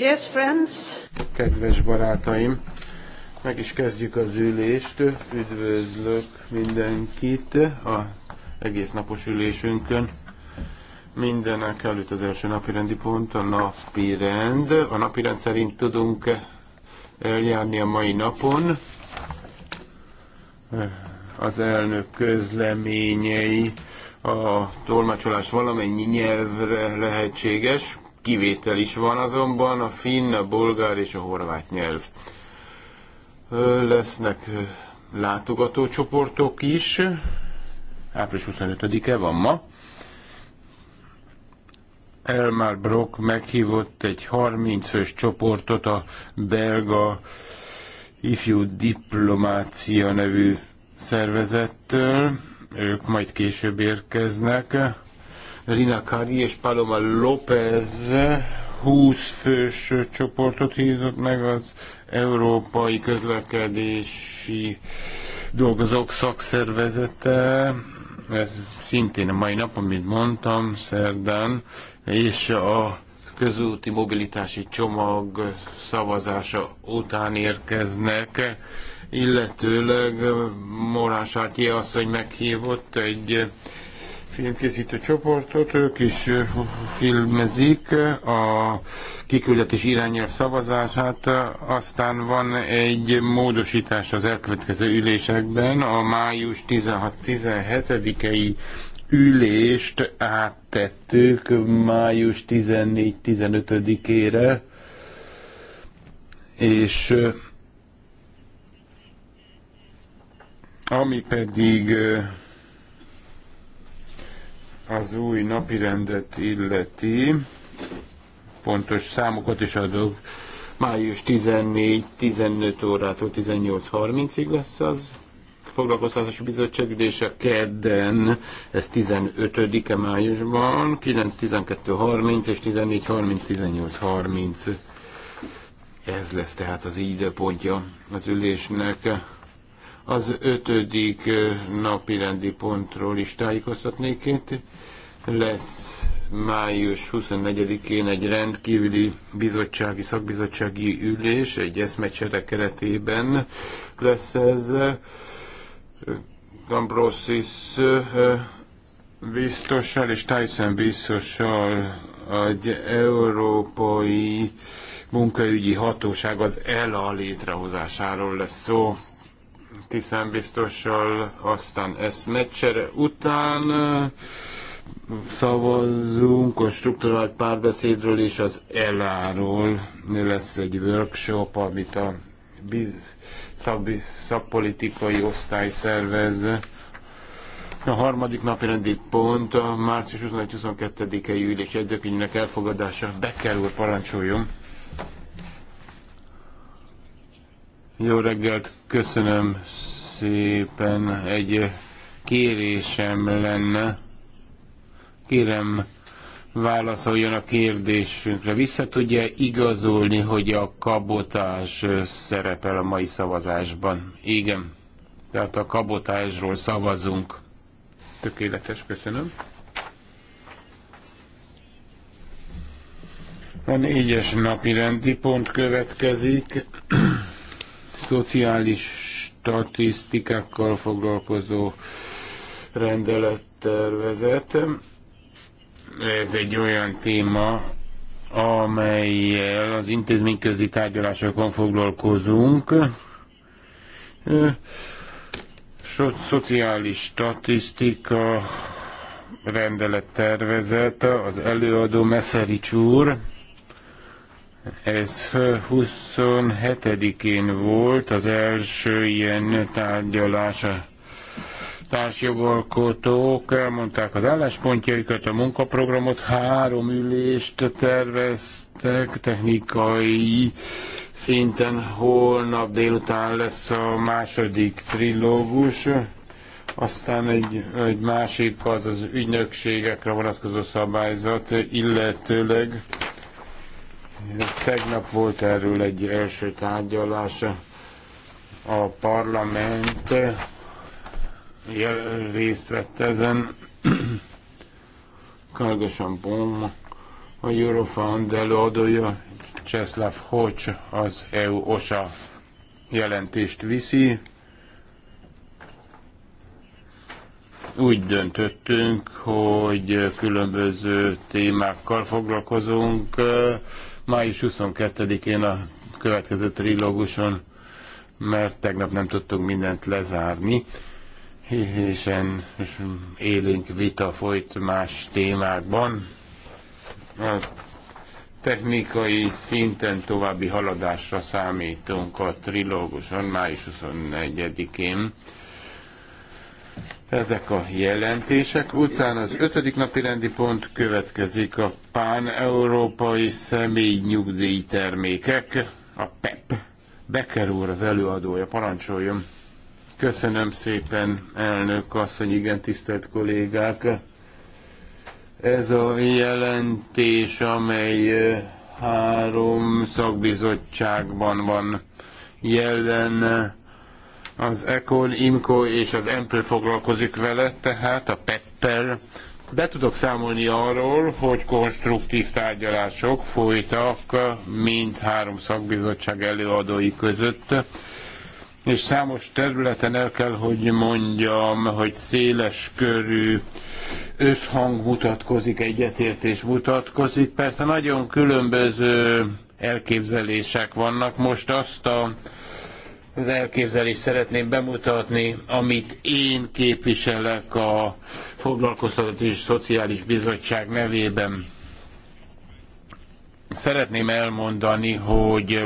Yes, friends. Kedves barátaim, meg is kezdjük az ülést. Üdvözlök mindenkit a egész napos ülésünkön. Mindenek előtt az első napi rendi pont a napi rend. A napi rend szerint tudunk eljárni a mai napon. Az elnök közleményei a tolmácsolás valamennyi nyelvre lehetséges kivétel is van azonban, a finn, a bolgár és a horvát nyelv. Lesznek látogatócsoportok is, április 25-e van ma. Elmar Brock meghívott egy 30 fős csoportot a belga ifjú diplomácia nevű szervezettől. Ők majd később érkeznek. Rina Kari és Paloma López 20 fős csoportot hívott meg az Európai Közlekedési Dolgozók Szakszervezete. Ez szintén a mai nap, amit mondtam, szerdán, és a közúti mobilitási csomag szavazása után érkeznek, illetőleg Morán Sártyi asszony meghívott egy filmkészítő csoportot, ők is filmezik a kiküldetés irányelv szavazását, aztán van egy módosítás az elkövetkező ülésekben, a május 16-17-ei ülést áttettük május 14-15-ére, és ami pedig az új napirendet illeti, pontos számokat is adok, május 14-15 órától 18.30-ig lesz az foglalkoztatási bizottság ülése kedden, ez 15-e májusban, 9.12.30 1230 és 14.30-18.30. Ez lesz tehát az időpontja az ülésnek. Az ötödik napi rendi pontról is tájékoztatnék itt. Lesz május 24-én egy rendkívüli bizottsági, szakbizottsági ülés, egy eszmecsere keretében lesz ez. Dombrosis biztossal és Tyson biztossal egy európai munkaügyi hatóság az ELA létrehozásáról lesz szó. Tisztán biztossal, aztán ezt meccsere után szavazzunk a strukturált párbeszédről és az eláról. Lesz egy workshop, amit a szak, szakpolitikai osztály szervez. A harmadik napi rendi pont a március 21-22-i ülés jegyzőkönyvének elfogadása. kell úr parancsoljon. Jó reggelt, köszönöm szépen. Egy kérésem lenne. Kérem, válaszoljon a kérdésünkre. Vissza tudja igazolni, hogy a kabotás szerepel a mai szavazásban? Igen. Tehát a kabotásról szavazunk. Tökéletes, köszönöm. A négyes napi rendi pont következik szociális statisztikákkal foglalkozó rendelettervezet. Ez egy olyan téma, amelyel az intézményközi tárgyalásokon foglalkozunk. So szociális statisztika rendelettervezet, az előadó Meszerics Csúr. Ez 27-én volt az első ilyen tárgyalása társjogalkotók elmondták az álláspontjaikat, a munkaprogramot, három ülést terveztek technikai szinten. Holnap délután lesz a második trilógus, aztán egy, egy másik az az ügynökségekre vonatkozó szabályzat, illetőleg Tegnap volt erről egy első tárgyalás. A parlament részt vett ezen. Kargosan bom a Eurofund előadója, Cseszláv Hocs az EU-OSA jelentést viszi. Úgy döntöttünk, hogy különböző témákkal foglalkozunk május 22-én a következő trilóguson, mert tegnap nem tudtunk mindent lezárni, és élénk vita folyt más témákban. A technikai szinten további haladásra számítunk a trilóguson május 24 én ezek a jelentések. Után az ötödik napi rendi pont következik a pán-európai személy nyugdíjtermékek, a PEP. E Becker úr az előadója, parancsoljon. Köszönöm szépen, elnök asszony, igen, tisztelt kollégák. Ez a jelentés, amely három szakbizottságban van jelen, az Econ, Imco és az Ample foglalkozik vele, tehát a Peppel. Be tudok számolni arról, hogy konstruktív tárgyalások folytak mind három szakbizottság előadói között és számos területen el kell, hogy mondjam, hogy széles körű összhang mutatkozik, egyetértés mutatkozik. Persze nagyon különböző elképzelések vannak. Most azt a az elképzelést szeretném bemutatni, amit én képviselek a Foglalkoztatási és Szociális Bizottság nevében. Szeretném elmondani, hogy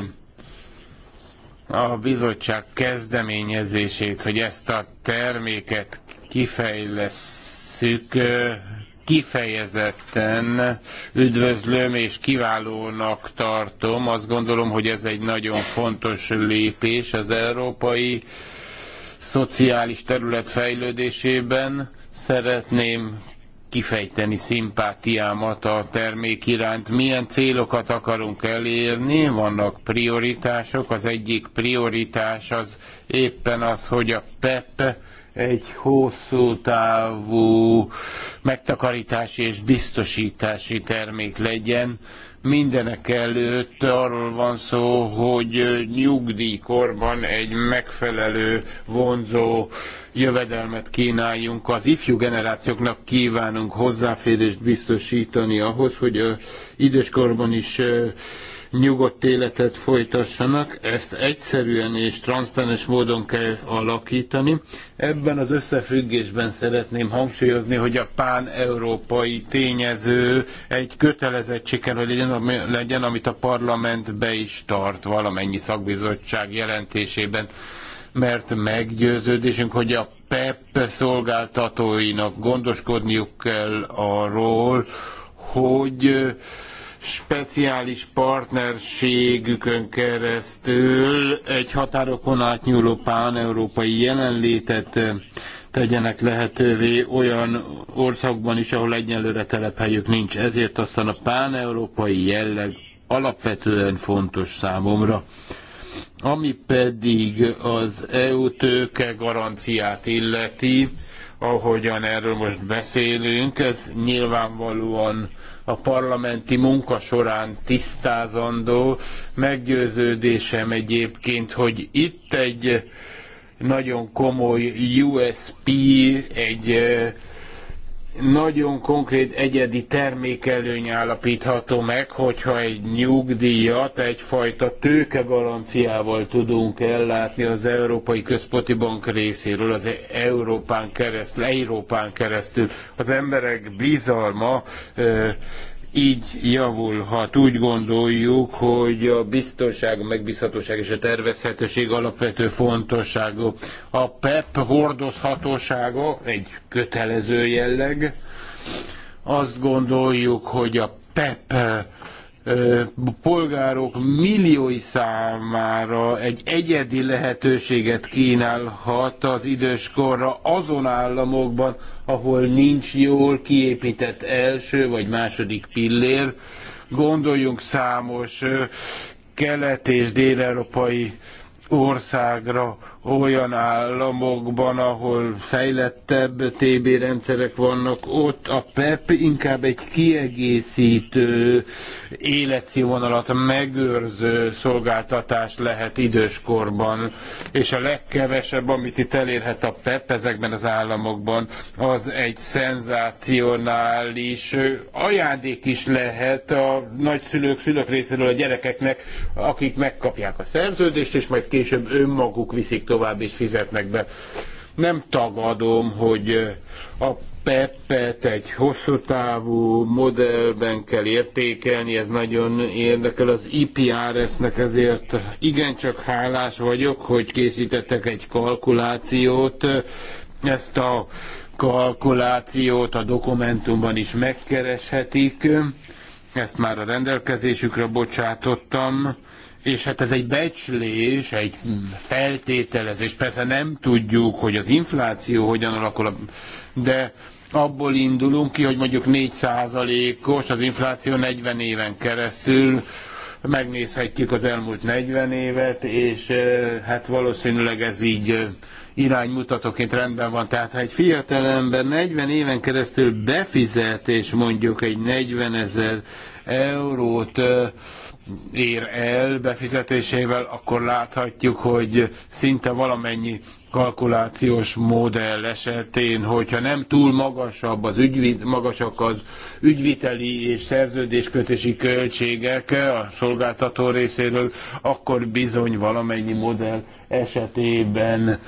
a bizottság kezdeményezését, hogy ezt a terméket kifejlesszük, kifejezetten üdvözlöm és kiválónak tartom. Azt gondolom, hogy ez egy nagyon fontos lépés az európai szociális terület fejlődésében. Szeretném kifejteni szimpátiámat a termék iránt. Milyen célokat akarunk elérni? Vannak prioritások. Az egyik prioritás az éppen az, hogy a PEP e egy hosszú távú megtakarítási és biztosítási termék legyen. Mindenek előtt arról van szó, hogy nyugdíjkorban egy megfelelő, vonzó jövedelmet kínáljunk. Az ifjú generációknak kívánunk hozzáférést biztosítani ahhoz, hogy időskorban is nyugodt életet folytassanak, ezt egyszerűen és transzparens módon kell alakítani. Ebben az összefüggésben szeretném hangsúlyozni, hogy a pán-európai tényező egy kötelezettség kell, hogy legyen, legyen, amit a parlament be is tart valamennyi szakbizottság jelentésében mert meggyőződésünk, hogy a PEP e szolgáltatóinak gondoskodniuk kell arról, hogy speciális partnerségükön keresztül egy határokon átnyúló pán-európai jelenlétet tegyenek lehetővé olyan országban is, ahol egyenlőre telephelyük nincs. Ezért aztán a pán-európai jelleg alapvetően fontos számomra. Ami pedig az EU tőke garanciát illeti, ahogyan erről most beszélünk, ez nyilvánvalóan a parlamenti munka során tisztázandó. Meggyőződésem egyébként, hogy itt egy nagyon komoly USP, egy eh, nagyon konkrét egyedi termékelőny állapítható meg, hogyha egy nyugdíjat egyfajta tőkegaranciával tudunk ellátni az Európai Központi Bank részéről, az e- Európán keresztül, Európán keresztül. Az emberek bizalma így javulhat. Úgy gondoljuk, hogy a biztonság, a megbízhatóság és a tervezhetőség alapvető fontosságú. A PEP e hordozhatósága egy kötelező jelleg. Azt gondoljuk, hogy a PEP e polgárok milliói számára egy egyedi lehetőséget kínálhat az időskorra azon államokban, ahol nincs jól kiépített első vagy második pillér. Gondoljunk számos kelet- és dél-európai országra, olyan államokban, ahol fejlettebb TB rendszerek vannak, ott a PEP e inkább egy kiegészítő, életszínvonalat megőrző szolgáltatás lehet időskorban. És a legkevesebb, amit itt elérhet a PEP e ezekben az államokban, az egy szenzácionális ajándék is lehet a nagyszülők, szülők részéről a gyerekeknek, akik megkapják a szerződést, és majd később önmaguk viszik tovább is fizetnek be. Nem tagadom, hogy a Peppet egy hosszú távú modellben kell értékelni, ez nagyon érdekel az IPRS-nek, ezért igencsak hálás vagyok, hogy készítettek egy kalkulációt, ezt a kalkulációt a dokumentumban is megkereshetik. Ezt már a rendelkezésükre bocsátottam, és hát ez egy becslés, egy feltételezés. Persze nem tudjuk, hogy az infláció hogyan alakul, de abból indulunk ki, hogy mondjuk 4%-os az infláció 40 éven keresztül, megnézhetjük az elmúlt 40 évet, és eh, hát valószínűleg ez így eh, iránymutatóként rendben van. Tehát ha egy fiatalember 40 éven keresztül befizet, és mondjuk egy 40 ezer eurót ér el befizetésével, akkor láthatjuk, hogy szinte valamennyi kalkulációs modell esetén, hogyha nem túl magasabb az ügyvid, magasak az ügyviteli és szerződéskötési költségek a szolgáltató részéről, akkor bizony valamennyi modell esetében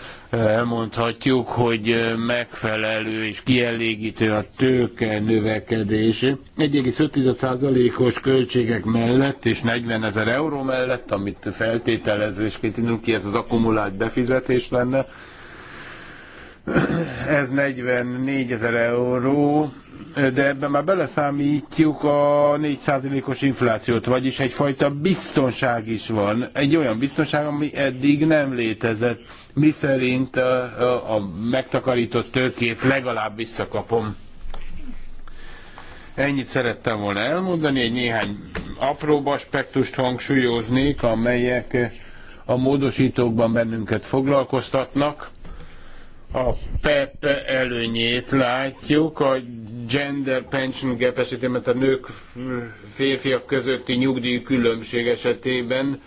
elmondhatjuk, hogy megfelelő és kielégítő a tőke növekedés. 1,5%-os költségek mellett és 40 ezer euró mellett, amit feltételezésként indul ki, ez az akkumulált befizetés lenne. Ez 44 ezer euró, de ebben már beleszámítjuk a 4%-os inflációt, vagyis egyfajta biztonság is van. Egy olyan biztonság, ami eddig nem létezett. Mi szerint a, a, a megtakarított tőkét legalább visszakapom. Ennyit szerettem volna elmondani, egy néhány apróbb aspektust hangsúlyoznék, amelyek a módosítókban bennünket foglalkoztatnak a PEP e előnyét látjuk, a gender pension gap esetében, a nők férfiak közötti nyugdíj különbség esetében,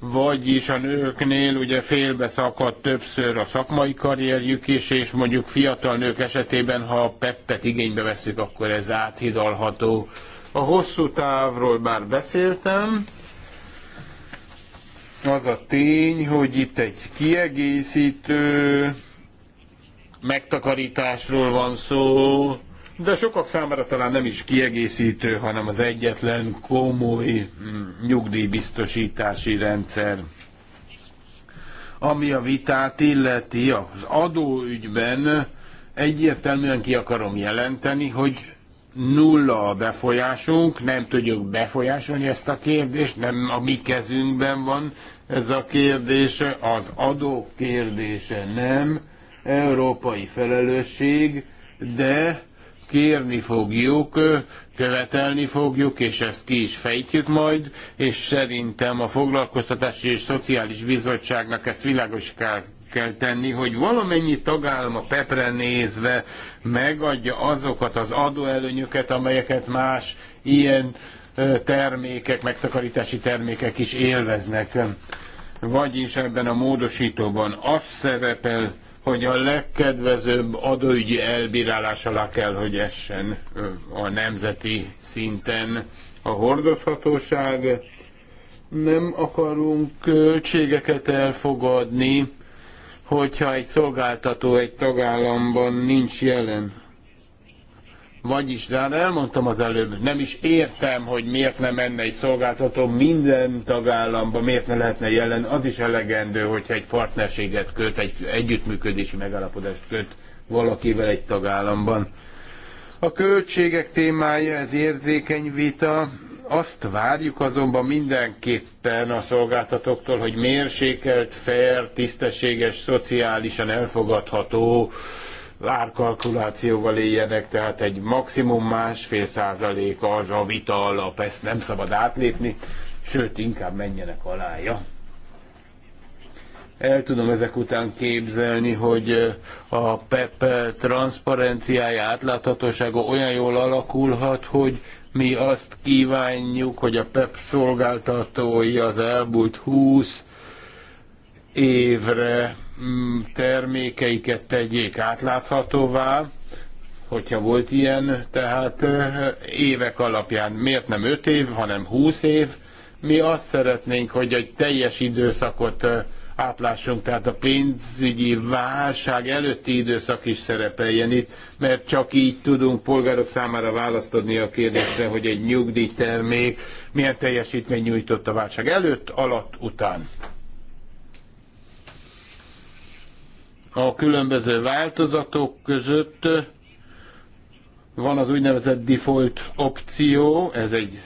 vagyis a nőknél ugye félbe szakad többször a szakmai karrierjük is, és mondjuk fiatal nők esetében, ha a PEP-et igénybe veszük, akkor ez áthidalható. A hosszú távról már beszéltem, az a tény, hogy itt egy kiegészítő megtakarításról van szó, de sokak számára talán nem is kiegészítő, hanem az egyetlen komoly mm, nyugdíjbiztosítási rendszer. Ami a vitát illeti az adóügyben, egyértelműen ki akarom jelenteni, hogy nulla a befolyásunk, nem tudjuk befolyásolni ezt a kérdést, nem a mi kezünkben van ez a kérdése, az adó kérdése nem európai felelősség, de kérni fogjuk, követelni fogjuk, és ezt ki is fejtjük majd, és szerintem a Foglalkoztatási és Szociális Bizottságnak ezt világos kell kell tenni, hogy valamennyi tagállam a pepre nézve megadja azokat az adóelőnyöket, amelyeket más ilyen termékek, megtakarítási termékek is élveznek. Vagyis ebben a módosítóban az szerepel, hogy a legkedvezőbb adóügyi elbírálás alá kell, hogy essen a nemzeti szinten a hordozhatóság. Nem akarunk költségeket elfogadni, hogyha egy szolgáltató egy tagállamban nincs jelen. Vagyis, de hát elmondtam az előbb, nem is értem, hogy miért nem menne egy szolgáltató minden tagállamba, miért ne lehetne jelen. Az is elegendő, hogyha egy partnerséget köt, egy együttműködési megállapodást köt valakivel egy tagállamban. A költségek témája, ez érzékeny vita. Azt várjuk azonban mindenképpen a szolgáltatóktól, hogy mérsékelt, fair, tisztességes, szociálisan elfogadható árkalkulációval éljenek, tehát egy maximum másfél százalék az a vita alap, ezt nem szabad átlépni, sőt, inkább menjenek alája. El tudom ezek után képzelni, hogy eh, a PEP e transzparenciája, átláthatósága olyan jól alakulhat, hogy mi azt kívánjuk, hogy a PEP e szolgáltatói az elmúlt 20 évre Mm, termékeiket tegyék átláthatóvá, hogyha volt ilyen, tehát évek alapján, miért nem 5 év, hanem 20 év, mi azt szeretnénk, hogy egy teljes időszakot átlássunk, tehát a pénzügyi válság előtti időszak is szerepeljen itt, mert csak így tudunk polgárok számára választodni a kérdésre, hogy egy nyugdíjtermék milyen teljesítmény nyújtott a válság előtt, alatt, után. a különböző változatok között van az úgynevezett default opció, ez egy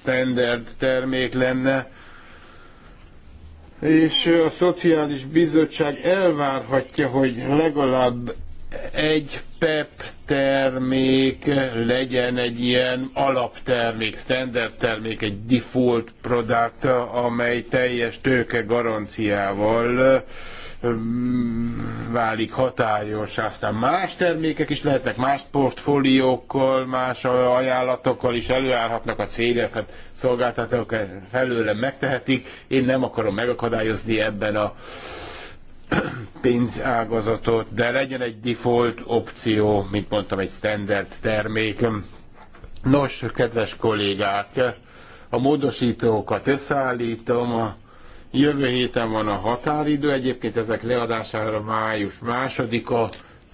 standard termék lenne, és a Szociális Bizottság elvárhatja, hogy legalább egy PEP termék legyen egy ilyen alaptermék, standard termék, egy default product, amely teljes tőke garanciával válik hatályos, aztán más termékek is lehetnek, más portfóliókkal, más ajánlatokkal is előállhatnak a cégek, hát szolgáltatók felőle megtehetik. Én nem akarom megakadályozni ebben a pénzágazatot, de legyen egy default opció, mint mondtam, egy standard termék. Nos, kedves kollégák, a módosítókat összeállítom, Jövő héten van a határidő, egyébként ezek leadására május másodika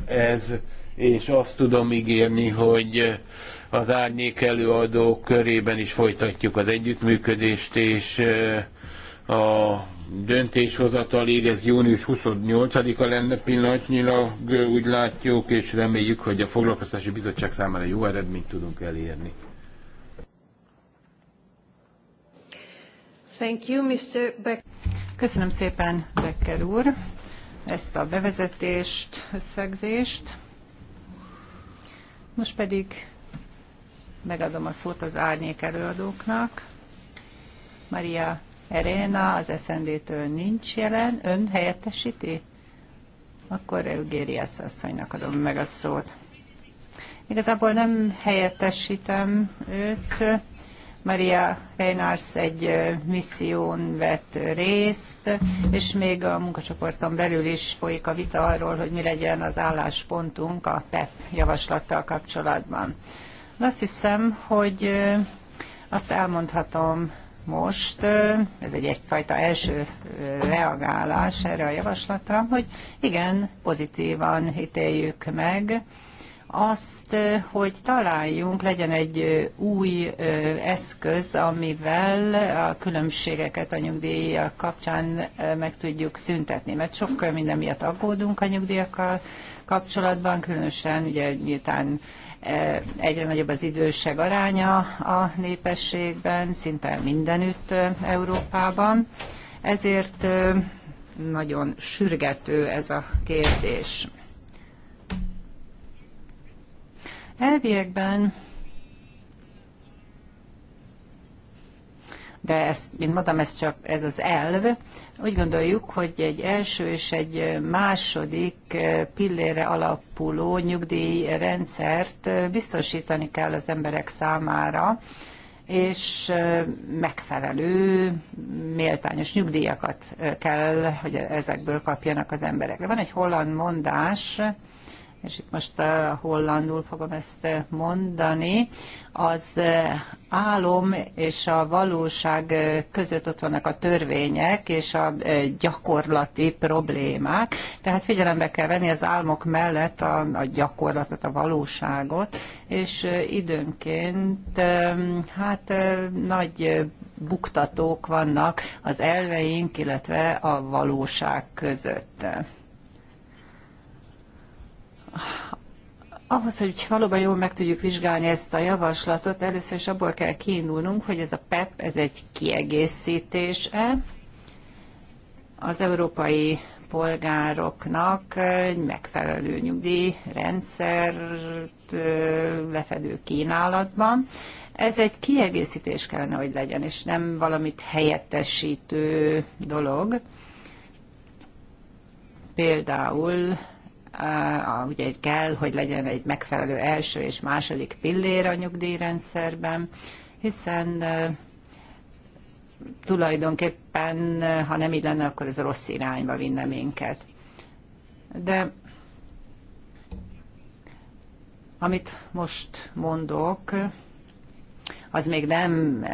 ez, és azt tudom ígérni, hogy az árnyék előadók körében is folytatjuk az együttműködést, és a döntéshozatalig, ez június 28-a lenne pillanatnyilag, úgy látjuk, és reméljük, hogy a Foglalkoztási Bizottság számára jó eredményt tudunk elérni. Thank you, Mr. Köszönöm szépen, Becker úr, ezt a bevezetést, összegzést. Most pedig megadom a szót az árnyék előadóknak. Maria Erena az SZND-től nincs jelen, ön helyettesíti? Akkor Eugériász asszonynak adom meg a szót. Igazából nem helyettesítem őt, Maria Reynars egy misszión vett részt, és még a munkacsoporton belül is folyik a vita arról, hogy mi legyen az álláspontunk a PEP e javaslattal kapcsolatban. Azt hiszem, hogy azt elmondhatom most, ez egy egyfajta első reagálás erre a javaslatra, hogy igen, pozitívan ítéljük meg azt, hogy találjunk, legyen egy új eszköz, amivel a különbségeket a nyugdíjak kapcsán meg tudjuk szüntetni, mert sokkal minden miatt aggódunk a nyugdíjakkal kapcsolatban, különösen ugye miután egyre nagyobb az időség aránya a népességben, szinte mindenütt Európában. Ezért nagyon sürgető ez a kérdés. Elviekben de ezt, mint mondtam, ez csak ez az elv. Úgy gondoljuk, hogy egy első és egy második pillére alapuló nyugdíjrendszert biztosítani kell az emberek számára, és megfelelő, méltányos nyugdíjakat kell, hogy ezekből kapjanak az emberek. De van egy holland mondás, és itt most eh, hollandul fogom ezt eh, mondani, az eh, álom és a valóság között ott vannak a törvények és a gyakorlati problémák. Tehát figyelembe kell venni az álmok mellett a, a gyakorlatot, a valóságot, és időnként hát nagy buktatók vannak az elveink, illetve a valóság között ahhoz, hogy valóban jól meg tudjuk vizsgálni ezt a javaslatot, először is abból kell kiindulnunk, hogy ez a PEP, ez egy kiegészítés-e az európai polgároknak egy megfelelő nyugdíjrendszert lefedő kínálatban. Ez egy kiegészítés kellene, hogy legyen, és nem valamit helyettesítő dolog. Például ugye kell, hogy legyen egy megfelelő első és második pillér a nyugdíjrendszerben, hiszen tulajdonképpen, ha nem így lenne, akkor ez rossz irányba vinne minket. De amit most mondok, az még nem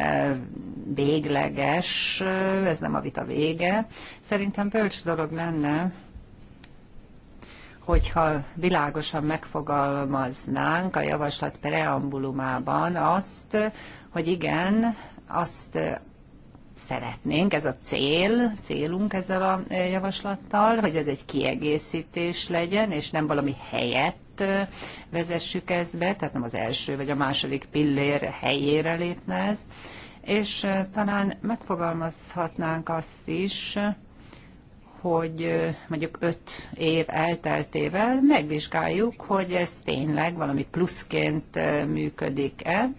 végleges, ez nem a vita vége. Szerintem bölcs dolog lenne, hogyha világosan megfogalmaznánk a javaslat preambulumában azt, hogy igen, azt szeretnénk, ez a cél, célunk ezzel a javaslattal, hogy ez egy kiegészítés legyen, és nem valami helyett vezessük ezt be, tehát nem az első vagy a második pillér helyére lépne ez. És talán megfogalmazhatnánk azt is, hogy mondjuk öt év elteltével megvizsgáljuk, hogy ez tényleg valami pluszként működik-e,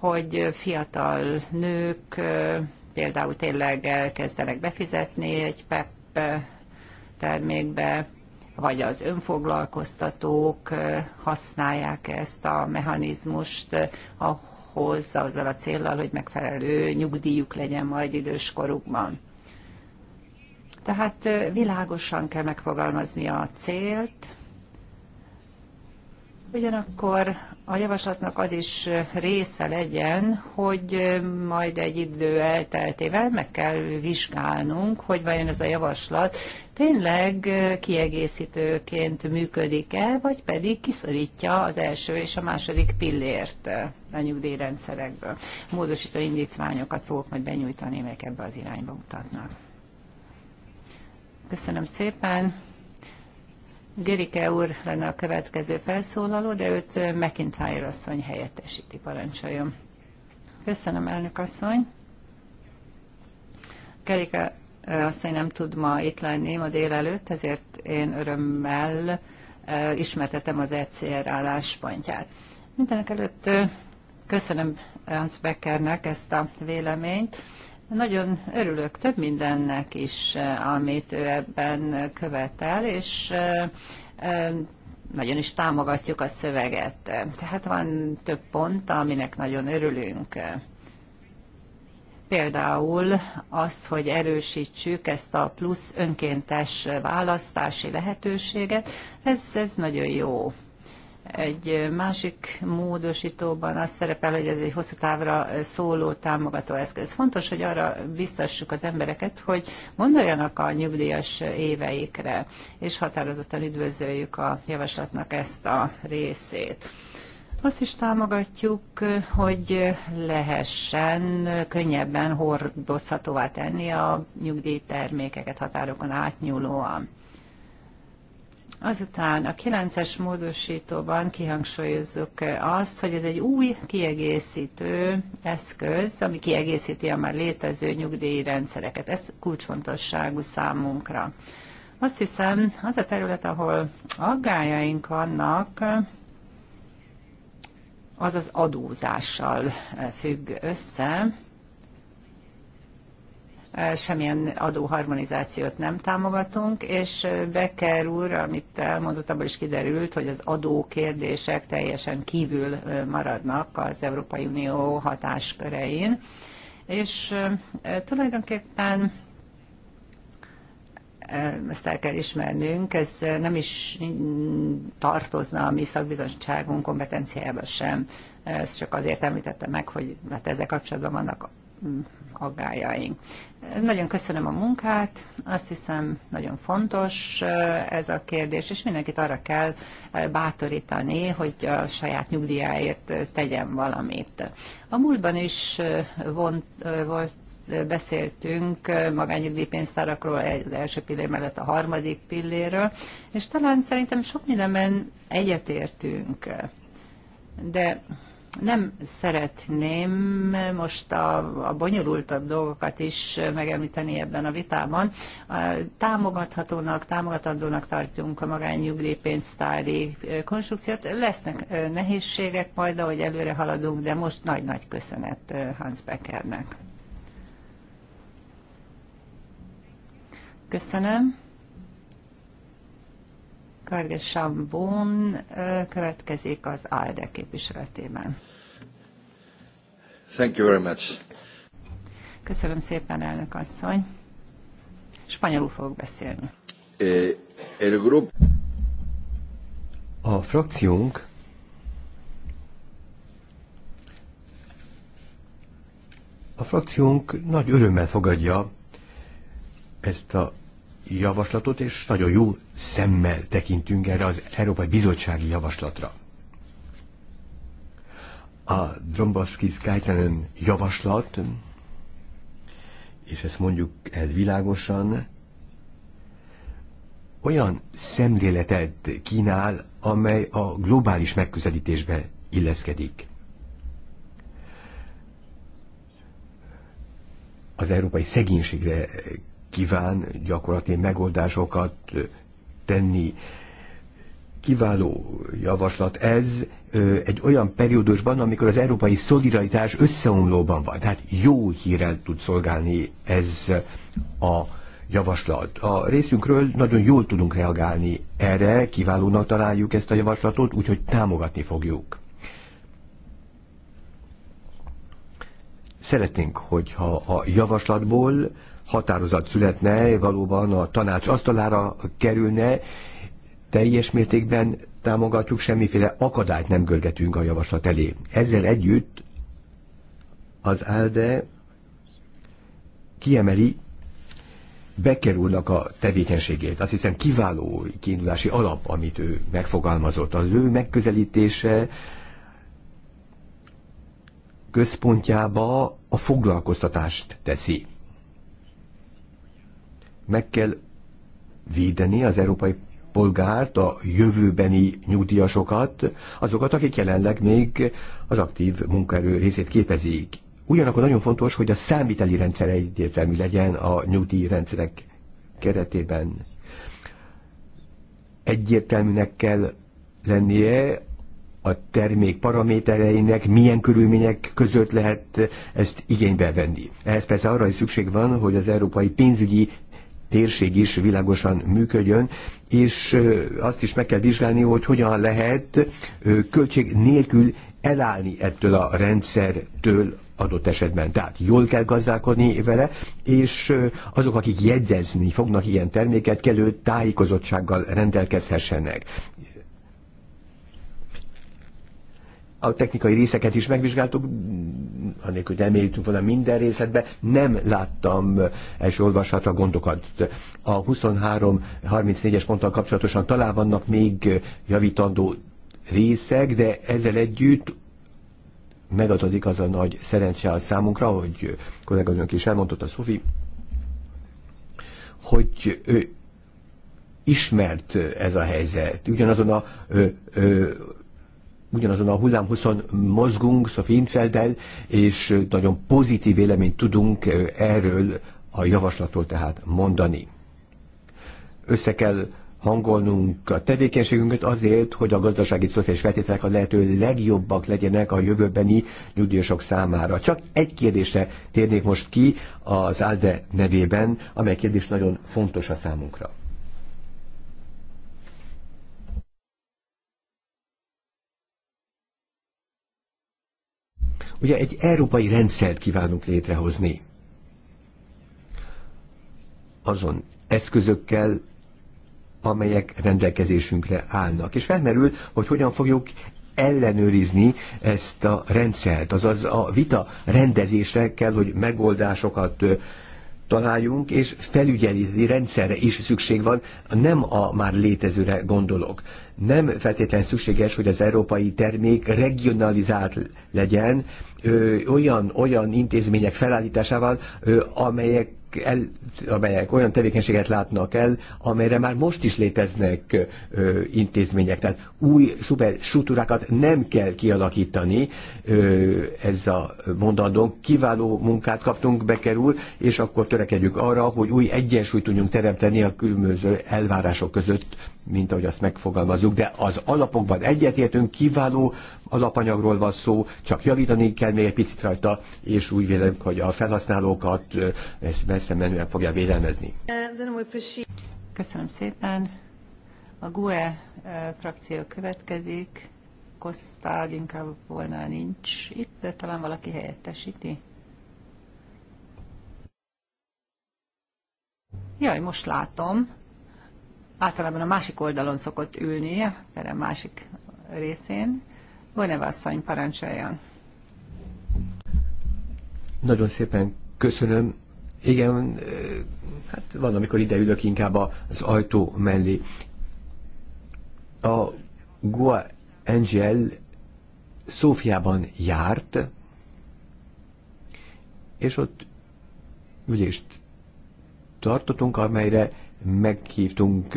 hogy fiatal nők például tényleg elkezdenek befizetni egy PEP termékbe, vagy az önfoglalkoztatók használják ezt a mechanizmust ahhoz, azzal a célral, hogy megfelelő nyugdíjuk legyen majd időskorukban. Tehát világosan kell megfogalmazni a célt, ugyanakkor a javaslatnak az is része legyen, hogy majd egy idő elteltével meg kell vizsgálnunk, hogy vajon ez a javaslat tényleg kiegészítőként működik-e, vagy pedig kiszorítja az első és a második pillért a nyugdíjrendszerekből. Módosító indítványokat fogok majd benyújtani, melyek ebbe az irányba mutatnak. Köszönöm szépen. Gerike úr lenne a következő felszólaló, de őt McIntyre asszony helyettesíti, parancsoljon. Köszönöm, elnök asszony. Gerike asszony nem tud ma itt lenni ma délelőtt, ezért én örömmel eh, ismertetem az ECR álláspontját. Mindenek előtt eh, köszönöm Hans Beckernek ezt a véleményt. Nagyon örülök több mindennek is, eh, amit ő ebben követel, és eh, eh, nagyon is támogatjuk a szöveget. Tehát van több pont, aminek nagyon örülünk. Például azt, hogy erősítsük ezt a plusz önkéntes választási lehetőséget, ez, ez nagyon jó. Egy másik módosítóban az szerepel, hogy ez egy hosszú távra szóló támogató eszköz. Fontos, hogy arra biztassuk az embereket, hogy gondoljanak a nyugdíjas éveikre, és határozottan üdvözöljük a javaslatnak ezt a részét. Azt is támogatjuk, hogy lehessen könnyebben hordozhatóvá tenni a nyugdíjtermékeket határokon átnyúlóan. Azután a 9-es módosítóban kihangsúlyozzuk azt, hogy ez egy új kiegészítő eszköz, ami kiegészíti a már létező nyugdíjrendszereket. Ez kulcsfontosságú számunkra. Azt hiszem, az a terület, ahol aggájaink vannak, az az adózással függ össze, semmilyen adóharmonizációt nem támogatunk, és Becker úr, amit elmondott, abból is kiderült, hogy az adókérdések teljesen kívül maradnak az Európai Unió hatáskörein. És tulajdonképpen ezt el kell ismernünk, ez nem is tartozna a mi szakbizottságunk kompetenciájába sem. Ezt csak azért említettem meg, hogy mert hát ezzel kapcsolatban vannak aggájaink. Nagyon köszönöm a munkát, azt hiszem nagyon fontos ez a kérdés, és mindenkit arra kell bátorítani, hogy a saját nyugdíjáért tegyen valamit. A múltban is vont, volt beszéltünk magányugdíjpénztárakról, az első pillér mellett a harmadik pilléről, és talán szerintem sok mindenben egyetértünk. De nem szeretném most a, a bonyolultabb dolgokat is megemlíteni ebben a vitában. Támogathatónak, támogatandónak tartjuk a magányugrépénztári konstrukciót. Lesznek nehézségek majd, ahogy előre haladunk, de most nagy-nagy köszönet Hans Beckernek. Köszönöm. Karge Sambón következik az ALDE képviseletében. Thank you very much. Köszönöm szépen, elnök asszony. Spanyolul fogok beszélni. Eh, el grup... A frakciónk a frakciónk nagy örömmel fogadja ezt a javaslatot, és nagyon jó szemmel tekintünk erre az Európai Bizottsági Javaslatra. A Drombaszkis Kájtelen javaslat, és ezt mondjuk el világosan, olyan szemléletet kínál, amely a globális megközelítésbe illeszkedik. Az európai szegénységre kíván gyakorlati megoldásokat tenni. Kiváló javaslat ez egy olyan periódusban, amikor az európai szolidaritás összeomlóban van. Tehát jó hírrel tud szolgálni ez a javaslat. A részünkről nagyon jól tudunk reagálni erre, kiválónak találjuk ezt a javaslatot, úgyhogy támogatni fogjuk. Szeretnénk, hogyha a javaslatból határozat születne, valóban a tanács asztalára kerülne, teljes mértékben támogatjuk, semmiféle akadályt nem görgetünk a javaslat elé. Ezzel együtt az ALDE kiemeli bekerülnek a tevékenységét. Azt hiszem kiváló kiindulási alap, amit ő megfogalmazott. Az ő megközelítése központjába a foglalkoztatást teszi meg kell védeni az európai polgárt, a jövőbeni nyugdíjasokat, azokat, akik jelenleg még az aktív munkaerő részét képezik. Ugyanakkor nagyon fontos, hogy a számíteli rendszer egyértelmű legyen a nyugdíjrendszerek keretében. Egyértelműnek kell lennie a termék paramétereinek, milyen körülmények között lehet ezt igénybe venni. Ehhez persze arra is szükség van, hogy az európai pénzügyi térség is világosan működjön, és azt is meg kell vizsgálni, hogy hogyan lehet költség nélkül elállni ettől a rendszertől adott esetben. Tehát jól kell gazdálkodni vele, és azok, akik jegyezni fognak ilyen terméket, kellő tájékozottsággal rendelkezhessenek. a technikai részeket is megvizsgáltuk, annélkül, hogy elmélyültünk volna minden részletbe, nem láttam első olvasatra gondokat. A 23-34-es ponttal kapcsolatosan talán vannak még javítandó részek, de ezzel együtt megadodik az a nagy szerencse a számunkra, hogy kolléganőnk is elmondott a Szofi, hogy ő ismert ez a helyzet. Ugyanazon a ö, ö, ugyanazon a hullámhosszon mozgunk a Intfelddel, és nagyon pozitív véleményt tudunk erről a javaslatról tehát mondani. Össze kell hangolnunk a tevékenységünket azért, hogy a gazdasági szociális feltételek a lehető legjobbak legyenek a jövőbeni nyugdíjasok számára. Csak egy kérdésre térnék most ki az ALDE nevében, amely kérdés nagyon fontos a számunkra. Ugye egy európai rendszert kívánunk létrehozni. Azon eszközökkel, amelyek rendelkezésünkre állnak. És felmerül, hogy hogyan fogjuk ellenőrizni ezt a rendszert, azaz a vita rendezésre kell, hogy megoldásokat találjunk, és felügyeleti rendszerre is szükség van, nem a már létezőre gondolok nem feltétlen szükséges, hogy az európai termék regionalizált legyen, ö, olyan, olyan intézmények felállításával, ö, amelyek el, amelyek olyan tevékenységet látnak el, amelyre már most is léteznek ö, intézmények. Tehát új szuper struktúrákat nem kell kialakítani. Ö, ez a mondandónk. Kiváló munkát kaptunk, bekerül és akkor törekedjük arra, hogy új egyensúlyt tudjunk teremteni a különböző elvárások között mint ahogy azt megfogalmazzuk, de az alapokban egyetértünk, kiváló alapanyagról van szó, csak javítani kell még egy picit rajta, és úgy vélem, hogy a felhasználókat ezt messze menően fogja védelmezni. Köszönöm szépen. A GUE frakció következik. Kosztál inkább volna nincs itt, de talán valaki helyettesíti. Jaj, most látom általában a másik oldalon szokott ülni, a terem másik részén. Boneva asszony, parancsoljon! Nagyon szépen köszönöm. Igen, hát van, amikor ide ülök inkább az ajtó mellé. A Gua Angel Szófiában járt, és ott ülést tartottunk, amelyre meghívtunk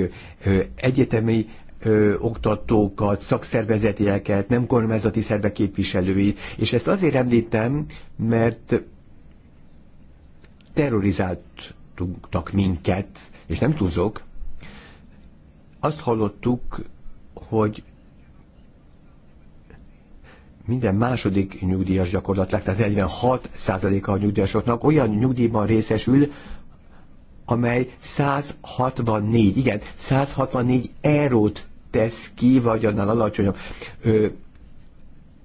egyetemi ö, oktatókat, szakszervezetieket, nem kormányzati szervek képviselőit, és ezt azért említem, mert terrorizáltak minket, és nem túlzok, azt hallottuk, hogy minden második nyugdíjas gyakorlatilag, tehát 46 a a nyugdíjasoknak olyan nyugdíjban részesül, amely 164, igen, 164 eurót tesz ki, vagy annál alacsonyabb. Ö,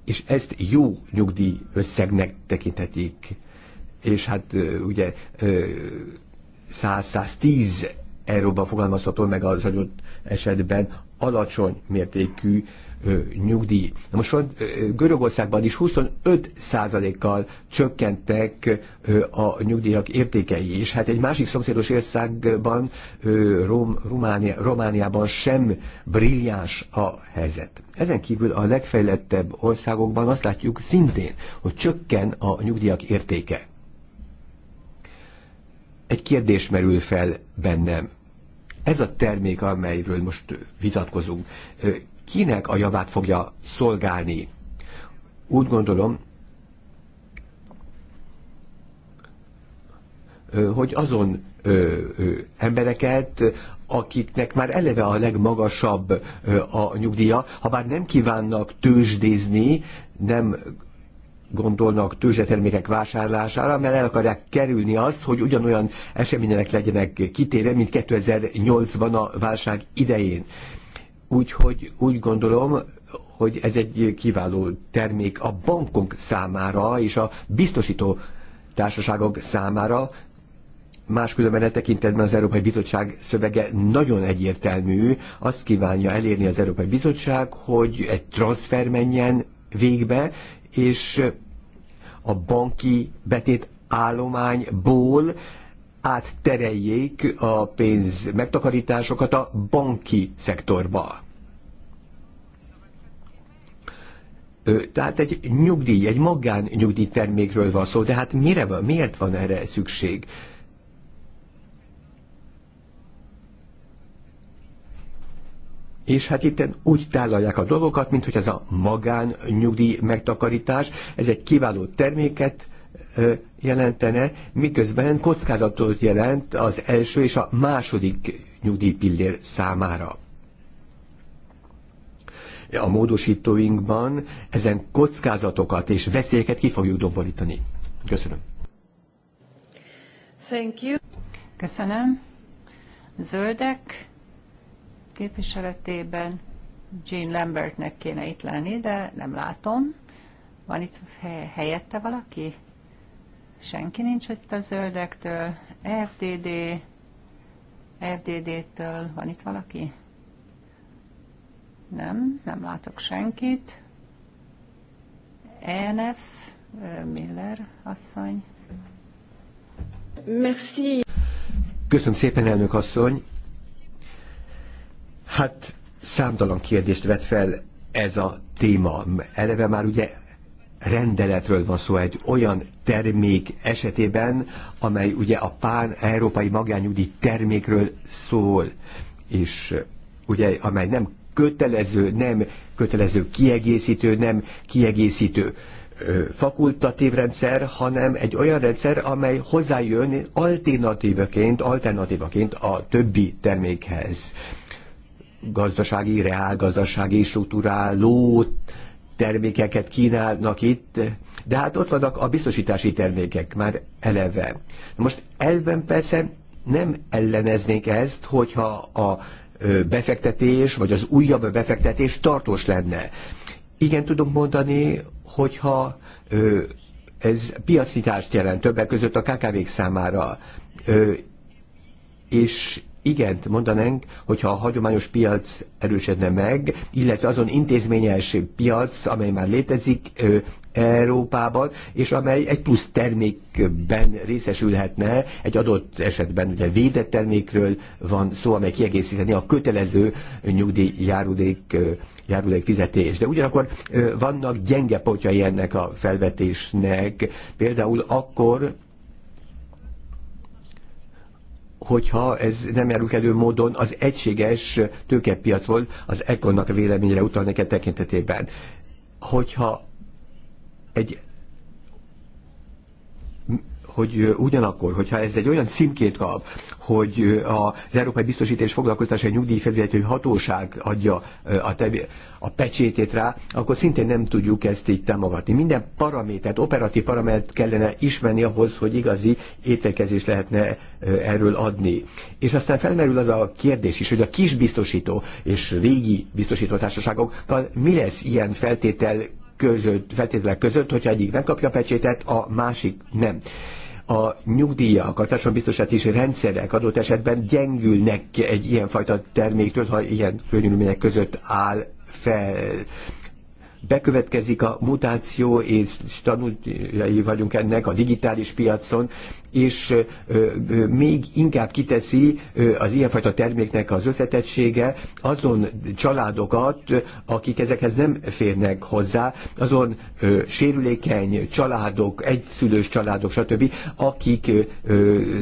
és ezt jó nyugdíj összegnek tekintetik. És hát ö, ugye 100-110 euróban fogalmazható meg az adott esetben alacsony mértékű nyugdíj. Na most van, Görögországban is 25 kal csökkentek a nyugdíjak értékei, és hát egy másik szomszédos országban, Rom, Románia, Romániában sem brilliáns a helyzet. Ezen kívül a legfejlettebb országokban azt látjuk szintén, hogy csökken a nyugdíjak értéke. Egy kérdés merül fel bennem. Ez a termék, amelyről most vitatkozunk, kinek a javát fogja szolgálni. Úgy gondolom, hogy azon embereket, akiknek már eleve a legmagasabb a nyugdíja, ha bár nem kívánnak tőzsdézni, nem gondolnak tőzsdetermékek vásárlására, mert el akarják kerülni azt, hogy ugyanolyan események legyenek kitéve, mint 2008-ban a válság idején. Úgyhogy úgy gondolom, hogy ez egy kiváló termék a bankok számára és a biztosító társaságok számára, Máskülönben e tekintetben az Európai Bizottság szövege nagyon egyértelmű, azt kívánja elérni az Európai Bizottság, hogy egy transfer menjen végbe, és a banki betét állományból áttereljék a pénz megtakarításokat a banki szektorba. Tehát egy nyugdíj, egy magán termékről van szó, de hát mire van, miért van erre szükség? És hát itt úgy tálalják a dolgokat, mint hogy ez a magán nyugdíj megtakarítás, ez egy kiváló terméket jelentene, miközben kockázatot jelent az első és a második nyugdíjpillér számára. A módosítóinkban ezen kockázatokat és veszélyeket ki fogjuk domborítani. Köszönöm. Thank you. Köszönöm. Zöldek képviseletében Jean Lambertnek kéne itt lenni, de nem látom. Van itt helyette valaki? Senki nincs itt a zöldektől. FDD, FDD-től van itt valaki? Nem, nem látok senkit. ENF, Miller asszony. Merci. Köszönöm szépen, elnök asszony. Hát számtalan kérdést vet fel ez a téma. Eleve már ugye rendeletről van szó, egy olyan termék esetében, amely ugye a pán-európai magányúdi termékről szól, és ugye, amely nem kötelező, nem kötelező kiegészítő, nem kiegészítő fakultatív rendszer, hanem egy olyan rendszer, amely hozzájön alternatívaként, alternatívaként a többi termékhez. Gazdasági, reálgazdasági struktúráló termékeket kínálnak itt, de hát ott vannak a biztosítási termékek már eleve. Most ebben persze nem elleneznék ezt, hogyha a befektetés, vagy az újabb befektetés tartós lenne. Igen, tudunk mondani, hogyha ez piacnyitást jelent többek között a KKV-k számára, és igent mondanánk, hogyha a hagyományos piac erősödne meg, illetve azon intézményes piac, amely már létezik Európában, és amely egy plusz termékben részesülhetne, egy adott esetben ugye védett termékről van szó, amely kiegészíteni a kötelező nyugdíjjárulék járulék fizetés. De ugyanakkor vannak gyenge potjai ennek a felvetésnek, például akkor, hogyha ez nem járunk elő módon az egységes tőkepiac volt az Econnak véleményre utalnék e tekintetében. Hogyha egy hogy ugyanakkor, hogyha ez egy olyan címkét kap, hogy az Európai Biztosítás Foglalkoztatási Nyugdíjfelületi Hatóság adja a, tebi, a pecsétét rá, akkor szintén nem tudjuk ezt így támogatni. Minden paramétert, operatív paramétert kellene ismerni ahhoz, hogy igazi értekezés lehetne erről adni. És aztán felmerül az a kérdés is, hogy a kis biztosító és régi biztosítótársaságokkal mi lesz ilyen feltétel között, feltételek között, hogyha egyik megkapja a pecsétet, a másik nem a nyugdíjak, a társadalombiztosítási rendszerek adott esetben gyengülnek egy ilyenfajta terméktől, ha ilyen körülmények között áll fel bekövetkezik a mutáció, és tanulói vagyunk ennek a digitális piacon, és még inkább kiteszi az ilyenfajta terméknek az összetettsége azon családokat, akik ezekhez nem férnek hozzá, azon sérülékeny családok, egyszülős családok, stb., akik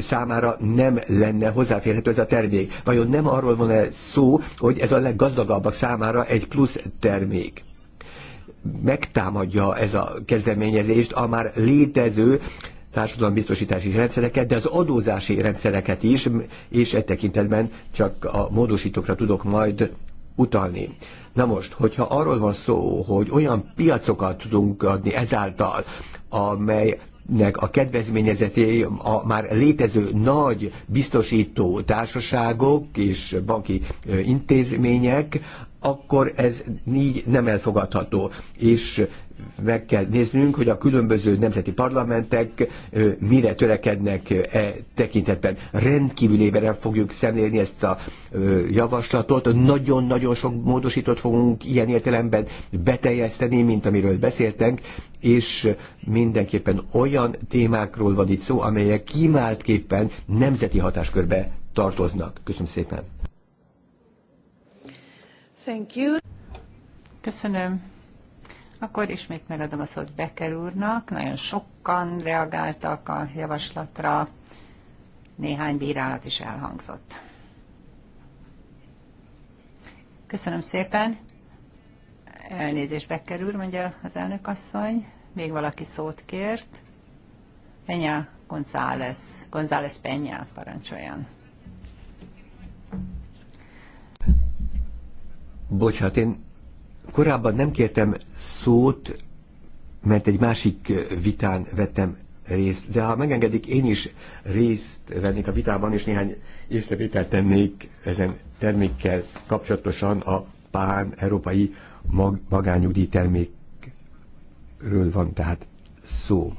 számára nem lenne hozzáférhető ez a termék. Vajon nem arról van-e szó, hogy ez a leggazdagabbak számára egy plusz termék? megtámadja ez a kezdeményezést a már létező társadalombiztosítási rendszereket, de az adózási rendszereket is, és e tekintetben csak a módosítókra tudok majd utalni. Na most, hogyha arról van szó, hogy olyan piacokat tudunk adni ezáltal, amely nek a kedvezményezeté a már létező nagy biztosító társaságok és banki intézmények, akkor ez így nem elfogadható. És meg kell néznünk, hogy a különböző nemzeti parlamentek mire törekednek e tekintetben. Rendkívül éberen fogjuk szemlélni ezt a javaslatot. Nagyon-nagyon sok módosítót fogunk ilyen értelemben beteljeszteni, mint amiről beszéltünk, és mindenképpen olyan témákról van itt szó, amelyek kimáltképpen nemzeti hatáskörbe tartoznak. Köszönöm szépen! Thank you. Köszönöm. Akkor ismét megadom a szót Becker úrnak. Nagyon sokan reagáltak a javaslatra, néhány bírálat is elhangzott. Köszönöm szépen. Elnézést Becker úr, mondja az elnök asszony. Még valaki szót kért. Penya González, González Penya parancsoljon. Bocsát, én Korábban nem kértem szót, mert egy másik vitán vettem részt, de ha megengedik, én is részt vennék a vitában, és néhány észrevételt tennék ezen termékkel kapcsolatosan a pán-európai mag- magányugdíj termékről van tehát szó.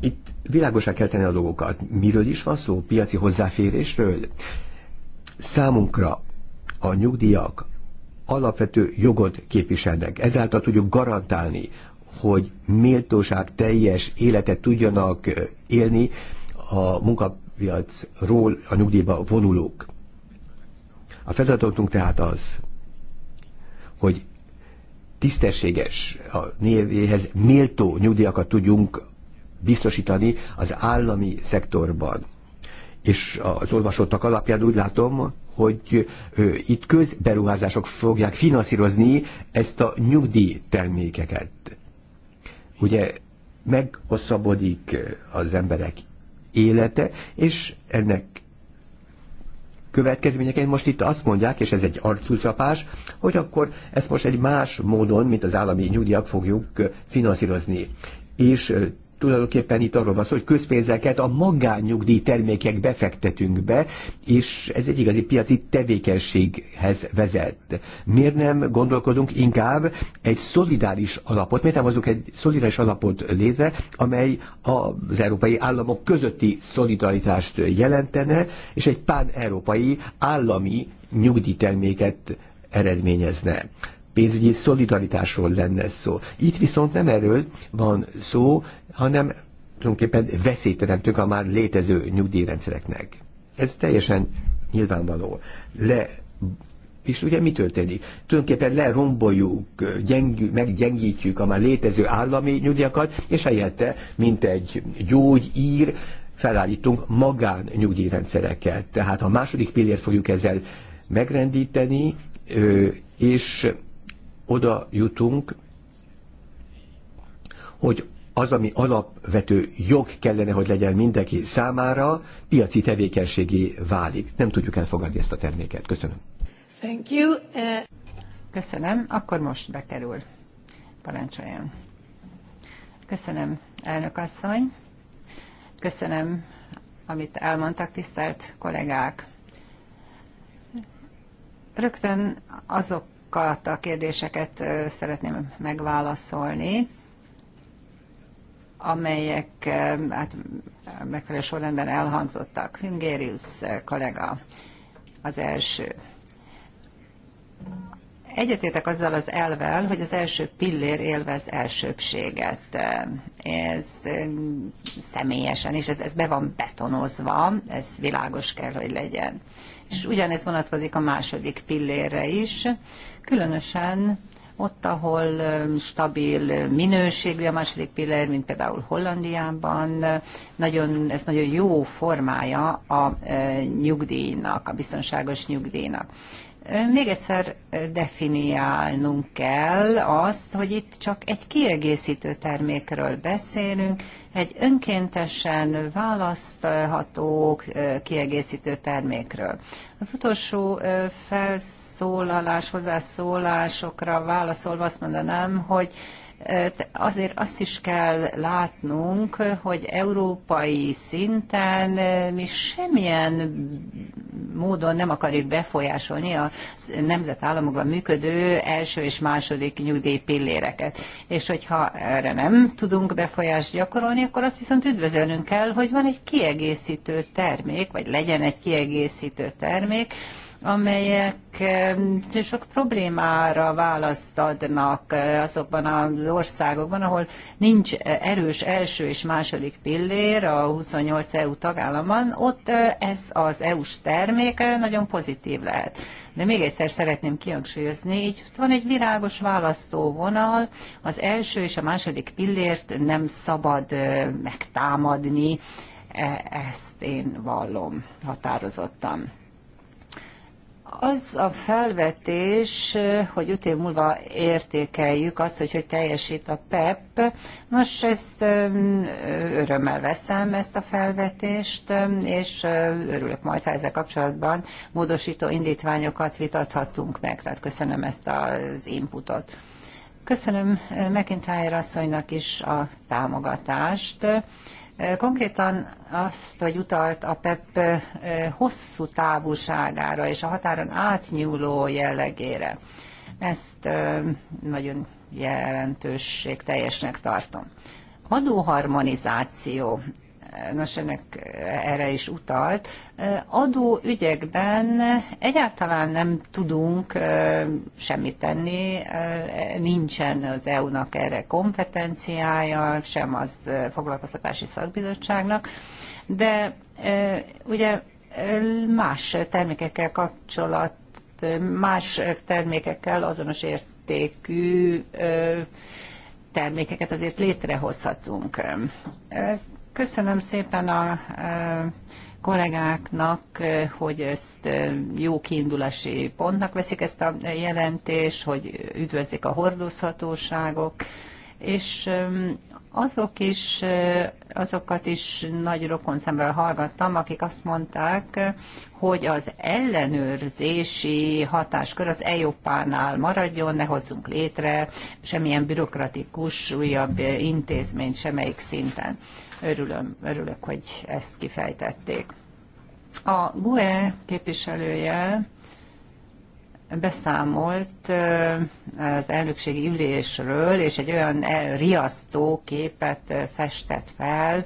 Itt világosá kell tenni a dolgokat. Miről is van szó? Piaci hozzáférésről? Számunkra a nyugdíjak alapvető jogot képviselnek. Ezáltal tudjuk garantálni, hogy méltóság teljes életet tudjanak élni a munkapiacról a nyugdíjba vonulók. A feladatunk tehát az, hogy tisztességes, a névéhez méltó nyugdíjakat tudjunk biztosítani az állami szektorban. És az olvasottak alapján úgy látom, hogy itt közberuházások fogják finanszírozni ezt a nyugdíjtermékeket. Ugye meghosszabbodik az emberek élete, és ennek következményeként most itt azt mondják, és ez egy arculcsapás, hogy akkor ezt most egy más módon, mint az állami nyugdíjak fogjuk finanszírozni. És tulajdonképpen itt arról van szó, hogy közpénzeket a magánnyugdíj termékek befektetünk be, és ez egy igazi piaci tevékenységhez vezet. Miért nem gondolkodunk inkább egy szolidáris alapot, miért nem hozunk egy szolidáris alapot létre, amely az európai államok közötti szolidaritást jelentene, és egy pán-európai állami nyugdíjterméket eredményezne pénzügyi szolidaritásról lenne szó. Itt viszont nem erről van szó, hanem tulajdonképpen veszélyt a már létező nyugdíjrendszereknek. Ez teljesen nyilvánvaló. Le és ugye mi történik? Tulajdonképpen leromboljuk, gyengi, meggyengítjük a már létező állami nyugdíjakat, és helyette, mint egy gyógyír, felállítunk magán nyugdíjrendszereket. Tehát a második pillért fogjuk ezzel megrendíteni, és oda jutunk, hogy az, ami alapvető jog kellene, hogy legyen mindenki számára, piaci tevékenységi válik. Nem tudjuk elfogadni ezt a terméket. Köszönöm. Thank you. Eh, Köszönöm. Akkor most bekerül. Parancsoljon. Köszönöm, elnök asszony. Köszönöm, amit elmondtak, tisztelt kollégák. Rögtön azokkal azokat a kérdéseket eh, szeretném megválaszolni, amelyek hát, megfelelő sorrendben elhangzottak. Hüngérius eh, kollega az első. Egyetértek azzal az elvel, hogy az első pillér élvez elsőbséget. Ez személyesen, és ez, ez be van betonozva, ez világos kell, hogy legyen. És ugyanez vonatkozik a második pillérre is, különösen ott, ahol stabil minőségű a második pillér, mint például Hollandiában, nagyon, ez nagyon jó formája a nyugdíjnak, a biztonságos nyugdíjnak. Még egyszer definiálnunk kell azt, hogy itt csak egy kiegészítő termékről beszélünk, egy önkéntesen választható kiegészítő termékről. Az utolsó felsz felszólalás, hozzászólásokra válaszolva azt mondanám, hogy azért azt is kell látnunk, hogy európai szinten mi semmilyen módon nem akarjuk befolyásolni a nemzetállamokban működő első és második nyugdíjpilléreket. És hogyha erre nem tudunk befolyást gyakorolni, akkor azt viszont üdvözölnünk kell, hogy van egy kiegészítő termék, vagy legyen egy kiegészítő termék, amelyek eh, sok problémára választ adnak eh, azokban az országokban, ahol nincs eh, erős első és második pillér a 28 EU tagállamban, ott ez az EU-s termék nagyon pozitív lehet. De még egyszer szeretném kihangsúlyozni, így van egy virágos választóvonal, az első és a második pillért nem szabad megtámadni, e, ezt én vallom határozottan. Az a felvetés, hogy öt év múlva értékeljük azt, hogy hogy teljesít a PEP. E Nos, ezt örömmel veszem, ezt a felvetést, és örülök majd, ha ezzel kapcsolatban módosító indítványokat vitathatunk meg. Tehát köszönöm ezt az inputot. Köszönöm McIntyre asszonynak is a támogatást Konkrétan azt, hogy utalt a PEP hosszú távúságára és a határon átnyúló jellegére. Ezt nagyon jelentőség teljesnek tartom. Adóharmonizáció nos, ennek erre is utalt, adó ügyekben egyáltalán nem tudunk semmit tenni, nincsen az EU-nak erre kompetenciája, sem az foglalkoztatási szakbizottságnak, de ugye más termékekkel kapcsolat, más termékekkel azonos értékű termékeket azért létrehozhatunk. Köszönöm szépen a e, kollégáknak, e, hogy ezt e, jó kiindulási pontnak veszik ezt a jelentést, hogy üdvözlik a hordozhatóságok és azok is, azokat is nagy rokon szemben hallgattam, akik azt mondták, hogy az ellenőrzési hatáskör az EIOPA-nál maradjon, ne hozzunk létre semmilyen bürokratikus újabb intézményt semmelyik szinten. Örülöm, örülök, hogy ezt kifejtették. A GUE képviselője beszámolt az elnökségi ülésről, és egy olyan e, riasztó képet festett fel,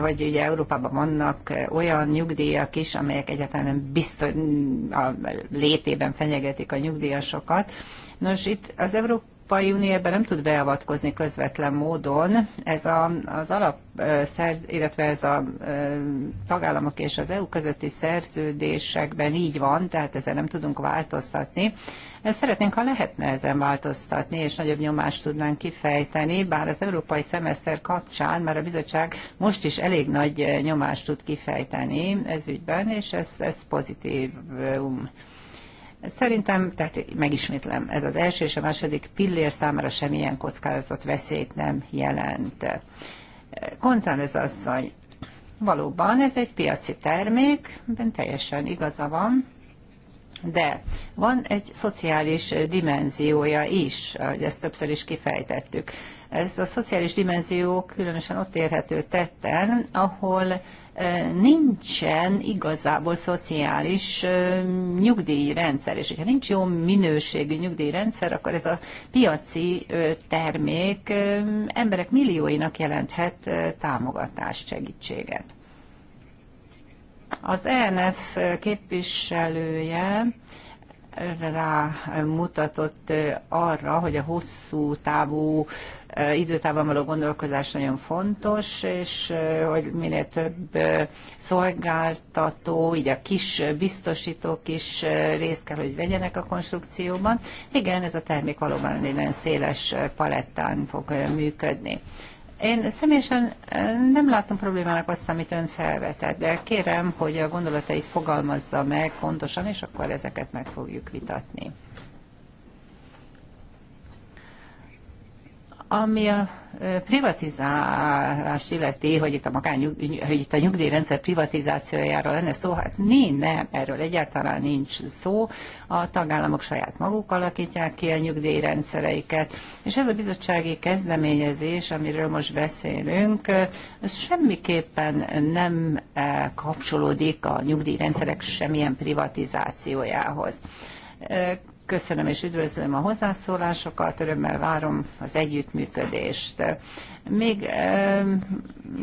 vagy ugye Európában vannak olyan nyugdíjak is, amelyek egyáltalán nem biztos a létében fenyegetik a nyugdíjasokat. Nos, itt az Európa Európai Unió ebben nem tud beavatkozni közvetlen módon. Ez a, az alap, illetve ez a tagállamok és az EU közötti szerződésekben így van, tehát ezen nem tudunk változtatni. Ezt szeretnénk, ha lehetne ezen változtatni, és nagyobb nyomást tudnánk kifejteni, bár az európai szemeszter kapcsán már a bizottság most is elég nagy nyomást tud kifejteni ez ügyben, és ez, ez pozitív. Um. Szerintem, tehát megismétlem, ez az első és a második pillér számára semmilyen kockázatot, veszélyt nem jelent. González asszony, valóban ez egy piaci termék, teljesen igaza van, de van egy szociális dimenziója is, hogy ezt többször is kifejtettük. Ez a szociális dimenzió különösen ott érhető tetten, ahol nincsen igazából szociális nyugdíjrendszer, és ha nincs jó minőségű nyugdíjrendszer, akkor ez a piaci termék emberek millióinak jelenthet támogatást, segítséget. Az ENF képviselője mutatott arra, hogy a hosszú távú időtávon való gondolkozás nagyon fontos, és hogy minél több szolgáltató, így a kis biztosítók is részt kell, hogy vegyenek a konstrukcióban. Igen, ez a termék valóban egy nagyon széles palettán fog működni. Én személyesen nem látom problémának azt, amit ön felvetett, de kérem, hogy a gondolatait fogalmazza meg pontosan, és akkor ezeket meg fogjuk vitatni. Ami a privatizálás illeti, hogy itt a, magán, hogy itt a nyugdíjrendszer privatizációjára lenne szó, hát nincs, nem, erről egyáltalán nincs szó. A tagállamok saját maguk alakítják ki a nyugdíjrendszereiket, és ez a bizottsági kezdeményezés, amiről most beszélünk, ez semmiképpen nem e, kapcsolódik a nyugdíjrendszerek semmilyen privatizációjához Köszönöm és üdvözlöm a hozzászólásokat, örömmel várom az együttműködést. Még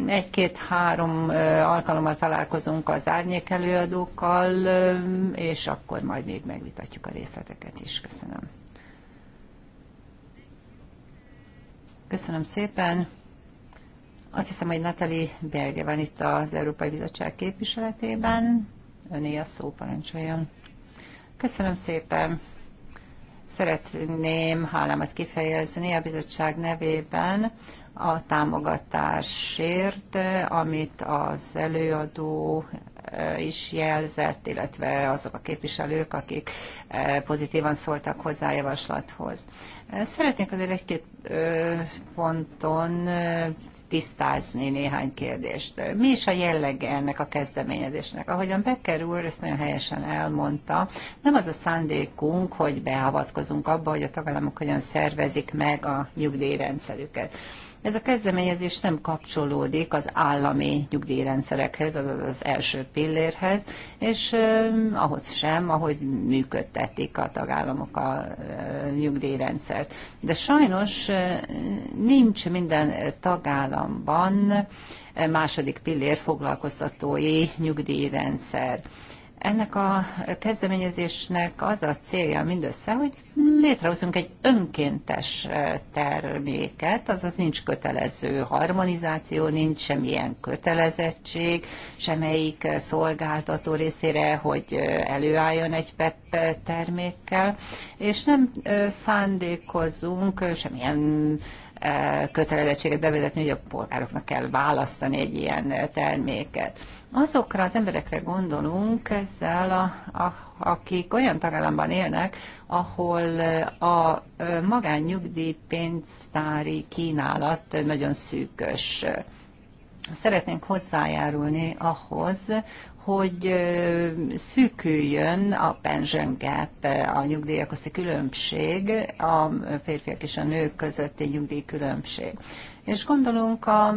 egy-két-három alkalommal találkozunk az árnyék előadókkal, és akkor majd még megvitatjuk a részleteket is. Köszönöm. Köszönöm szépen. Azt hiszem, hogy Natali Berge van itt az Európai Bizottság képviseletében. Öné a szó, parancsoljon. Köszönöm szépen. Szeretném hálámat kifejezni a bizottság nevében a támogatásért, amit az előadó e, is jelzett, illetve azok a képviselők, akik e, pozitívan szóltak hozzá a javaslathoz. Szeretnék azért egy-két ponton tisztázni néhány kérdést. Mi is a jellege ennek a kezdeményezésnek? Ahogyan Becker úr ezt nagyon helyesen elmondta, nem az a szándékunk, hogy beavatkozunk abba, hogy a tagállamok hogyan szervezik meg a nyugdíjrendszerüket. Ez a kezdeményezés nem kapcsolódik az állami nyugdíjrendszerekhez, azaz az első pillérhez, és ahhoz sem, ahogy működtetik a tagállamok a nyugdíjrendszert. De sajnos nincs minden tagállamban második pillér foglalkoztatói nyugdíjrendszer. Ennek a kezdeményezésnek az a célja mindössze, hogy létrehozunk egy önkéntes terméket, azaz nincs kötelező harmonizáció, nincs semmilyen kötelezettség, semmelyik szolgáltató részére, hogy előálljon egy PEP termékkel, és nem szándékozunk semmilyen kötelezettséget bevezetni, hogy a polgároknak kell választani egy ilyen terméket azokra az emberekre gondolunk ezzel, a, a, akik olyan tagállamban élnek, ahol a magánnyugdíjpénztári kínálat nagyon szűkös. Szeretnénk hozzájárulni ahhoz, hogy szűküljön a pension gap, a nyugdíjak közti különbség, a férfiak és a nők közötti nyugdíj különbség. És gondolunk a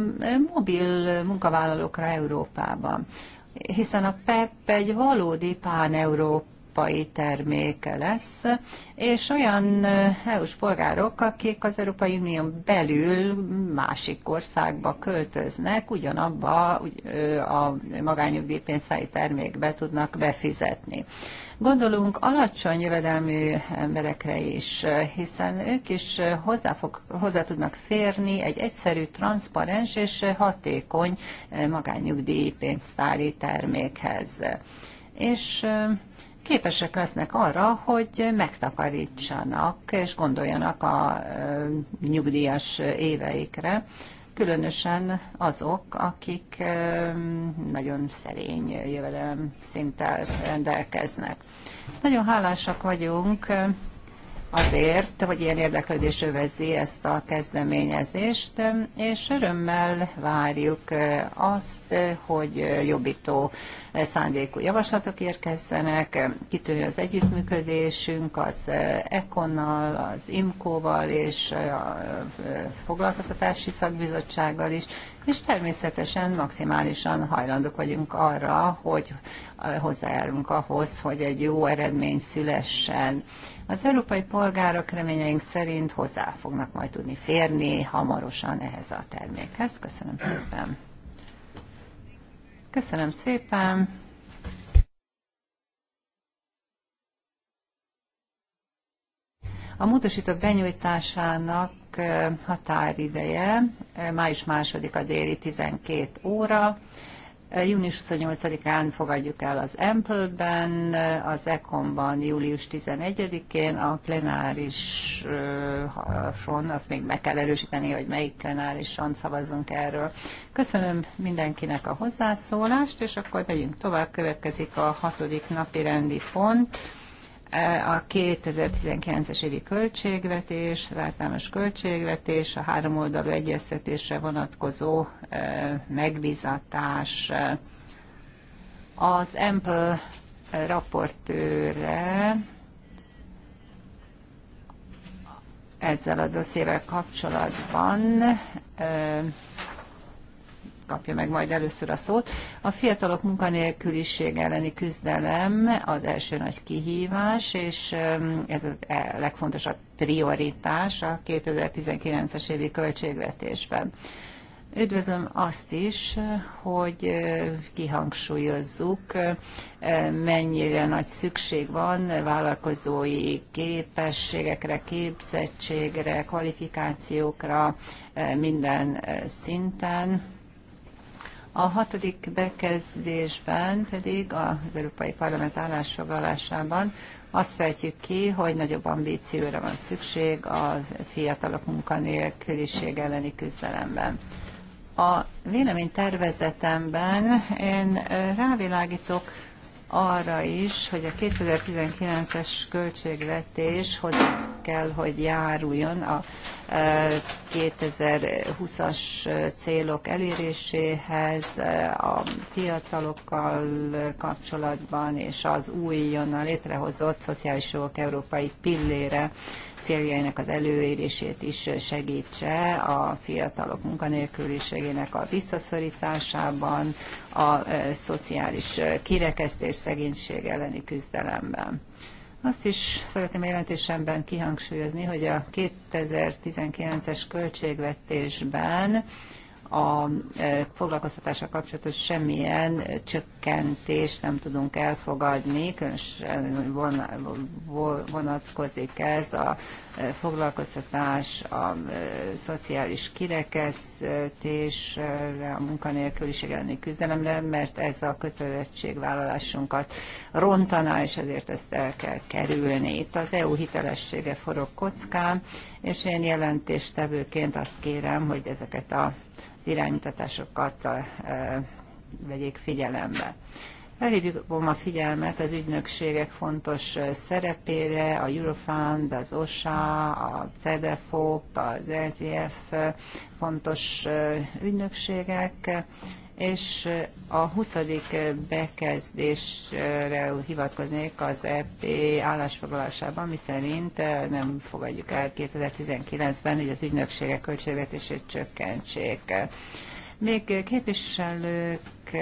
mobil munkavállalókra Európában, hiszen a PEP e egy valódi pán európai terméke lesz, és olyan EU-s polgárok, akik az Európai Unión belül másik országba költöznek, ugyanabba a magányugdíjpénztári termékbe tudnak befizetni. Gondolunk alacsony jövedelmű emberekre is, hiszen ők is hozzá, fog, hozzá tudnak férni egy egyszerű, transzparens és hatékony magányugdíjpénztári termékhez. És képesek lesznek arra, hogy megtakarítsanak és gondoljanak a nyugdíjas éveikre, különösen azok, akik nagyon szerény jövedelem szinttel rendelkeznek. Nagyon hálásak vagyunk azért, hogy ilyen érdeklődés övezi ezt a kezdeményezést, és örömmel várjuk azt, hogy jobbító szándékú javaslatok érkezzenek, kitűnő az együttműködésünk az Ekonnal, az IMKO-val és a foglalkoztatási szakbizottsággal is, és természetesen maximálisan hajlandók vagyunk arra, hogy hozzájárunk ahhoz, hogy egy jó eredmény szülessen. Az európai polgárok reményeink szerint hozzá fognak majd tudni férni hamarosan ehhez a termékhez. Köszönöm szépen. Köszönöm szépen. A módosítók benyújtásának határideje május 2-a déli 12 óra. Június 28-án fogadjuk el az Ample-ben, az econ ban július 11-én, a plenárison, azt még meg kell erősíteni, hogy melyik plenárison szavazzunk erről. Köszönöm mindenkinek a hozzászólást, és akkor megyünk tovább, következik a hatodik napi rendi pont. E, a 2019-es évi költségvetés, az általános költségvetés, a oldalú egyeztetésre vonatkozó e, megbizatás, az Ample raportőre ezzel a dosszével kapcsolatban e, kapja meg majd először a szót. A fiatalok munkanélküliség elleni küzdelem az első nagy kihívás, és um, ez a legfontosabb prioritás a 2019-es évi költségvetésben. Üdvözlöm azt is, hogy uh, kihangsúlyozzuk, uh, mennyire nagy szükség van vállalkozói képességekre, képzettségre, kvalifikációkra uh, minden szinten a hatodik bekezdésben pedig az Európai Parlament állásfoglalásában azt fejtjük ki, hogy nagyobb ambícióra van szükség a fiatalok munkanélküliség elleni küzdelemben. A véleménytervezetemben én rávilágítok arra is, hogy a 2019-es költségvetés hogy kell, hogy járuljon a 2020-as e, célok eléréséhez, e, a fiatalokkal kapcsolatban és az új újonnan létrehozott szociális jogok európai pillére céljainak az előérését is segítse a fiatalok munkanélküliségének a visszaszorításában, a szociális kirekesztés, szegénység elleni küzdelemben. Azt is szeretném jelentésemben kihangsúlyozni, hogy a 2019-es költségvetésben a e, foglalkoztatással kapcsolatos semmilyen csökkentést nem tudunk elfogadni, különösen vonatkozik ez a foglalkoztatás, a e, szociális kirekesztésre, a munkanélküliség elleni küzdelemre, mert ez a kötelezettségvállalásunkat rontaná, és ezért ezt el kell kerülni. Itt az EU hitelessége forog kockán, és én jelentéstevőként azt kérem, hogy ezeket a iránymutatásokat e, vegyék figyelembe. Felhívom a figyelmet az ügynökségek fontos szerepére, a Eurofund, az OSA, a CEDEFOP, az LTF fontos ügynökségek, és a 20. bekezdésre hivatkoznék az EP állásfoglalásában, miszerint nem fogadjuk el 2019-ben, hogy az ügynökségek költségvetését csökkentsék. Még képviselők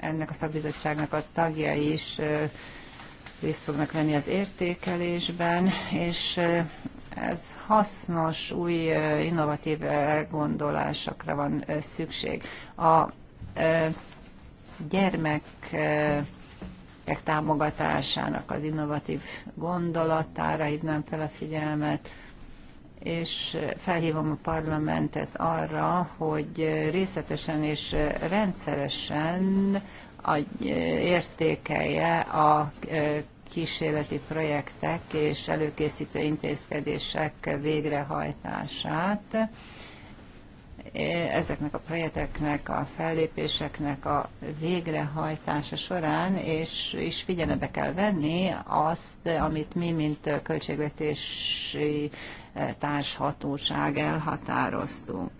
ennek a szakbizottságnak a tagja is részt fognak venni az értékelésben, és ez hasznos, új, innovatív gondolásokra van szükség. A gyermekek támogatásának az innovatív gondolatára hívnám fel a figyelmet, és felhívom a parlamentet arra, hogy részletesen és rendszeresen értékelje a e, kísérleti projektek és előkészítő intézkedések végrehajtását ezeknek a projekteknek, a fellépéseknek a végrehajtása során, és is figyelembe kell venni azt, amit mi, mint költségvetési eh, társhatóság elhatároztunk.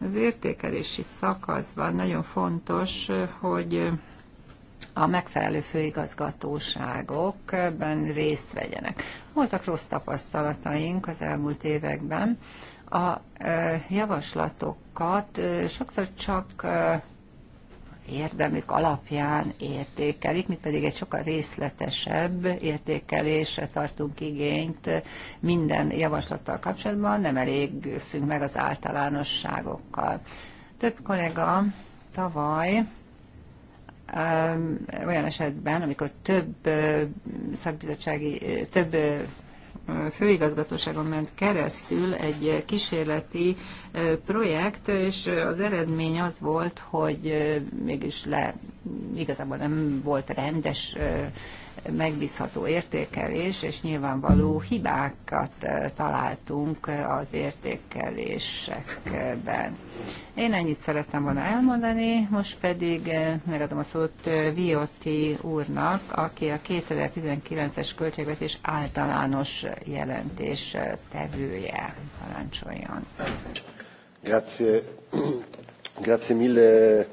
Az értékelési szakaszban nagyon fontos, hogy a megfelelő főigazgatóságok részt vegyenek. Voltak rossz tapasztalataink az elmúlt években, a javaslatokat sokszor csak érdemük alapján értékelik, mi pedig egy sokkal részletesebb értékelésre tartunk igényt minden javaslattal kapcsolatban, nem elégszünk meg az általánosságokkal. Több kollega tavaly olyan esetben, amikor több szakbizottsági, több főigazgatóságon ment keresztül egy kísérleti projekt, és az eredmény az volt, hogy mégis le igazából nem volt rendes, megbízható értékelés, és nyilvánvaló hibákat találtunk az értékelésekben. Én ennyit szerettem volna elmondani, most pedig megadom a szót Vioti úrnak, aki a 2019-es költségvetés általános jelentés tevője. Parancsoljon. Grazie. Grazie mille.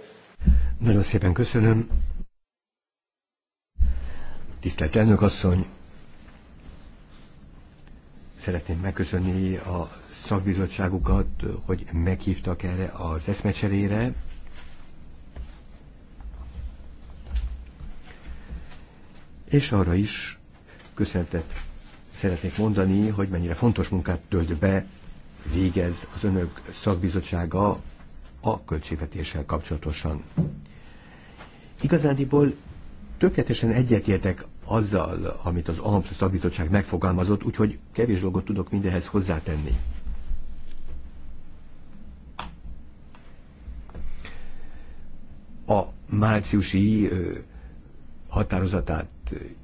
Nagyon szépen köszönöm. Tisztelt elnök asszony, szeretném megköszönni a szakbizottságukat, hogy meghívtak erre az eszmecserére. És arra is köszöntet szeretnék mondani, hogy mennyire fontos munkát tölt be, végez az önök szakbizottsága a költségvetéssel kapcsolatosan. Igazándiból tökéletesen egyetértek azzal, amit az AMPL szakbizottság megfogalmazott, úgyhogy kevés dolgot tudok mindehhez hozzátenni. A márciusi határozatát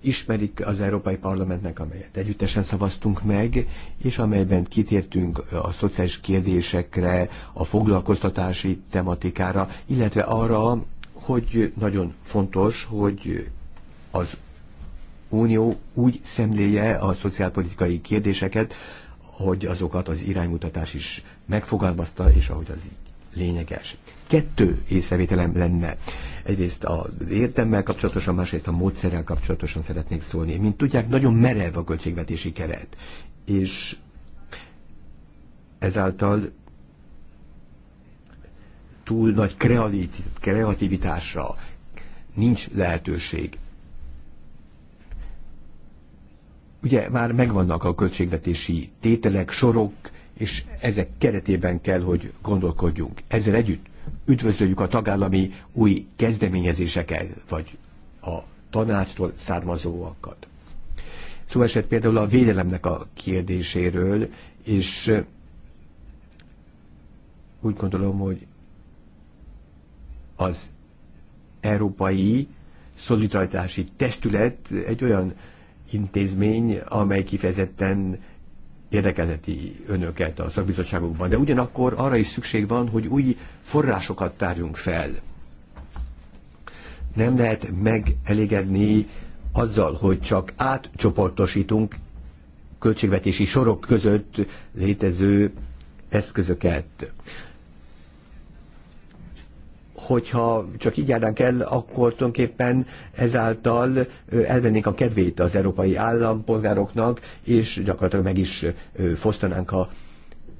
ismerik az Európai Parlamentnek, amelyet együttesen szavaztunk meg, és amelyben kitértünk a szociális kérdésekre, a foglalkoztatási tematikára, illetve arra, hogy nagyon fontos, hogy az Unió úgy szemléje a szociálpolitikai kérdéseket, hogy azokat az iránymutatás is megfogalmazta, és ahogy az lényeges. Kettő észrevételem lenne. Egyrészt az értemmel kapcsolatosan, másrészt a módszerrel kapcsolatosan szeretnék szólni. Mint tudják, nagyon merev a költségvetési keret, és ezáltal túl nagy kreativitásra nincs lehetőség. Ugye már megvannak a költségvetési tételek, sorok, és ezek keretében kell, hogy gondolkodjunk. Ezzel együtt üdvözöljük a tagállami új kezdeményezéseket, vagy a tanácstól származóakat. Szó szóval esett például a védelemnek a kérdéséről, és úgy gondolom, hogy az Európai Szolidaritási Testület egy olyan intézmény, amely kifejezetten érdekelheti önöket a szakbizottságokban. De ugyanakkor arra is szükség van, hogy új forrásokat tárjunk fel. Nem lehet megelégedni azzal, hogy csak átcsoportosítunk költségvetési sorok között létező eszközöket hogyha csak így járnánk el, akkor tulajdonképpen ezáltal elvennénk a kedvét az európai állampolgároknak, és gyakorlatilag meg is fosztanánk a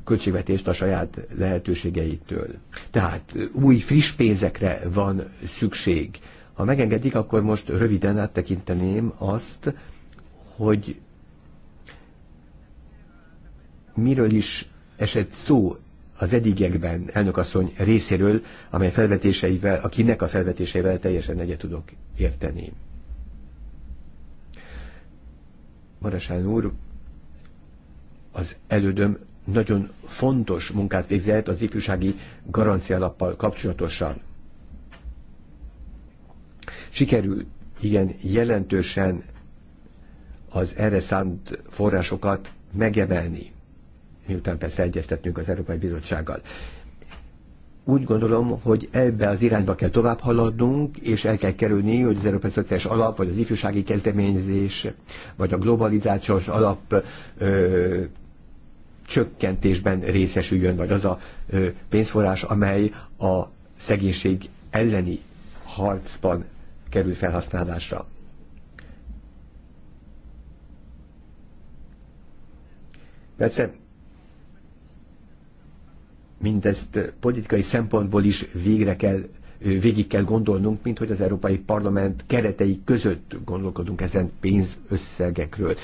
költségvetést a saját lehetőségeitől. Tehát új, friss pénzekre van szükség. Ha megengedik, akkor most röviden áttekinteném azt, hogy miről is esett szó az elnök elnökasszony részéről, amely felvetéseivel, akinek a felvetéseivel teljesen egyet tudok érteni. Marasán úr, az elődöm nagyon fontos munkát végzett az ifjúsági garancialappal kapcsolatosan. Sikerül igen jelentősen az erre szánt forrásokat megemelni miután persze egyeztetünk az Európai Bizottsággal. Úgy gondolom, hogy ebbe az irányba kell tovább haladnunk, és el kell kerülni, hogy az Európai Szociális Alap, vagy az ifjúsági kezdeményezés, vagy a globalizációs alap ö, csökkentésben részesüljön, vagy az a ö, pénzforrás, amely a szegénység elleni harcban kerül felhasználásra. Persze mindezt politikai szempontból is végre kell, végig kell gondolnunk, mint hogy az Európai Parlament keretei között gondolkodunk ezen pénzösszegekről.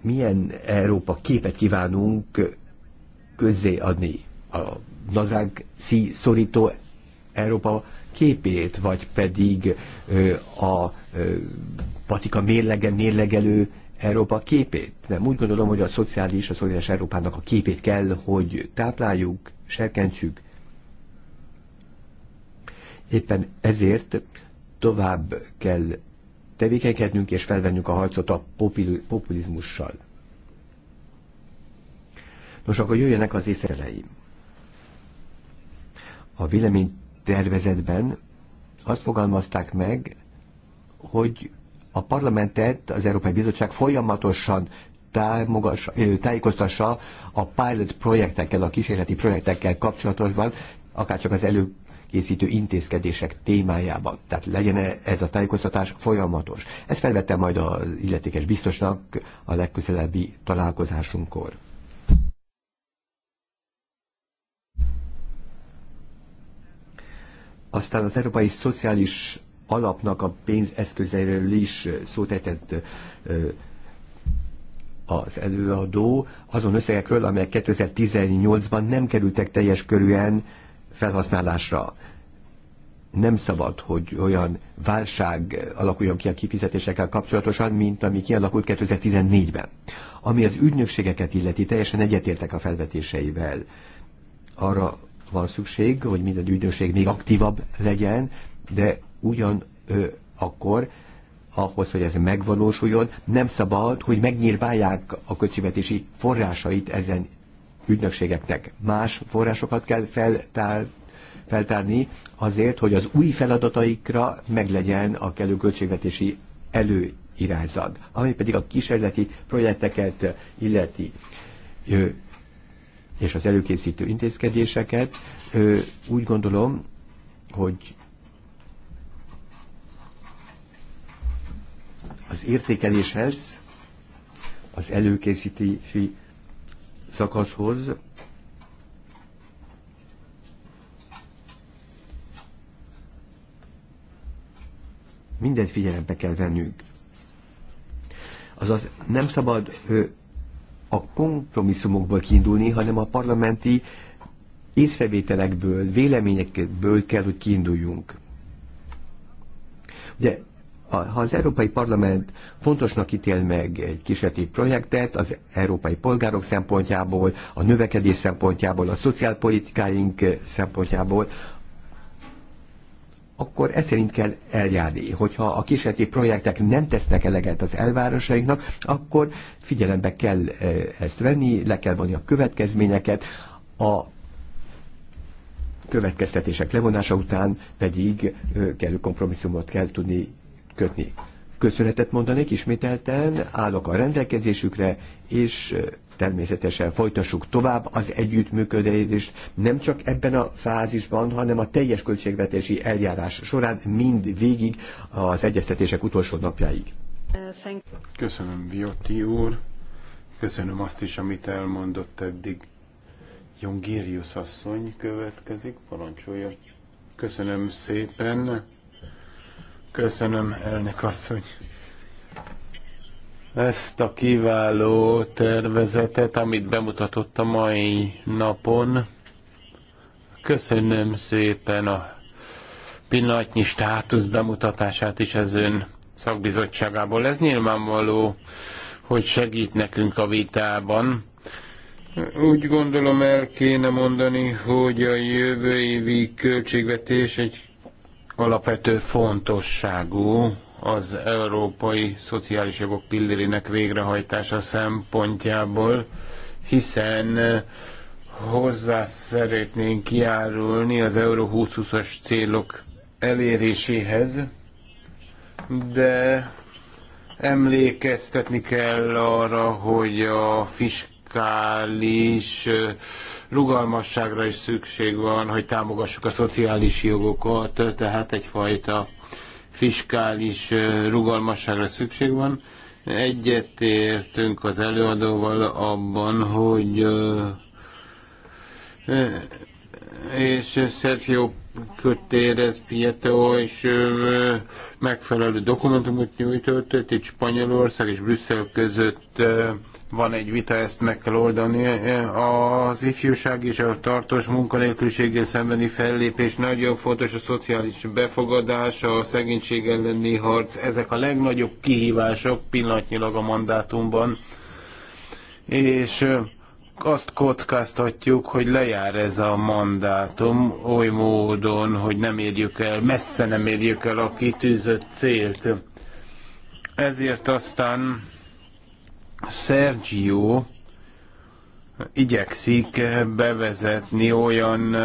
Milyen Európa képet kívánunk közzé adni? A nadrág szorító Európa képét, vagy pedig ö, a ö, patika mérlege mérlegelő Európa képét. Nem úgy gondolom, hogy a szociális, a szociális Európának a képét kell, hogy tápláljuk, serkentsük. Éppen ezért tovább kell tevékenykednünk és felvennünk a harcot a populizmussal. Nos, akkor jöjjenek az észreleim. A véleménytervezetben azt fogalmazták meg, hogy a parlamentet az Európai Bizottság folyamatosan tájékoztassa a pilot projektekkel, a kísérleti projektekkel kapcsolatosan, akárcsak az előkészítő készítő intézkedések témájában. Tehát legyen -e ez a tájékoztatás folyamatos. Ezt felvettem majd az illetékes biztosnak a legközelebbi találkozásunkkor. Aztán az Európai Szociális alapnak a pénzeszközeiről is szótetett az előadó azon összegekről, amelyek 2018-ban nem kerültek teljes körűen felhasználásra. Nem szabad, hogy olyan válság alakuljon ki a kifizetésekkel kapcsolatosan, mint ami kialakult 2014-ben. Ami az ügynökségeket illeti, teljesen egyetértek a felvetéseivel. Arra van szükség, hogy minden ügynökség még aktívabb legyen, de ugyan ö, akkor ahhoz, hogy ez megvalósuljon, nem szabad, hogy megnyírbálják a költségvetési forrásait ezen ügynökségeknek. Más forrásokat kell feltár, feltárni azért, hogy az új feladataikra meglegyen a kellő költségvetési előirányzat, ami pedig a kísérleti projekteket illeti és az előkészítő intézkedéseket. Úgy gondolom, hogy az értékeléshez, az előkészítési szakaszhoz, mindent figyelembe kell vennünk. Azaz nem szabad ö, a kompromisszumokból kiindulni, hanem a parlamenti észrevételekből, véleményekből kell, hogy kiinduljunk. Ugye ha az Európai Parlament fontosnak ítél meg egy kísérleti projektet az európai polgárok szempontjából, a növekedés szempontjából, a szociálpolitikáink eh, szempontjából, akkor ez szerint kell eljárni. Hogyha a kísérleti projektek nem tesznek eleget az elvárásainknak, akkor figyelembe kell eh, ezt venni, le kell vonni a következményeket, a következtetések levonása után pedig eh, kellő kompromisszumot kell tudni kötni. Köszönetet mondanék ismételten, állok a rendelkezésükre, és természetesen folytassuk tovább az együttműködést, nem csak ebben a fázisban, hanem a teljes költségvetési eljárás során mind végig az egyeztetések utolsó napjáig. Köszönöm, Viotti úr. Köszönöm azt is, amit elmondott eddig. Jongérius asszony következik, parancsolja. Köszönöm szépen. Köszönöm, elnök asszony. Ezt a kiváló tervezetet, amit bemutatott a mai napon. Köszönöm szépen a pillanatnyi státusz bemutatását is az ön szakbizottságából. Ez nyilvánvaló, hogy segít nekünk a vitában. Úgy gondolom el kéne mondani, hogy a jövő évi költségvetés egy alapvető fontosságú az európai szociális jogok pillérének végrehajtása szempontjából, hiszen eh, hozzá szeretnénk kiárulni az Euró 2020-as célok eléréséhez, de emlékeztetni kell arra, hogy a fiskális radikális rugalmasságra is szükség van, hogy támogassuk a szociális jogokat, tehát egyfajta fiskális rugalmasságra szükség van. Egyetértünk az előadóval abban, hogy és Sergio ez Pieto, és ö, megfelelő dokumentumot nyújtott, itt Spanyolország és Brüsszel között ö, van egy vita, ezt meg kell oldani. Az ifjúság és a tartós munkanélküliséggel szembeni fellépés nagyon fontos, a szociális befogadás, a szegénység elleni harc, ezek a legnagyobb kihívások pillanatnyilag a mandátumban. És azt kockáztatjuk, hogy lejár ez a mandátum oly módon, hogy nem érjük el, messze nem érjük el a kitűzött célt. Ezért aztán Sergio igyekszik bevezetni olyan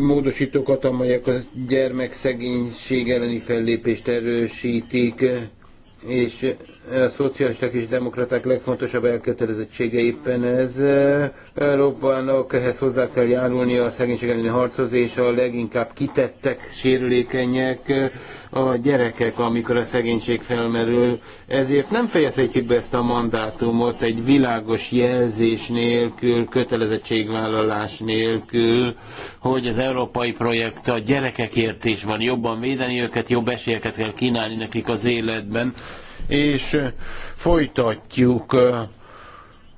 módosítókat, amelyek a gyermekszegénység elleni fellépést erősítik, és a szocialisták és demokraták legfontosabb elkötelezettsége éppen ez. Európának ehhez hozzá kell járulni a szegénység elleni harchoz, és a leginkább kitettek, sérülékenyek a gyerekek, amikor a szegénység felmerül. Ezért nem fejezhetjük be ezt a mandátumot egy világos jelzés nélkül, kötelezettségvállalás nélkül, hogy az európai projekt a gyerekekért is van. Jobban védeni őket, jobb esélyeket kell kínálni nekik az életben és folytatjuk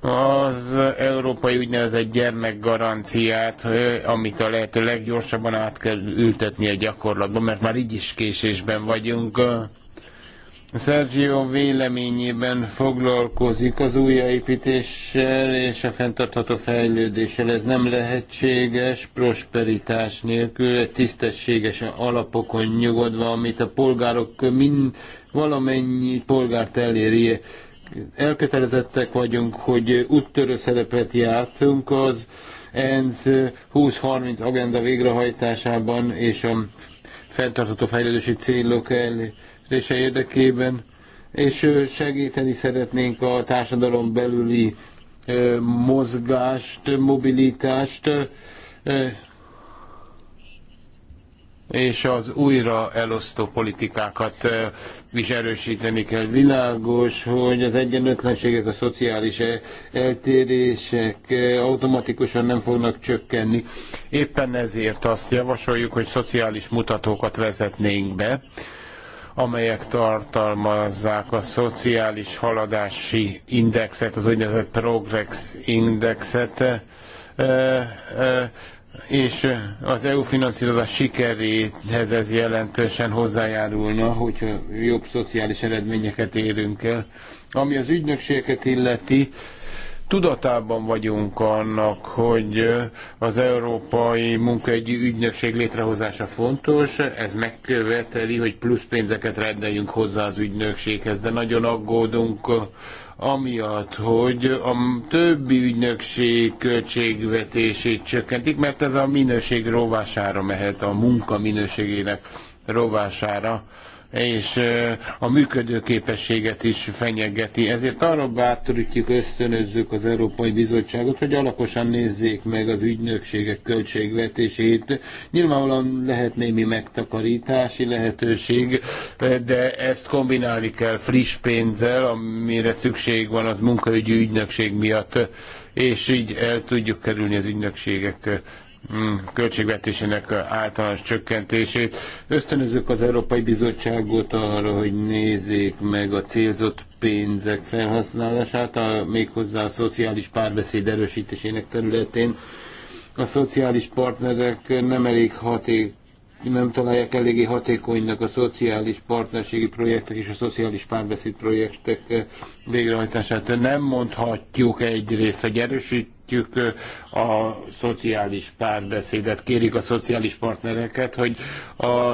az európai úgynevezett gyermekgaranciát, amit a lehető leggyorsabban át kell ültetni a gyakorlatba, mert már így is késésben vagyunk. Sergio véleményében foglalkozik az újjáépítéssel és a fenntartható fejlődéssel. Ez nem lehetséges prosperitás nélkül, tisztességes alapokon nyugodva, amit a polgárok mind valamennyi polgárt eléri. Elkötelezettek vagyunk, hogy úttörő szerepet játszunk az ENSZ 2030 agenda végrehajtásában és a fenntartható fejlődési célok elérése érdekében, és segíteni szeretnénk a társadalom belüli mozgást, mobilitást, és az újra elosztó politikákat is erősíteni kell. Világos, hogy az egyenlőtlenségek, a szociális e- eltérések automatikusan nem fognak csökkenni. Éppen ezért azt javasoljuk, hogy szociális mutatókat vezetnénk be, amelyek tartalmazzák a szociális haladási indexet, az úgynevezett Progress indexet, és az EU finanszírozás sikeréhez ez jelentősen hozzájárulna, hogyha jobb szociális eredményeket érünk el. Ami az ügynökségeket illeti, tudatában vagyunk annak, hogy az Európai Munkaügyi Ügynökség létrehozása fontos, ez megköveteli, hogy plusz pénzeket rendeljünk hozzá az ügynökséghez, de nagyon aggódunk amiatt, hogy a többi ügynökség költségvetését csökkentik, mert ez a minőség rovására mehet, a munka minőségének rovására és a működőképességet is fenyegeti. Ezért arra bátorítjuk, ösztönözzük az Európai Bizottságot, hogy alaposan nézzék meg az ügynökségek költségvetését. Nyilvánvalóan lehet némi megtakarítási lehetőség, de ezt kombinálni kell friss pénzzel, amire szükség van az munkaügyi ügynökség miatt, és így el tudjuk kerülni az ügynökségek Hmm, költségvetésének általános csökkentését. Ösztönözök az Európai Bizottságot arra, hogy nézzék meg a célzott pénzek felhasználását, a, méghozzá a szociális párbeszéd erősítésének területén. A szociális partnerek nem elég haték nem találják eléggé hatékonynak a szociális partnerségi projektek és a szociális párbeszéd projektek végrehajtását. Nem mondhatjuk egyrészt, hogy erősít erősítjük a szociális párbeszédet, kérik a szociális partnereket, hogy a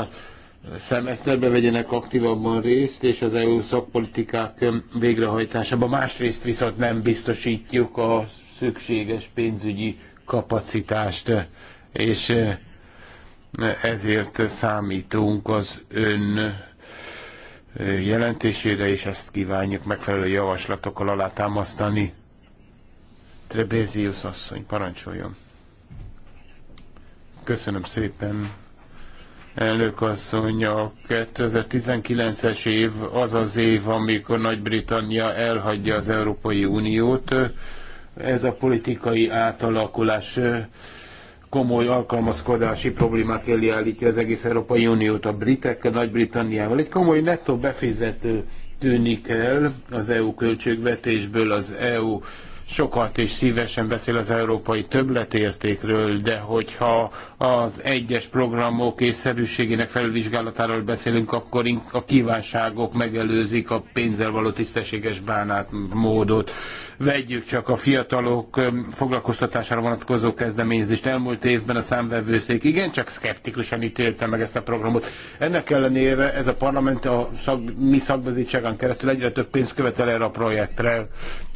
szemeszterbe vegyenek aktívabban részt, és az EU szakpolitikák végrehajtásában. Másrészt viszont nem biztosítjuk a szükséges pénzügyi kapacitást, és ezért számítunk az ön jelentésére, és ezt kívánjuk megfelelő javaslatokkal alátámasztani. Trebézius asszony, parancsoljon. Köszönöm szépen. Elnök asszony, a 2019-es év az az év, amikor Nagy-Britannia elhagyja az Európai Uniót. Ez a politikai átalakulás komoly alkalmazkodási problémák elé állítja az egész Európai Uniót a britekkel, Nagy-Britanniával. Egy komoly nettó befizető tűnik el az EU költségvetésből, az EU sokat és szívesen beszél az európai többletértékről, de hogyha az egyes programok és szerűségének felülvizsgálatáról beszélünk, akkor a kívánságok megelőzik a pénzzel való tisztességes bánátmódot. Vegyük csak a fiatalok foglalkoztatására vonatkozó kezdeményezést. Elmúlt évben a számvevőszék igencsak szkeptikusan ítélte meg ezt a programot. Ennek ellenére ez a parlament a szak, mi szakbizottságán keresztül egyre több pénzt követel erre a projektre.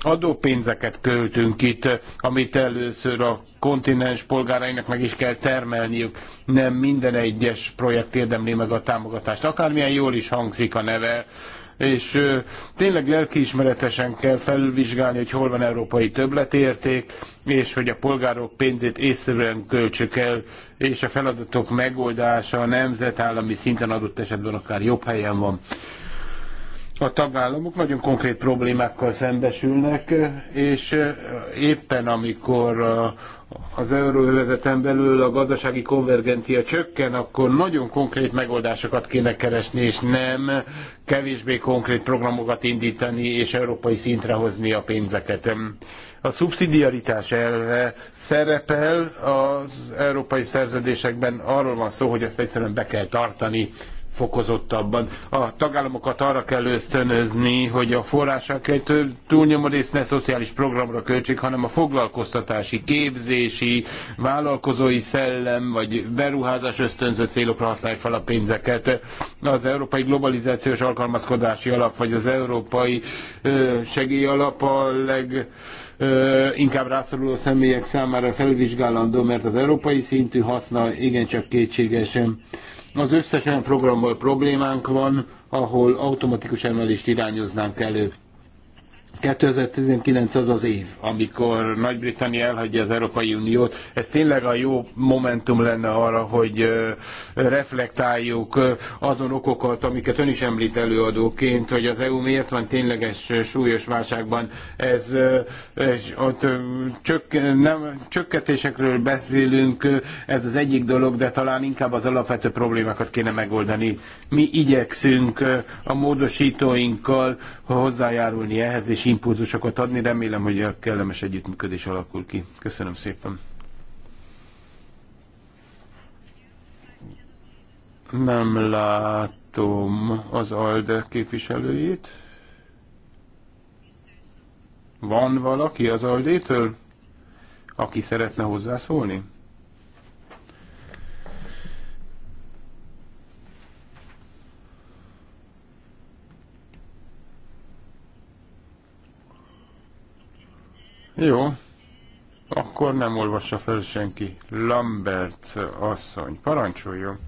Adópénzeket költünk itt, amit először a kontinens polgárainak meg is kell termelniük. Nem minden egyes projekt érdemli meg a támogatást. Akármilyen jól is hangzik a neve, és ö, tényleg lelkiismeretesen kell felülvizsgálni, hogy hol van európai többletérték, és hogy a polgárok pénzét észszerűen költsük el, és a feladatok megoldása a nemzetállami szinten adott esetben akár jobb helyen van a tagállamok nagyon konkrét problémákkal szembesülnek, és eh, éppen amikor eh, az euróvezeten belül a gazdasági konvergencia csökken, akkor nagyon konkrét megoldásokat kéne keresni, és nem kevésbé konkrét programokat indítani és európai szintre hozni a pénzeket. A szubszidiaritás elve szerepel az európai szerződésekben, arról van szó, hogy ezt egyszerűen be kell tartani, fokozottabban. A tagállamokat arra kell ösztönözni, hogy a források egy túlnyomó részt ne szociális programra költsék, hanem a foglalkoztatási, képzési, vállalkozói szellem vagy beruházás ösztönző célokra használják fel a pénzeket. Az Európai Globalizációs Alkalmazkodási Alap vagy az Európai Segélyalap a leg inkább rászoruló személyek számára felvizsgálandó, mert az európai szintű haszna igencsak kétségesen az összes olyan programmal problémánk van, ahol automatikus emelést irányoznánk elő. 2019 az az év, amikor Nagy-Britannia elhagyja az Európai Uniót. Ez tényleg a jó momentum lenne arra, hogy reflektáljuk azon okokat, amiket ön is említ előadóként, hogy az EU miért van tényleges súlyos válságban. Ez, ez ott csök, nem, csökkentésekről beszélünk, ez az egyik dolog, de talán inkább az alapvető problémákat kéne megoldani. Mi igyekszünk a módosítóinkkal hozzájárulni ehhez, és impulzusokat adni. Remélem, hogy a kellemes együttműködés alakul ki. Köszönöm szépen. Nem látom az ALDE képviselőjét. Van valaki az ALDE-től, aki szeretne hozzászólni? Jó, akkor nem olvassa fel senki. Lambert asszony, parancsoljon.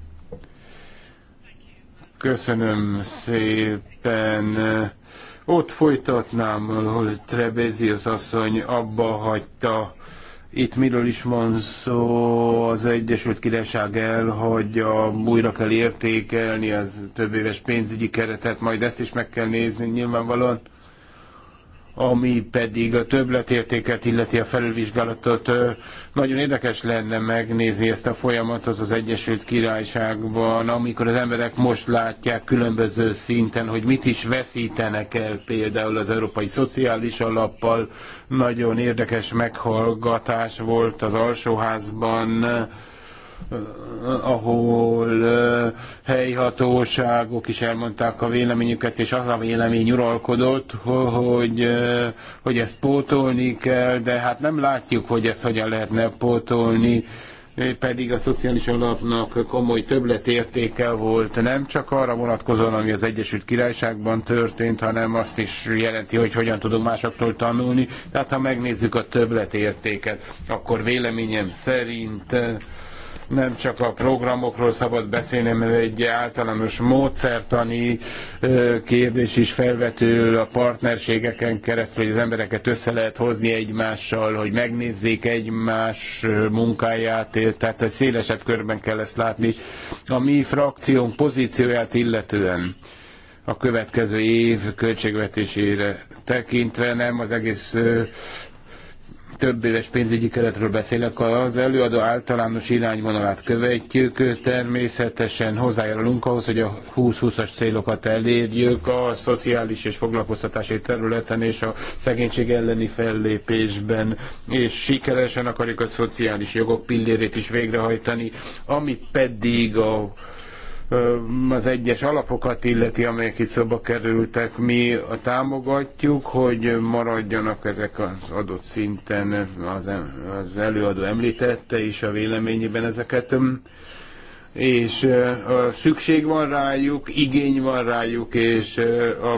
Köszönöm szépen. Ott folytatnám, Trebezi az asszony abba hagyta. Itt miről is van szó, az Egyesült Királyság elhagyja, újra kell értékelni az több éves pénzügyi keretet, majd ezt is meg kell nézni nyilvánvalóan ami pedig a többletértéket illeti a felülvizsgálatot. Nagyon érdekes lenne megnézni ezt a folyamatot az Egyesült Királyságban, amikor az emberek most látják különböző szinten, hogy mit is veszítenek el például az Európai Szociális Alappal. Nagyon érdekes meghallgatás volt az Alsóházban, ahol eh, helyhatóságok is elmondták a véleményüket, és az a vélemény uralkodott, hogy, eh, hogy ezt pótolni kell, de hát nem látjuk, hogy ezt hogyan lehetne pótolni eh, pedig a szociális alapnak komoly többletértéke volt, nem csak arra vonatkozóan, ami az Egyesült Királyságban történt, hanem azt is jelenti, hogy hogyan tudunk másoktól tanulni. Tehát ha megnézzük a többletértéket, akkor véleményem szerint nem csak a programokról szabad beszélni, mert egy általános módszertani kérdés is felvetül a partnerségeken keresztül, hogy az embereket össze lehet hozni egymással, hogy megnézzék egymás munkáját, tehát egy szélesebb körben kell ezt látni. A mi frakciónk pozícióját illetően a következő év költségvetésére tekintve nem az egész több éves pénzügyi keretről beszélek, az előadó általános irányvonalát követjük, természetesen hozzájárulunk ahhoz, hogy a 20-20-as célokat elérjük a szociális és foglalkoztatási területen és a szegénység elleni fellépésben, és sikeresen akarjuk a szociális jogok pillérét is végrehajtani, ami pedig a az egyes alapokat illeti, amelyek itt szóba kerültek, mi a támogatjuk, hogy maradjanak ezek az adott szinten, az, előadó említette is a véleményében ezeket, és szükség van rájuk, igény van rájuk, és a,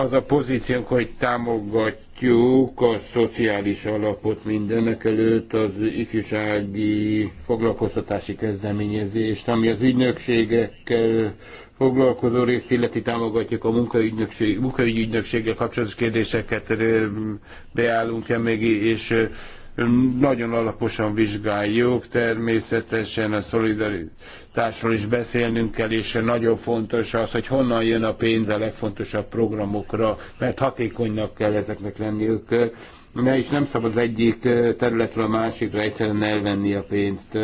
az a pozíciónk, hogy támogatjuk látjuk a szociális alapot mindenek előtt, az ifjúsági foglalkoztatási kezdeményezést, ami az ügynökségekkel foglalkozó részt illeti támogatjuk a munkaügynökség, munkaügyi ügynökséggel kapcsolatos kérdéseket, beállunk-e még, és nagyon alaposan vizsgáljuk, természetesen a szolidaritásról is beszélnünk kell, és nagyon fontos az, hogy honnan jön a pénz a legfontosabb programokra, mert hatékonynak kell ezeknek lenniük ne is nem szabad az egyik területről a másikra egyszerűen elvenni a pénzt.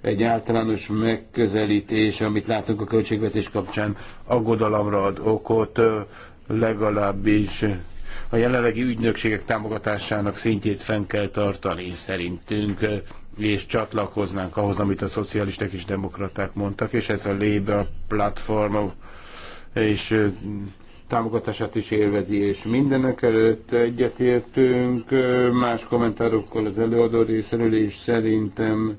Egy általános megközelítés, amit látunk a költségvetés kapcsán, aggodalomra ad okot, legalábbis a jelenlegi ügynökségek támogatásának szintjét fenn kell tartani szerintünk, és csatlakoznánk ahhoz, amit a szocialisták és demokraták mondtak, és ez a Labour platform és támogatását is élvezi, és mindenek előtt egyetértünk más kommentárokkal az előadó részéről, és szerintem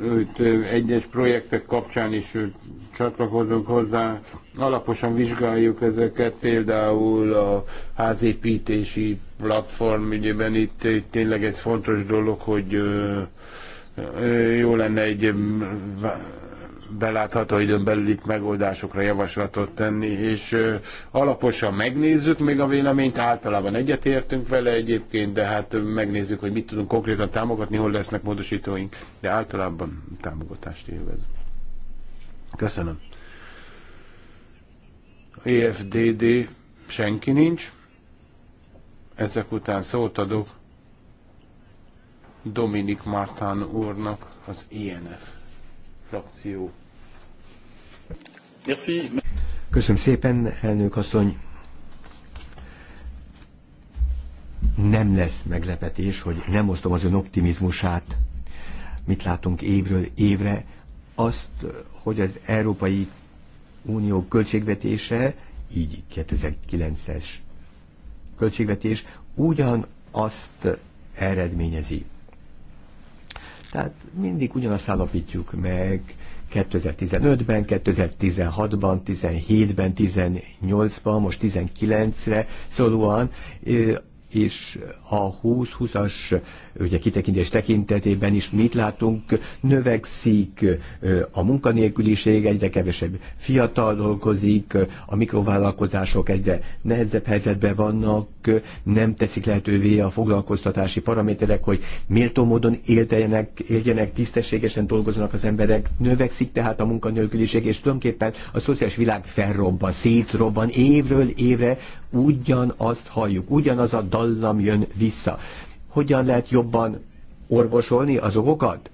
őt egyes projektek kapcsán is csatlakozunk hozzá. Alaposan vizsgáljuk ezeket, például a házépítési platform ügyében itt, itt tényleg ez fontos dolog, hogy jó lenne egy belátható időn belül itt megoldásokra javaslatot tenni, és alaposan megnézzük még a véleményt, általában egyetértünk vele egyébként, de hát megnézzük, hogy mit tudunk konkrétan támogatni, hol lesznek módosítóink, de általában támogatást élvez. Köszönöm. EFDD senki nincs. Ezek után szót adok Dominik Mártán úrnak az INF frakció Merci. Köszönöm szépen, elnök asszony. Nem lesz meglepetés, hogy nem osztom az ön optimizmusát. Mit látunk évről évre? Azt, hogy az Európai Unió költségvetése, így 2009-es költségvetés ugyanazt eredményezi. Tehát mindig ugyanazt állapítjuk meg, 2015-ben, 2016-ban, 17-ben, 18-ban, most 19-re szólóan és a 20-20-as kitekintés tekintetében is mit látunk, növekszik a munkanélküliség, egyre kevesebb fiatal dolgozik, a mikrovállalkozások egyre nehezebb helyzetben vannak, nem teszik lehetővé a foglalkoztatási paraméterek, hogy méltó módon éljenek, éljenek tisztességesen dolgoznak az emberek, növekszik tehát a munkanélküliség, és tulajdonképpen a szociális világ felrobban, szétrobban évről évre, ugyanazt halljuk, ugyanaz a dallam jön vissza. Hogyan lehet jobban orvosolni az okokat?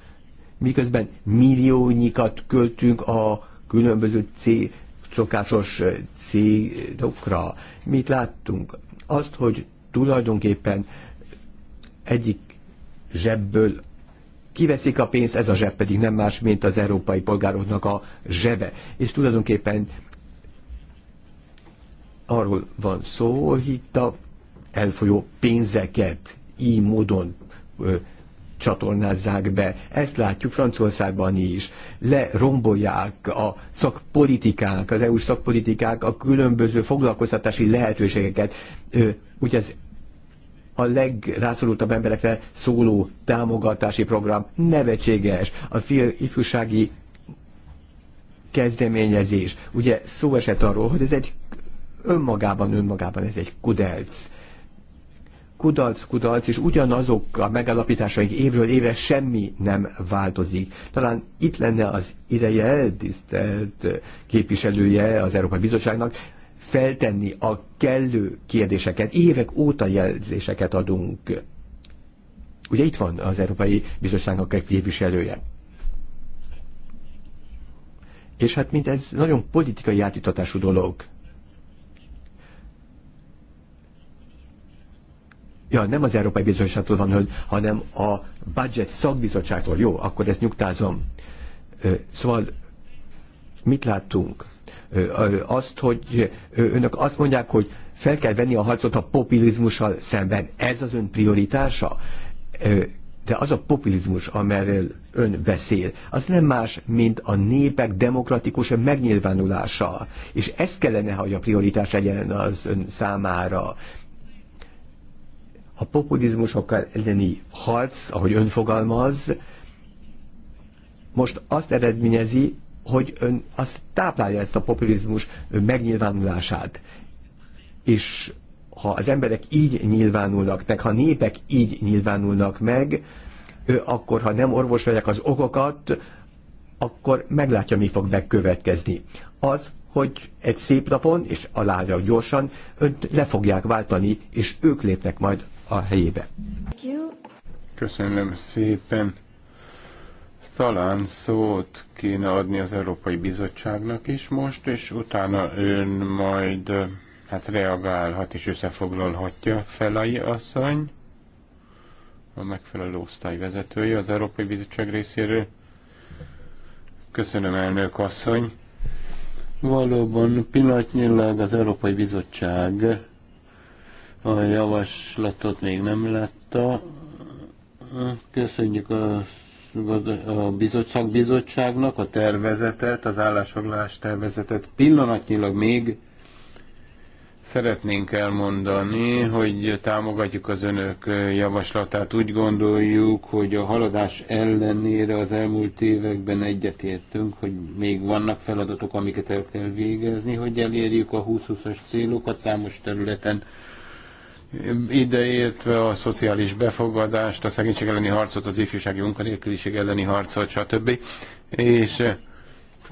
Miközben milliónyikat költünk a különböző C, szokásos célokra. Mit láttunk? Azt, hogy tulajdonképpen egyik zsebből kiveszik a pénzt, ez a zseb pedig nem más, mint az európai polgároknak a zsebe. És tulajdonképpen arról van szó, hogy itt a elfolyó pénzeket így módon ö, csatornázzák be. Ezt látjuk Franciaországban is. Lerombolják a szakpolitikák, az EU-s szakpolitikák a különböző foglalkoztatási lehetőségeket. Ö, ugye ez a legrászorultabb emberekre szóló támogatási program nevetséges. A fil, ifjúsági kezdeményezés. Ugye szó esett arról, hogy ez egy önmagában, önmagában ez egy kudelc kudarc, kudarc, és ugyanazok a megállapításaik évről évre semmi nem változik. Talán itt lenne az ideje, tisztelt képviselője az Európai Bizottságnak, feltenni a kellő kérdéseket, évek óta jelzéseket adunk. Ugye itt van az Európai Bizottságnak egy képviselője. És hát mint ez nagyon politikai átítatású dolog. Ja, nem az Európai Bizottságtól van, hanem a budget szakbizottságtól. Jó, akkor ezt nyugtázom. Szóval mit láttunk? Azt, hogy önök azt mondják, hogy fel kell venni a harcot a populizmussal szemben. Ez az ön prioritása? De az a populizmus, amelyről ön beszél, az nem más, mint a népek demokratikus megnyilvánulása. És ez kellene, hogy a prioritás legyen az ön számára a populizmusokkal elleni harc, ahogy ön fogalmaz, most azt eredményezi, hogy ön azt táplálja ezt a populizmus megnyilvánulását. És ha az emberek így nyilvánulnak meg, ha népek így nyilvánulnak meg, ő akkor, ha nem orvosolják az okokat, akkor meglátja, mi fog bekövetkezni. Az, hogy egy szép napon, és alára gyorsan, önt le fogják váltani, és ők lépnek majd a helyébe. Köszönöm szépen. Talán szót kéne adni az Európai Bizottságnak is most, és utána ön majd hát reagálhat és összefoglalhatja Felai asszony, a megfelelő osztály vezetője az Európai Bizottság részéről. Köszönöm, elnök asszony. Valóban pillanatnyilag az Európai Bizottság a javaslatot még nem látta. Köszönjük a, a bizottság bizottságnak a tervezetet, az állásfoglalás tervezetet. Pillanatnyilag még szeretnénk elmondani, hogy támogatjuk az önök javaslatát. Úgy gondoljuk, hogy a haladás ellenére az elmúlt években egyetértünk, hogy még vannak feladatok, amiket el kell végezni, hogy elérjük a 20-20-as célokat számos területen ideértve a szociális befogadást, a szegénység elleni harcot, az ifjúsági munkanélküliség elleni harcot, stb. És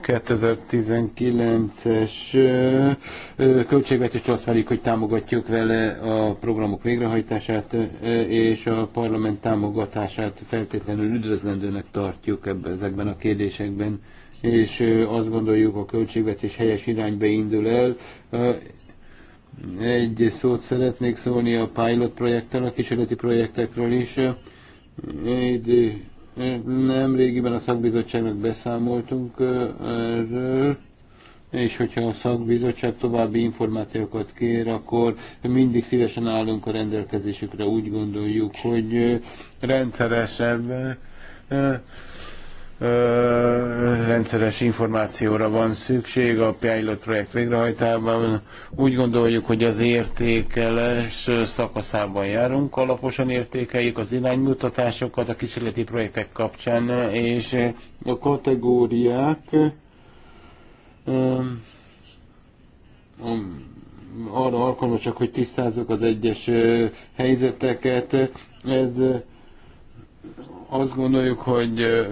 2019-es költségvetést ott felik, hogy támogatjuk vele a programok végrehajtását, eh, és a parlament támogatását feltétlenül üdvözlendőnek tartjuk ebben, ezekben a kérdésekben és eh, azt gondoljuk a költségvetés helyes irányba indul el, eh, egy szót szeretnék szólni a pilot projekttel, a kísérleti projektekről is. Egy, régiben a szakbizottságnak beszámoltunk erről, és hogyha a szakbizottság további információkat kér, akkor mindig szívesen állunk a rendelkezésükre. Úgy gondoljuk, hogy rendszeresebb rendszeres információra van szükség a pilot projekt végrehajtában. Úgy gondoljuk, hogy az értékeles szakaszában járunk, alaposan értékeljük az iránymutatásokat a kísérleti projektek kapcsán, és a kategóriák arra alkalmasak, hogy tisztázzuk az egyes helyzeteket. Ez azt gondoljuk, hogy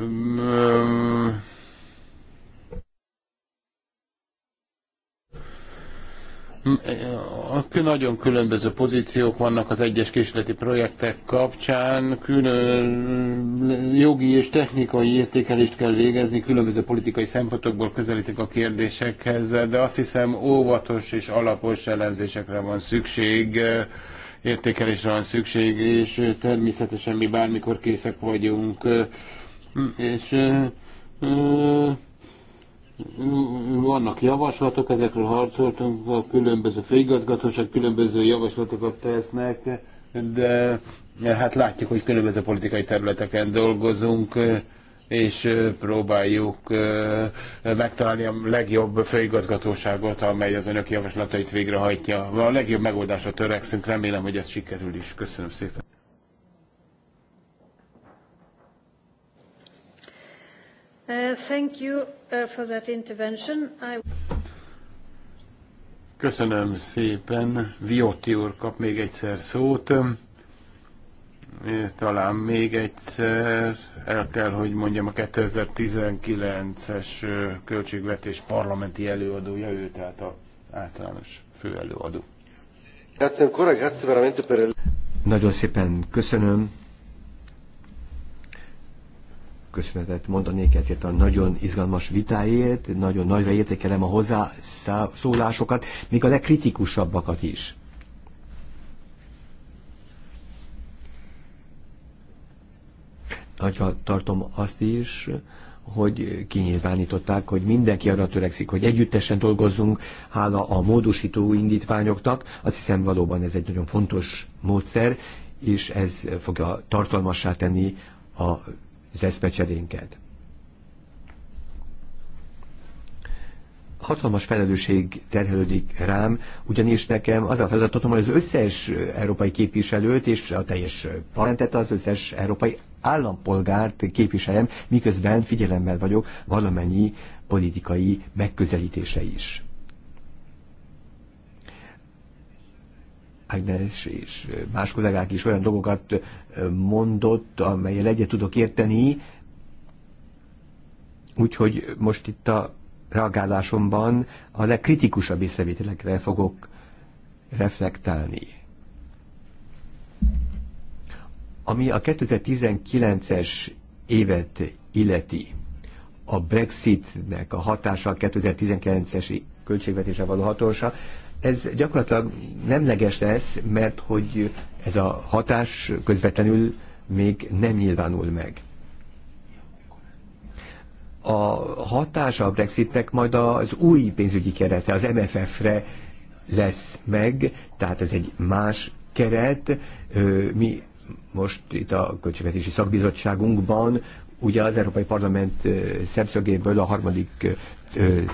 nagyon különböző pozíciók vannak az egyes kísérleti projektek kapcsán, külön jogi és technikai értékelést kell végezni, különböző politikai szempontokból közelítik a kérdésekhez, de azt hiszem óvatos és alapos elemzésekre van szükség értékelésre van szükség, és természetesen mi bármikor készek vagyunk, és vannak javaslatok, ezekről harcoltunk, a különböző főigazgatóság különböző javaslatokat tesznek, de hát látjuk, hogy különböző politikai területeken dolgozunk, és próbáljuk megtalálni a legjobb főigazgatóságot, amely az önök javaslatait végrehajtja. A legjobb megoldásra törekszünk, remélem, hogy ez sikerül is. Köszönöm szépen. Uh, uh, Köszönöm szépen. Viotti úr kap még egyszer szót. Talán még egyszer el kell, hogy mondjam, a 2019-es költségvetés parlamenti előadója, ő tehát a általános főelőadó. Nagyon szépen köszönöm. Köszönetet mondanék ezért a nagyon izgalmas vitáért, nagyon nagyra értékelem a hozzászólásokat, még a legkritikusabbakat is. hogyha tartom azt is, hogy kinyilvánították, hogy mindenki arra törekszik, hogy együttesen dolgozzunk, hála a módosító indítványoknak. Azt hiszem valóban ez egy nagyon fontos módszer, és ez fogja tartalmassá tenni az eszmecserénket. hatalmas felelősség terhelődik rám, ugyanis nekem az a feladatom, hogy az összes európai képviselőt és a teljes parlamentet, az összes európai állampolgárt képviseljem, miközben figyelemmel vagyok valamennyi politikai megközelítése is. Agnes és más kollégák is olyan dolgokat mondott, amelyel egyet tudok érteni, úgyhogy most itt a reagálásomban a legkritikusabb észrevételekre fogok reflektálni. Ami a 2019-es évet illeti, a Brexitnek a hatása a 2019-es költségvetésre való hatósa, ez gyakorlatilag nemleges lesz, mert hogy ez a hatás közvetlenül még nem nyilvánul meg. A hatása a Brexitnek majd az új pénzügyi kerete, az MFF-re lesz meg, tehát ez egy más keret, mi most itt a Költségvetési Szakbizottságunkban, ugye az Európai Parlament szemszögéből a harmadik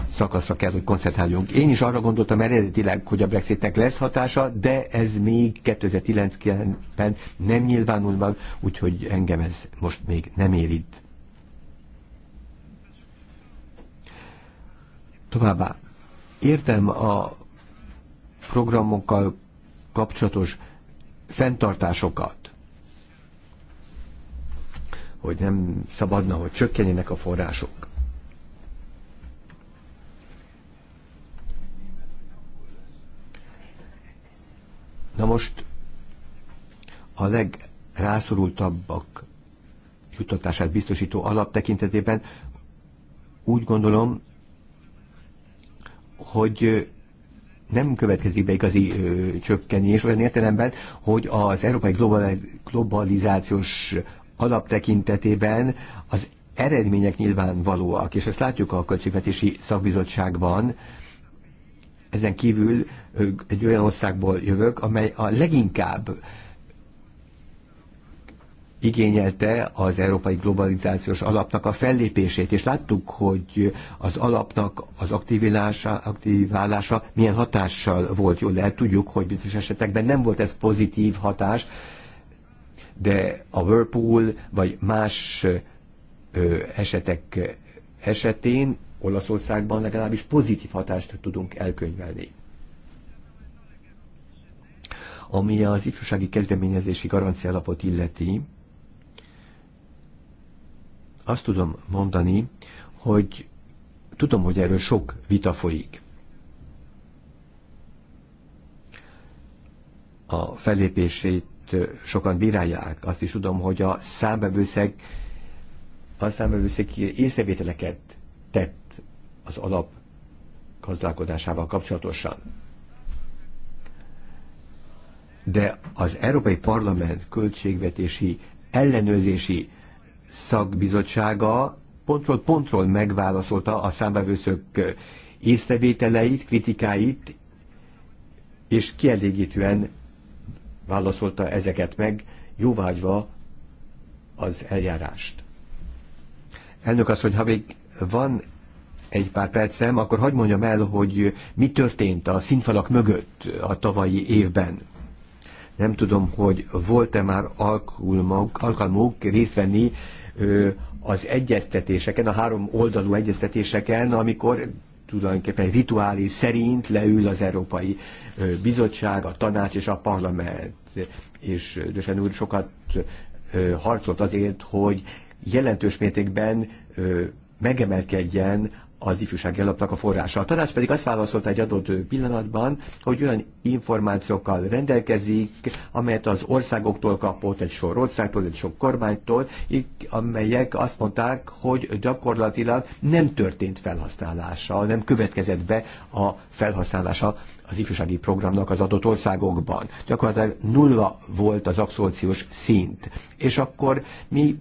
szakaszra kell, hogy koncentráljunk. Én is arra gondoltam eredetileg, hogy a Brexitnek lesz hatása, de ez még 2009-ben nem nyilvánul meg, úgyhogy engem ez most még nem érint. Továbbá, értem a programokkal kapcsolatos fenntartásokat, hogy nem szabadna, hogy csökkenjenek a források. Na most a legrászorultabbak juttatását biztosító alap tekintetében úgy gondolom, hogy nem következik be igazi ö, csökkenés olyan értelemben, hogy az európai globaliz globalizációs alaptekintetében az eredmények nyilvánvalóak, és ezt látjuk a Költségvetési Szakbizottságban, ezen kívül egy olyan országból jövök, amely a leginkább igényelte az európai globalizációs alapnak a fellépését, és láttuk, hogy az alapnak az aktiválása, aktiválása milyen hatással volt. Jól lehet tudjuk, hogy bizonyos esetekben nem volt ez pozitív hatás, de a Whirlpool vagy más esetek esetén Olaszországban legalábbis pozitív hatást tudunk elkönyvelni. Ami az ifjúsági kezdeményezési garancialapot illeti, azt tudom mondani, hogy tudom, hogy erről sok vita folyik. A felépését sokan bírálják. Azt is tudom, hogy a számbevőszeg a számbevőszeg észrevételeket tett az alap gazdálkodásával kapcsolatosan. De az Európai Parlament költségvetési ellenőrzési szakbizottsága pontról pontról megválaszolta a számbevőszök észrevételeit, kritikáit, és kielégítően válaszolta ezeket meg, jóvágyva az eljárást. Elnök asszony, ha még van egy pár percem, akkor hagyd mondjam el, hogy mi történt a színfalak mögött a tavalyi évben. Nem tudom, hogy volt-e már alkalmuk, alkalmuk részt venni az egyeztetéseken, a három oldalú egyeztetéseken, amikor tulajdonképpen rituális szerint leül az Európai Bizottság, a tanács és a parlament és Dösen úr sokat harcolt azért, hogy jelentős mértékben megemelkedjen az ifjúsági alapnak a forrása. A tanács pedig azt válaszolta egy adott pillanatban, hogy olyan információkkal rendelkezik, amelyet az országoktól kapott, egy sor országtól, egy sok kormánytól, amelyek azt mondták, hogy gyakorlatilag nem történt felhasználása, nem következett be a felhasználása az ifjúsági programnak az adott országokban. Gyakorlatilag nulla volt az abszolciós szint. És akkor mi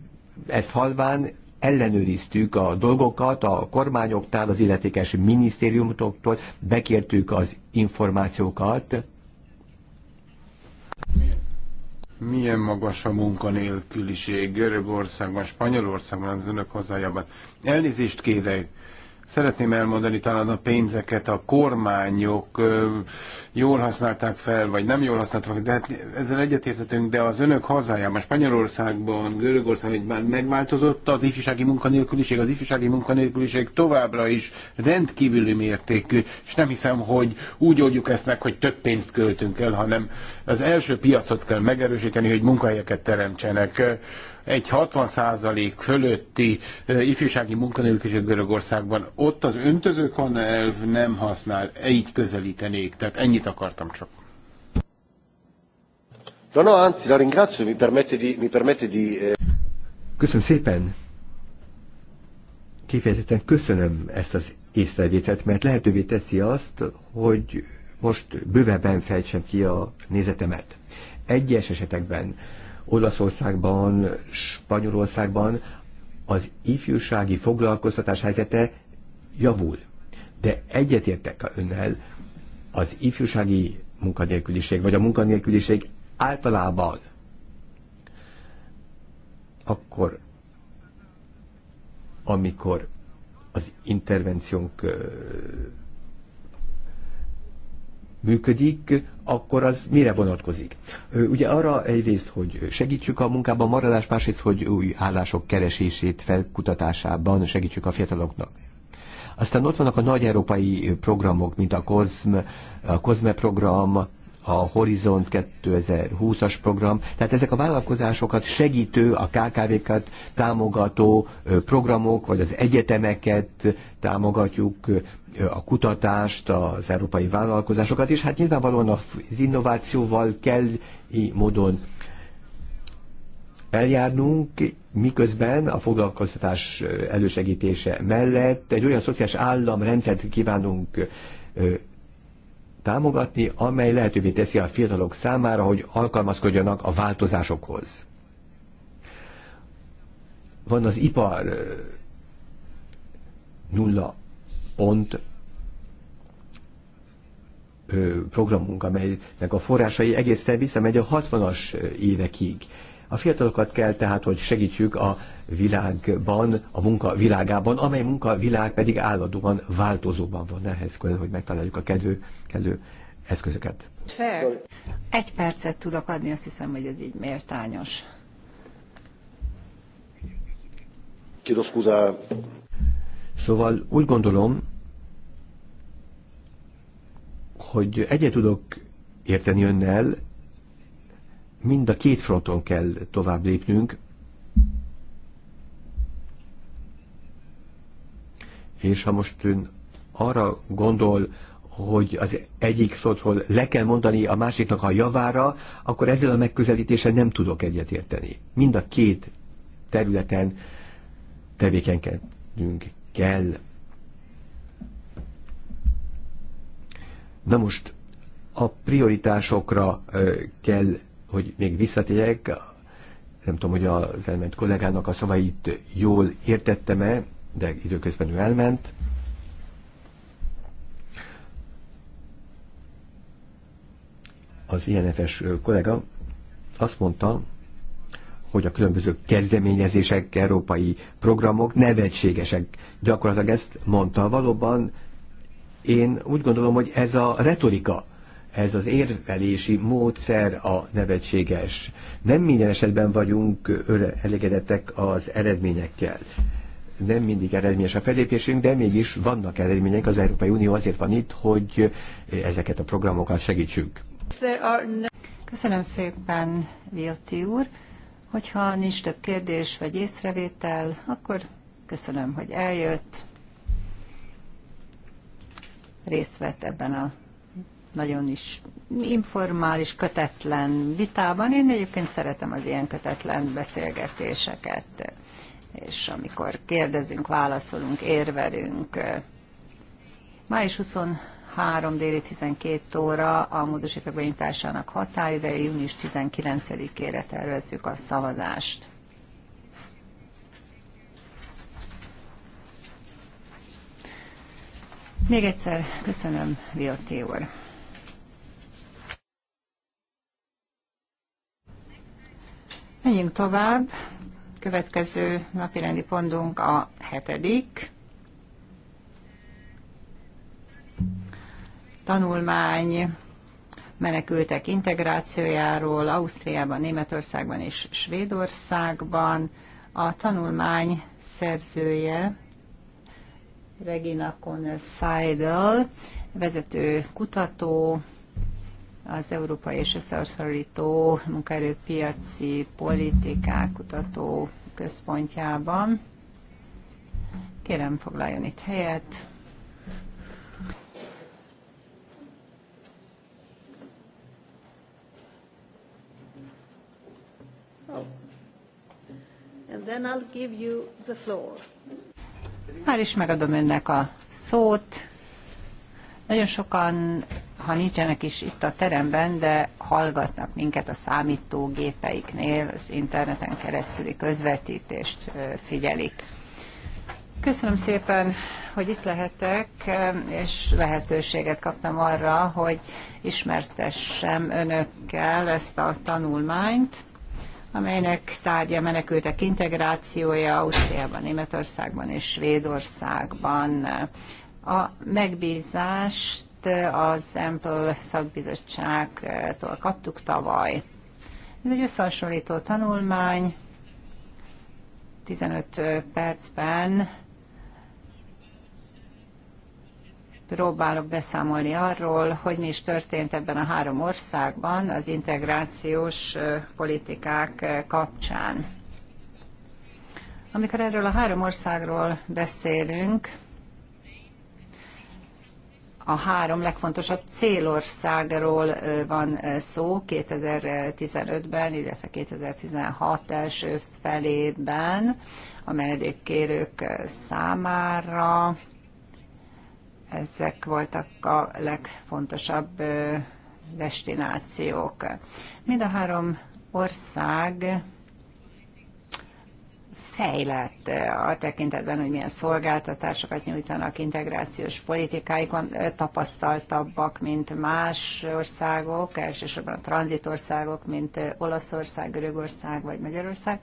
ezt halván ellenőriztük a dolgokat a kormányoktól, az illetékes minisztériumoktól, bekértük az információkat. Milyen magas a munkanélküliség Görögországban, Spanyolországban, az önök hazájában. Elnézést kérek, Szeretném elmondani talán a pénzeket a kormányok jól használták fel, vagy nem jól használták, de hát ezzel egyetértetünk, de az önök hazájában, Spanyolországban, Görögországban már megváltozott az ifjúsági munkanélküliség, az ifjúsági munkanélküliség továbbra is rendkívüli mértékű, és nem hiszem, hogy úgy oldjuk ezt meg, hogy több pénzt költünk el, hanem az első piacot kell megerősíteni, hogy munkahelyeket teremtsenek egy 60% fölötti ifjúsági munkanélküliség Görögországban. Ott az öntözőkan elv nem használ, így közelítenék. Tehát ennyit akartam csak. No, no, anzi, la ringrazio, mi permette di... Mi permette di eh... Köszönöm szépen! Kifejezetten köszönöm ezt az észrevételt, mert lehetővé teszi azt, hogy most bővebben fejtsem ki a nézetemet. Egyes esetekben Olaszországban, Spanyolországban az ifjúsági foglalkoztatás helyzete javul. De egyetértek önnel, az ifjúsági munkanélküliség, vagy a munkanélküliség általában akkor, amikor az intervenciónk működik, akkor az mire vonatkozik? Ugye arra egyrészt, hogy segítsük a munkában maradás, másrészt, hogy új állások keresését, felkutatásában segítsük a fiataloknak. Aztán ott vannak a nagy európai programok, mint a COSME, a COSME program, a Horizont 2020-as program, tehát ezek a vállalkozásokat segítő, a KKV-kat támogató programok, vagy az egyetemeket támogatjuk, a kutatást, az európai vállalkozásokat, és hát nyilvánvalóan az innovációval kell így módon eljárnunk, miközben a foglalkoztatás elősegítése mellett egy olyan szociális államrendszert kívánunk támogatni, amely lehetővé teszi a fiatalok számára, hogy alkalmazkodjanak a változásokhoz. Van az ipar nulla pont programunk, amelynek a forrásai egészen visszamegy a 60-as évekig. A fiatalokat kell tehát, hogy segítsük a világban, a munka világában, amely munka világ pedig állandóan változóban van. Ehhez kell, hogy megtaláljuk a kedvő, kedvő eszközöket. Fair. Egy percet tudok adni, azt hiszem, hogy ez így méltányos. Szóval úgy gondolom, hogy egyet tudok érteni önnel, mind a két fronton kell tovább lépnünk, és ha most ön arra gondol, hogy az egyik frontról le kell mondani a másiknak a javára, akkor ezzel a megközelítéssel nem tudok egyetérteni. Mind a két területen tevékenykednünk kell. Na most a prioritásokra kell hogy még visszatérjek, nem tudom, hogy az elment kollégának a szavait jól értettem-e, de időközben ő elment. Az INF-es kollega azt mondta, hogy a különböző kezdeményezések, európai programok nevetségesek. Gyakorlatilag ezt mondta. Valóban én úgy gondolom, hogy ez a retorika, ez az érvelési módszer a nevetséges. Nem minden esetben vagyunk elégedettek az eredményekkel. Nem mindig eredményes a felépésünk, de mégis vannak eredmények. Az Európai Unió azért van itt, hogy ezeket a programokat segítsük. Köszönöm szépen, Vilti úr. Hogyha nincs több kérdés vagy észrevétel, akkor köszönöm, hogy eljött, részt vett ebben a nagyon is informális, kötetlen vitában. Én egyébként szeretem az ilyen kötetlen beszélgetéseket, és amikor kérdezünk, válaszolunk, érvelünk. Május 23 déli 12 óra a módosítók benyújtásának határideje, június 19-ére tervezzük a szavazást. Még egyszer köszönöm, Viotti úr. Menjünk tovább. Következő napirendi pontunk a hetedik. Tanulmány menekültek integrációjáról Ausztriában, Németországban és Svédországban. A tanulmány szerzője Regina Connell Seidel, vezető kutató, az európai és összehasonlító munkaerőpiaci politikák kutató központjában. Kérem, foglaljon itt helyet. Oh. And then I'll give you the floor. Már is megadom önnek a szót. Nagyon sokan ha nincsenek is itt a teremben, de hallgatnak minket a számítógépeiknél, az interneten keresztüli közvetítést figyelik. Köszönöm szépen, hogy itt lehetek, és lehetőséget kaptam arra, hogy ismertessem önökkel ezt a tanulmányt, amelynek tárgya menekültek integrációja Ausztriában, Németországban és Svédországban. A megbízást az Ample szakbizottságtól kaptuk tavaly. Ez egy összehasonlító tanulmány, 15 percben próbálok beszámolni arról, hogy mi is történt ebben a három országban az integrációs politikák kapcsán. Amikor erről a három országról beszélünk, a három legfontosabb célországról van szó 2015-ben, illetve 2016 első felében a menedékkérők számára. Ezek voltak a legfontosabb destinációk. Mind a három ország fejlett eh, a tekintetben, hogy milyen szolgáltatásokat nyújtanak, integrációs politikáikon, eh, tapasztaltabbak, mint más országok, elsősorban a tranzitországok, mint eh, Olaszország, Görögország vagy Magyarország.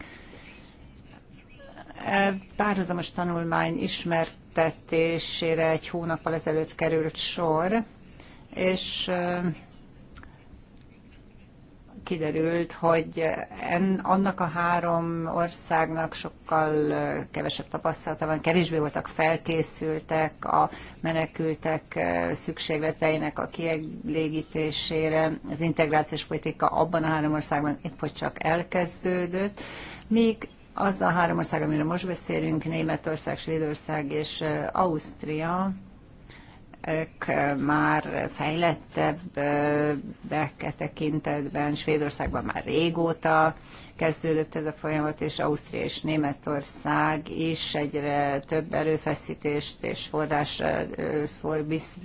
Párhuzamos tanulmány ismertetésére egy hónappal ezelőtt került sor, és kiderült, hogy en, annak a három országnak sokkal kevesebb tapasztalata van, kevésbé voltak felkészültek a menekültek szükségleteinek a kielégítésére. Az integrációs politika abban a három országban épp hogy csak elkezdődött, míg az a három ország, amiről most beszélünk, Németország, Svédország és Ausztria, ők már fejlettebbek tekintetben, Svédországban már régóta kezdődött ez a folyamat, és Ausztria és Németország is egyre több erőfeszítést és forrás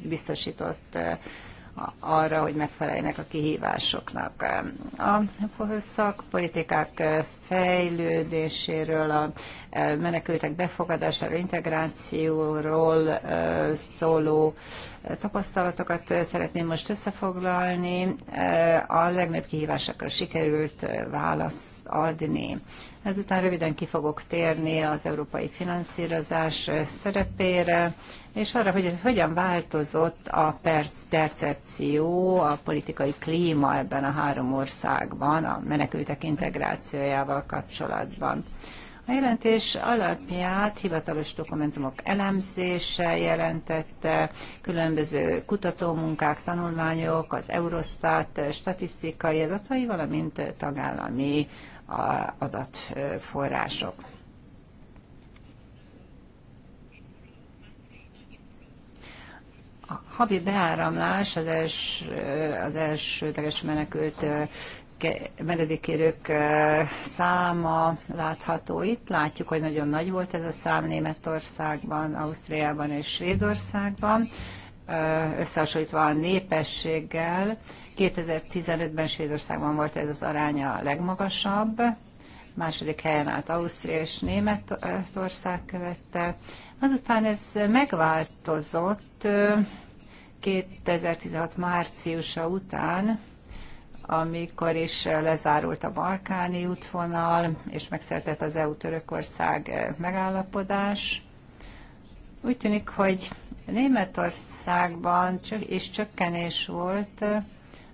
biztosított arra, hogy megfeleljenek a kihívásoknak. A szakpolitikák fejlődéséről, a e, menekültek befogadásáról, integrációról e, szóló e, tapasztalatokat szeretném most összefoglalni. A legnagyobb kihívásokra sikerült válasz adni. Ezután röviden ki fogok térni az európai finanszírozás szerepére, és arra, hogy hogyan változott a percepció, a politikai klíma ebben a három országban a menekültek integrációjával a kapcsolatban. A jelentés alapját hivatalos dokumentumok elemzése jelentette, különböző kutatómunkák, tanulmányok, az Eurostat statisztikai adatai, valamint tagállami adatforrások. A havi beáramlás az, els, az elsődleges menekült menedékérők száma látható itt. Látjuk, hogy nagyon nagy volt ez a szám Németországban, Ausztriában és Svédországban összehasonlítva a népességgel. 2015-ben Svédországban volt ez az aránya a legmagasabb, második helyen állt Ausztria és Németország követte. Azután ez megváltozott 2016 márciusa után, amikor is lezárult a balkáni útvonal, és megszertett az EU-Törökország eh, megállapodás. Úgy tűnik, hogy Németországban is csökkenés volt,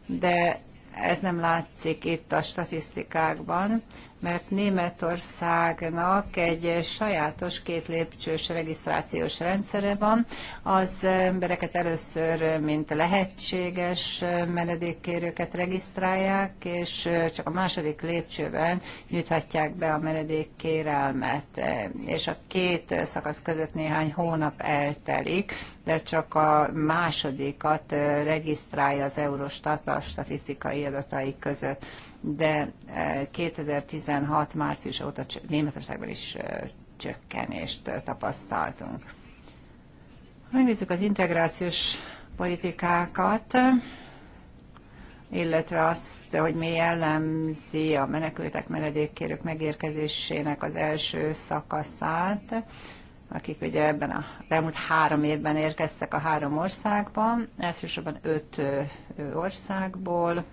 de ez nem látszik itt a statisztikákban mert Németországnak egy sajátos két lépcsős regisztrációs rendszere van. Az embereket először, mint lehetséges menedékkérőket regisztrálják, és csak a második lépcsőben nyújthatják be a menedékkérelmet. És a két szakasz között néhány hónap eltelik, de csak a másodikat regisztrálja az Eurostat a statisztikai adatai között de 2016 eh, március óta Németországban is eh, csökkenést eh, tapasztaltunk. Megnézzük az integrációs politikákat, illetve azt, hogy mi jellemzi a menekültek menedékkérők megérkezésének az első szakaszát, akik ugye ebben a elmúlt három évben érkeztek a három országban, elsősorban öt országból,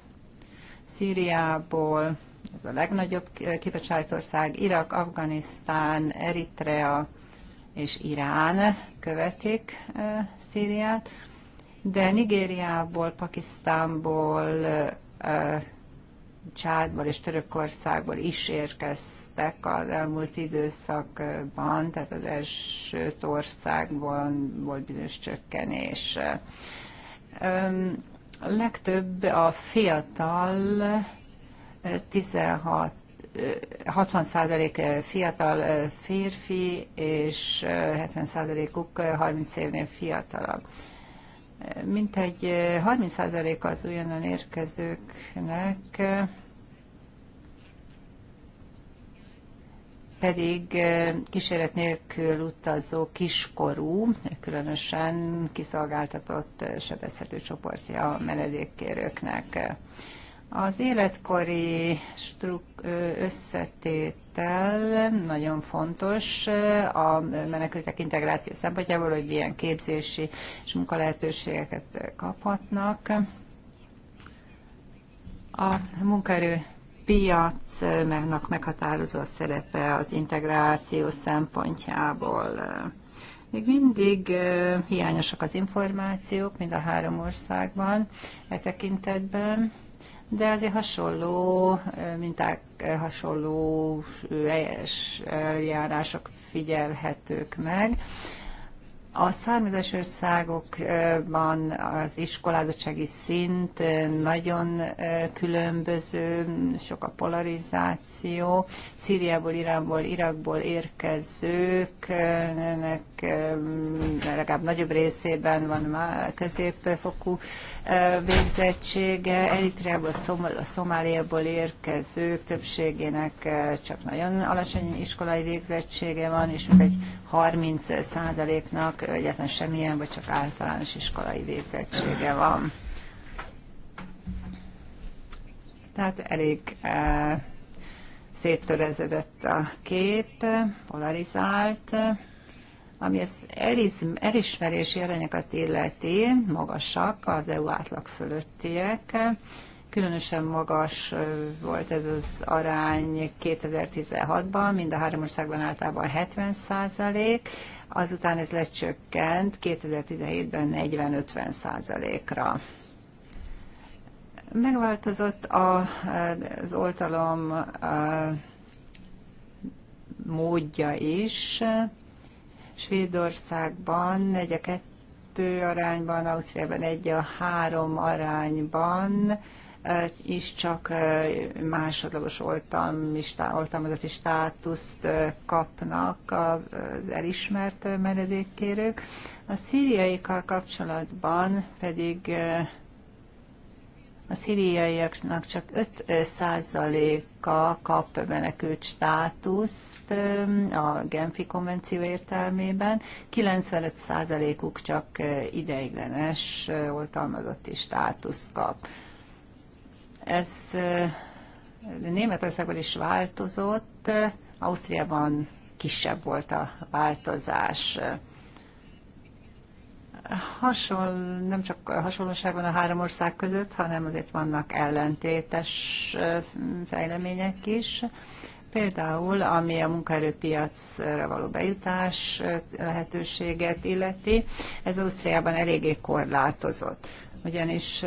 Szíriából, ez a legnagyobb kibocsátó ország, Irak, Afganisztán, Eritrea és Irán követik Szíriát, de Nigériából, Pakisztánból, Csádból és Törökországból is érkeztek az elmúlt időszakban, tehát az első országban volt bizonyos csökkenés. A legtöbb a fiatal 16 eh, 60% eh, eh, fiatal férfi, és 70%-uk 30 évnél fiatalabb. Mintegy 30% az újonnan érkezőknek pedig kísérlet nélkül utazó kiskorú, különösen kiszolgáltatott sebezhető csoportja a menedékkérőknek. Az életkori összetétel nagyon fontos a menekültek integráció szempontjából, hogy milyen képzési és munkalehetőségeket kaphatnak. A munkaerő piacnak meghatározó a szerepe az integráció szempontjából. Még mindig hiányosak az információk mind a három országban e tekintetben, de azért hasonló minták, hasonló eljárások figyelhetők meg. A származás országokban az iskolázottsági szint nagyon különböző, sok a polarizáció. Szíriából, Iránból, Irakból érkezőknek legalább nagyobb részében van már középfokú végzettsége. Eritreából, Szomáliából érkezők többségének csak nagyon alacsony iskolai végzettsége van, és egy 30 százaléknak egyetlen semmilyen, vagy csak általános iskolai végzettsége van. Tehát elég eh, széttörezedett a kép, polarizált, ami az elismerési arányokat illeti, magasak, az EU átlag fölöttiek. Különösen magas e, volt ez az arány 2016-ban, mind a három országban általában 70 százalék, azután ez lecsökkent 2017-ben 40-50 százalékra. Megváltozott a, az oltalom módja is. Svédországban egy a kettő arányban, Ausztriában egy a három arányban is csak másodlagos oltalmazati státuszt kapnak az elismert menedékkérők. A szíriaikkal kapcsolatban pedig a szíriaiaknak csak 5%-a kap menekült státuszt a Genfi konvenció értelmében, 95%-uk csak ideiglenes oltalmazotti státuszt kap. Ez Németországban is változott, Ausztriában kisebb volt a változás. Hasonl, nem csak hasonlóság van a három ország között, hanem azért vannak ellentétes fejlemények is. Például, ami a munkaerőpiacra való bejutás lehetőséget illeti, ez Ausztriában eléggé korlátozott ugyanis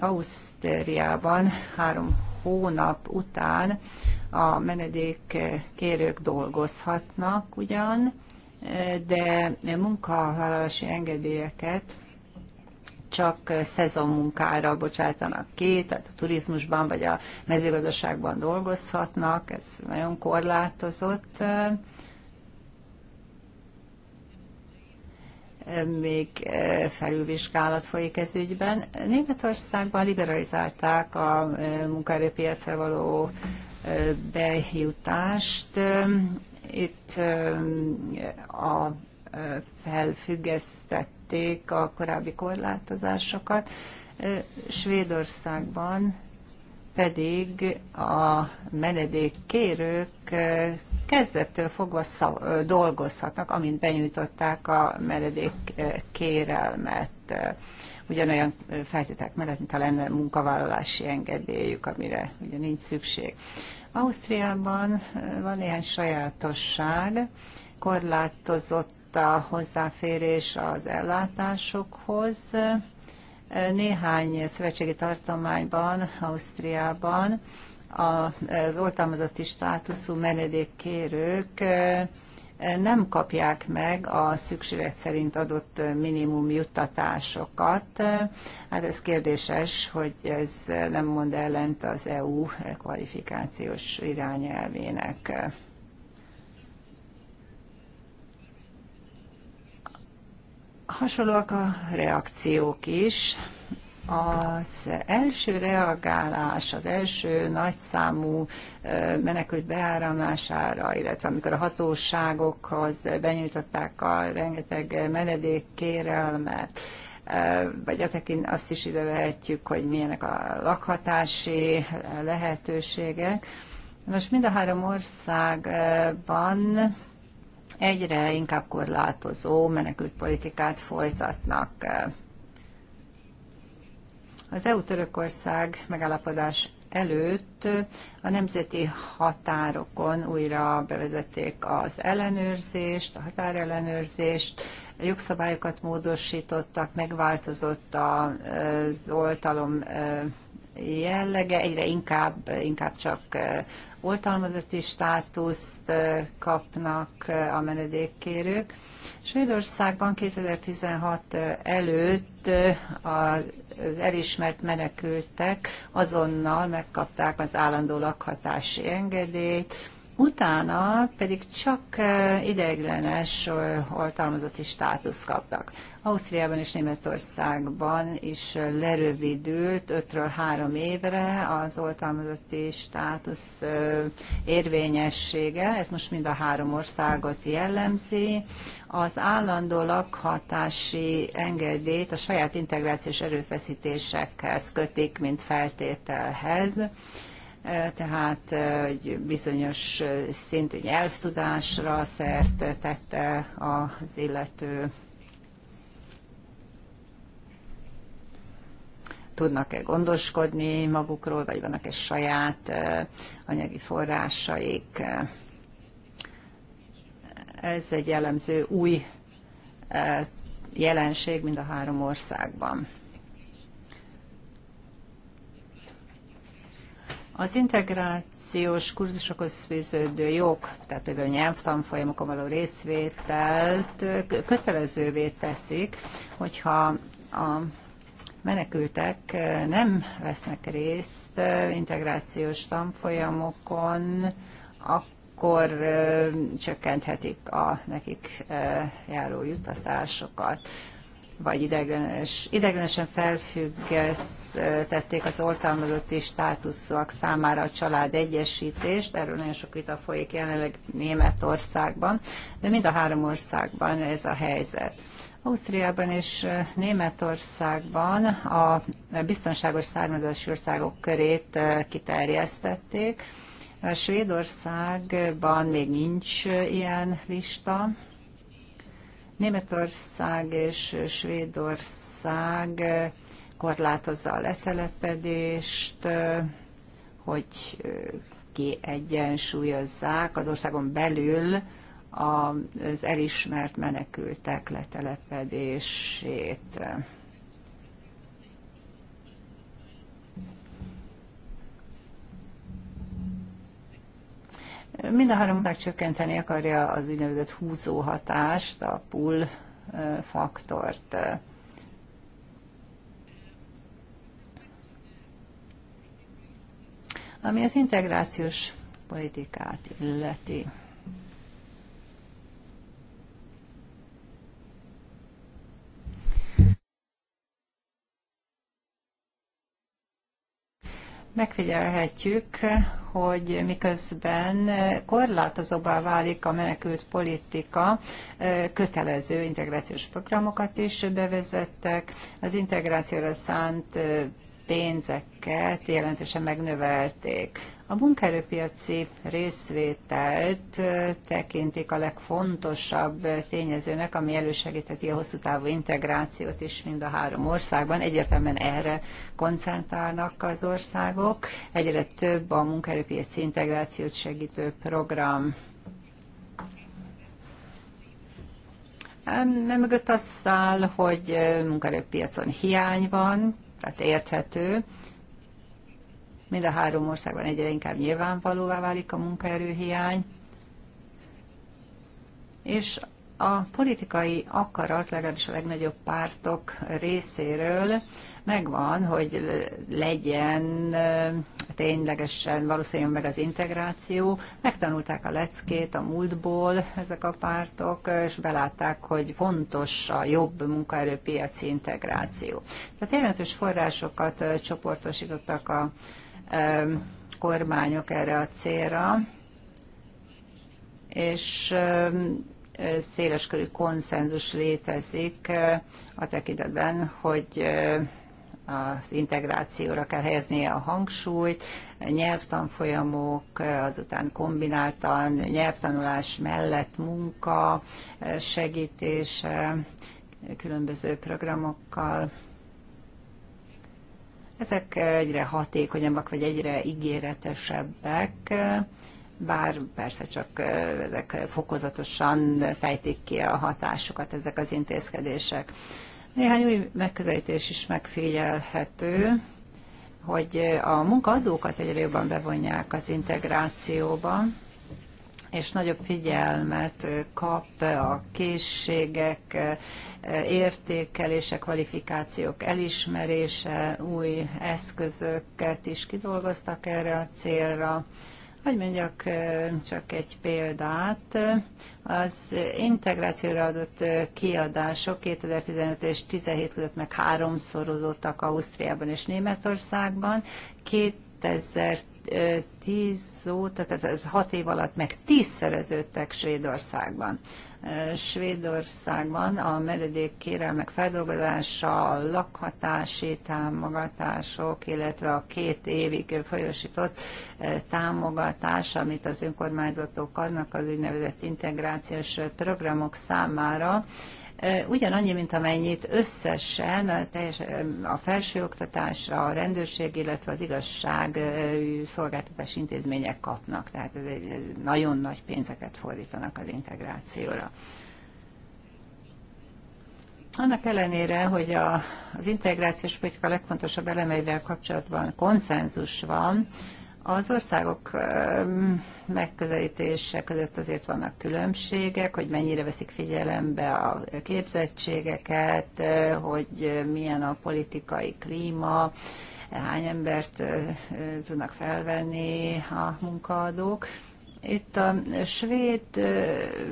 Ausztriában három hónap után a menedék kérők dolgozhatnak ugyan, de munkavállalási engedélyeket csak szezonmunkára bocsátanak ki, tehát a turizmusban vagy a mezőgazdaságban dolgozhatnak, ez nagyon korlátozott még e, felülvizsgálat folyik ez ügyben. Németországban liberalizálták a e, munkaerőpiacra való e, bejutást. Itt a felfüggesztették a korábbi korlátozásokat. Svédországban pedig a menedékkérők kezdettől fogva szav, dolgozhatnak, amint benyújtották a meredék kérelmet ugyanolyan feltételek mellett, mintha lenne munkavállalási engedélyük, amire ugye nincs szükség. Ausztriában van ilyen sajátosság, korlátozott a hozzáférés az ellátásokhoz. Néhány szövetségi tartományban, Ausztriában az oltalmazotti státuszú menedékkérők nem kapják meg a szükséget szerint adott minimum juttatásokat. Hát ez kérdéses, hogy ez nem mond ellent az EU kvalifikációs irányelvének. Hasonlóak a reakciók is. Az első reagálás, az első nagyszámú menekült beáramlására, illetve amikor a hatóságokhoz benyújtották a rengeteg kérelmet, vagy azt is ide vehetjük, hogy milyenek a lakhatási lehetőségek. Nos, mind a három országban egyre inkább korlátozó menekült politikát folytatnak. Az EU-Törökország megállapodás előtt a nemzeti határokon újra bevezették az ellenőrzést, a határellenőrzést, a jogszabályokat módosítottak, megváltozott az oltalom jellege, egyre inkább, inkább csak oltalmazati státuszt kapnak a menedékkérők. Svédországban 2016 előtt az az elismert menekültek azonnal megkapták az állandó lakhatási engedélyt, utána pedig csak eh, ideiglenes oltalmazotti eh, státusz kaptak. Ausztriában és Németországban is eh, lerövidült 5-ről 3 évre az oltalmazotti státusz érvényessége. Ez most mind a három országot jellemzi. Az állandó lakhatási engedélyt a saját integrációs erőfeszítésekhez kötik, mint feltételhez tehát egy bizonyos szintű nyelvtudásra szert tette az illető. Tudnak-e gondoskodni magukról, vagy vannak-e saját anyagi forrásaik? Ez egy jellemző új jelenség mind a három országban. Az integrációs kurzusokhoz fűződő jog, tehát például nyelvtanfolyamokon való részvételt kötelezővé teszik, hogyha a menekültek nem vesznek részt integrációs tanfolyamokon, akkor csökkenthetik a nekik járó jutatásokat vagy ideglenes, ideglenesen felfüggesztették az oltalmazotti státuszúak számára a család egyesítést. Erről nagyon sok vita folyik jelenleg Németországban, de mind a három országban ez a helyzet. Ausztriában és Németországban a biztonságos származási országok körét kiterjesztették. A Svédországban még nincs ilyen lista, Németország és Svédország korlátozza a letelepedést, hogy kiegyensúlyozzák az országon belül az elismert menekültek letelepedését. Mind a háromnak csökkenteni akarja az úgynevezett húzó hatást, a pull faktort. Ami az integrációs politikát illeti. megfigyelhetjük, hogy miközben korlátozóbbá válik a menekült politika, kötelező integrációs programokat is bevezettek, az integrációra szánt pénzeket jelentősen megnövelték. A munkaerőpiaci részvételt tekintik a legfontosabb tényezőnek, ami elősegítheti a hosszú távú integrációt is mind a három országban. Egyértelműen erre koncentrálnak az országok. Egyre több a munkaerőpiaci integrációt segítő program. Nem e mögött az száll, hogy munkaerőpiacon hiány van, tehát érthető, Mind a három országban egyre inkább nyilvánvalóvá válik a munkaerőhiány, és a politikai akarat, legalábbis a legnagyobb pártok részéről megvan, hogy legyen ténylegesen valószínűleg meg az integráció. Megtanulták a leckét a múltból ezek a pártok, és belátták, hogy fontos a jobb munkaerőpiaci integráció. Tehát jelentős forrásokat csoportosítottak a kormányok erre a célra, és széleskörű konszenzus létezik eh, a tekintetben, hogy eh, az integrációra kell helyeznie a hangsúlyt, nyelvtanfolyamok, eh, azután kombináltan nyelvtanulás mellett munka segítése különböző programokkal. Ezek egyre hatékonyabbak, vagy egyre ígéretesebbek, bár persze csak ezek fokozatosan fejtik ki a hatásukat ezek az intézkedések. Néhány új megközelítés is megfigyelhető, hogy a munkaadókat egyre jobban bevonják az integrációba, és nagyobb figyelmet kap a készségek, értékelése, kvalifikációk elismerése, új eszközöket is kidolgoztak erre a célra. Hogy mondjak csak egy példát, az integrációra adott kiadások 2015 és 2017 között meg háromszorozottak Ausztriában és Németországban, 2010 óta, tehát hat év alatt meg tízszereződtek Svédországban. Svédországban a meredék kérelmek feldolgozása, a lakhatási támogatások, illetve a két évig folyosított támogatás, amit az önkormányzatok adnak az úgynevezett integrációs programok számára, ugyanannyi, mint amennyit összesen a, teljes, a felsőoktatás, a rendőrség, illetve az igazság szolgáltatás intézmények kapnak. Tehát nagyon nagy pénzeket fordítanak az integrációra. Annak ellenére, hogy a, az integrációs politika legfontosabb elemeivel kapcsolatban konszenzus van, az országok megközelítése között azért vannak különbségek, hogy mennyire veszik figyelembe a képzettségeket, hogy milyen a politikai klíma, hány embert tudnak felvenni a munkaadók. Itt a svéd,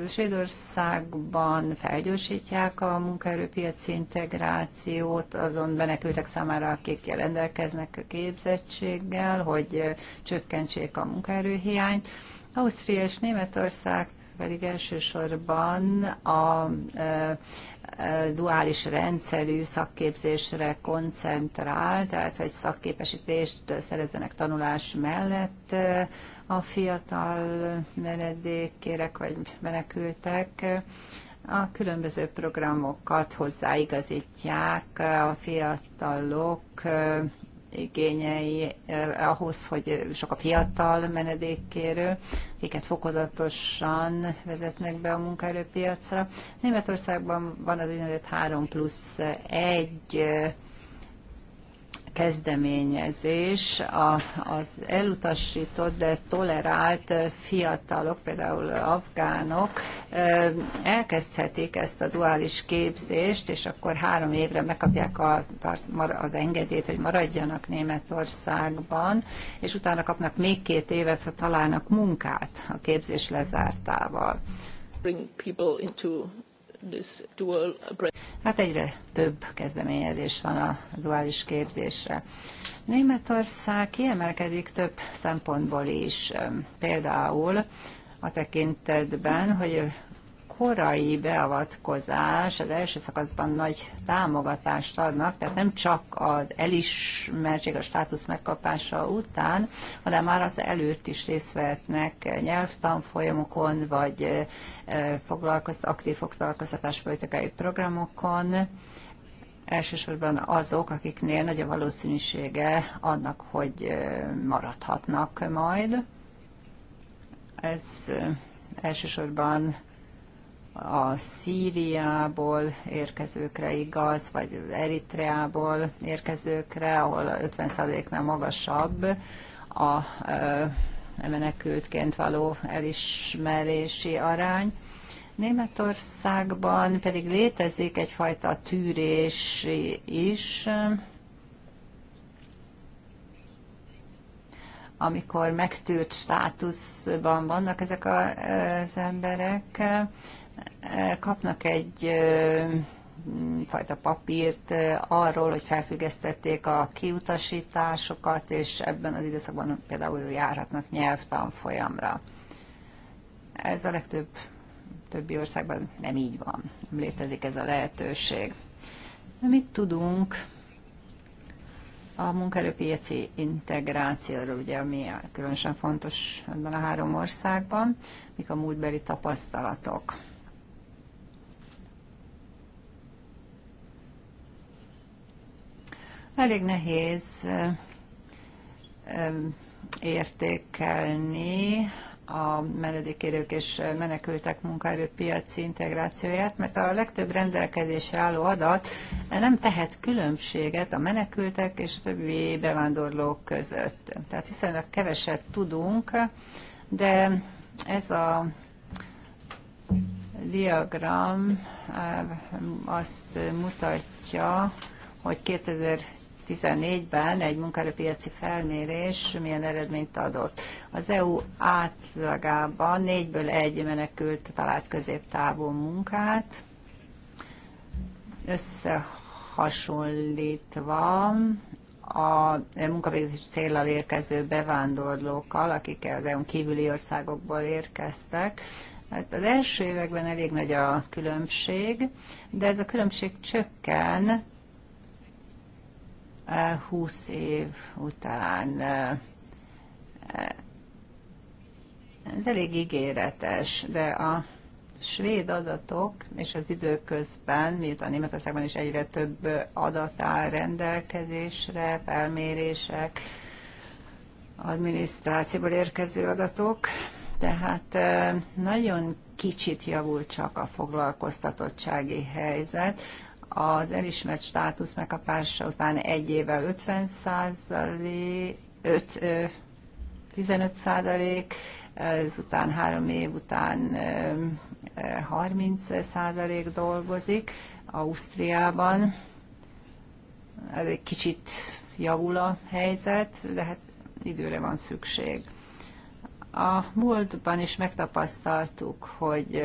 Svédországban felgyorsítják a munkaerőpiaci integrációt azon menekültek számára, akik rendelkeznek a képzettséggel, hogy csökkentsék a munkaerőhiányt. Ausztria és Németország pedig elsősorban a e, e, duális rendszerű szakképzésre koncentrál, tehát hogy szakképesítést szerezzenek tanulás mellett, e, a fiatal menedékkérek vagy menekültek a különböző programokat hozzáigazítják a fiatalok igényei eh, ahhoz, hogy sok a fiatal menedékkérő, akiket fokozatosan vezetnek be a munkaerőpiacra. Németországban van az úgynevezett 3 plusz 1 kezdeményezés az elutasított, de tolerált fiatalok, például afgánok elkezdhetik ezt a duális képzést, és akkor három évre megkapják a, az engedélyt, hogy maradjanak Németországban, és utána kapnak még két évet, ha találnak munkát a képzés lezártával. Bring people into Hát egyre több kezdeményezés van a duális képzésre. Németország kiemelkedik több szempontból is, például a tekintetben, hogy korai beavatkozás az első szakaszban nagy támogatást adnak, tehát nem csak az elismertség, a státusz megkapása után, hanem már az előtt is részt vehetnek nyelvtanfolyamokon, vagy foglalkoz, aktív foglalkoztatáspolitikai programokon, elsősorban azok, akiknél nagy a valószínűsége annak, hogy maradhatnak majd. Ez elsősorban a Szíriából érkezőkre igaz, vagy Eritreából érkezőkre, ahol 50%-nál magasabb a menekültként való elismerési arány. Németországban pedig létezik egyfajta tűrés is, amikor megtűrt státuszban vannak ezek az emberek, kapnak egy fajta papírt arról, hogy felfüggesztették a kiutasításokat, és ebben az időszakban például járhatnak nyelvtanfolyamra. Ez a legtöbb többi országban nem így van, nem létezik ez a lehetőség. De mit tudunk a munkaerőpiaci integrációról, ugye, ami különösen fontos ebben a három országban, mik a múltbeli tapasztalatok. Elég nehéz értékelni a menedékérők és menekültek munkaerőpiaci integrációját, mert a legtöbb rendelkezésre álló adat nem tehet különbséget a menekültek és a többi bevándorlók között. Tehát viszonylag keveset tudunk, de ez a diagram azt mutatja, hogy 2014-ben egy munkaerőpiaci felmérés milyen eredményt adott. Az EU átlagában négyből egy menekült talált középtávú munkát, összehasonlítva a munkavégzés célral érkező bevándorlókkal, akik az EU kívüli országokból érkeztek, Hát az első években elég nagy a különbség, de ez a különbség csökken 20 év után. Eh, eh, ez elég ígéretes, de a svéd adatok, és az időközben, miután Németországban is egyre több adat áll rendelkezésre, felmérések, adminisztrációból érkező adatok, tehát eh, nagyon kicsit javult csak a foglalkoztatottsági helyzet, az elismert státusz megkapása után egy évvel 50 5 15 százalék, ezután három év után 30 százalék dolgozik Ausztriában. Ez egy kicsit javul a helyzet, de hát időre van szükség. A múltban is megtapasztaltuk, hogy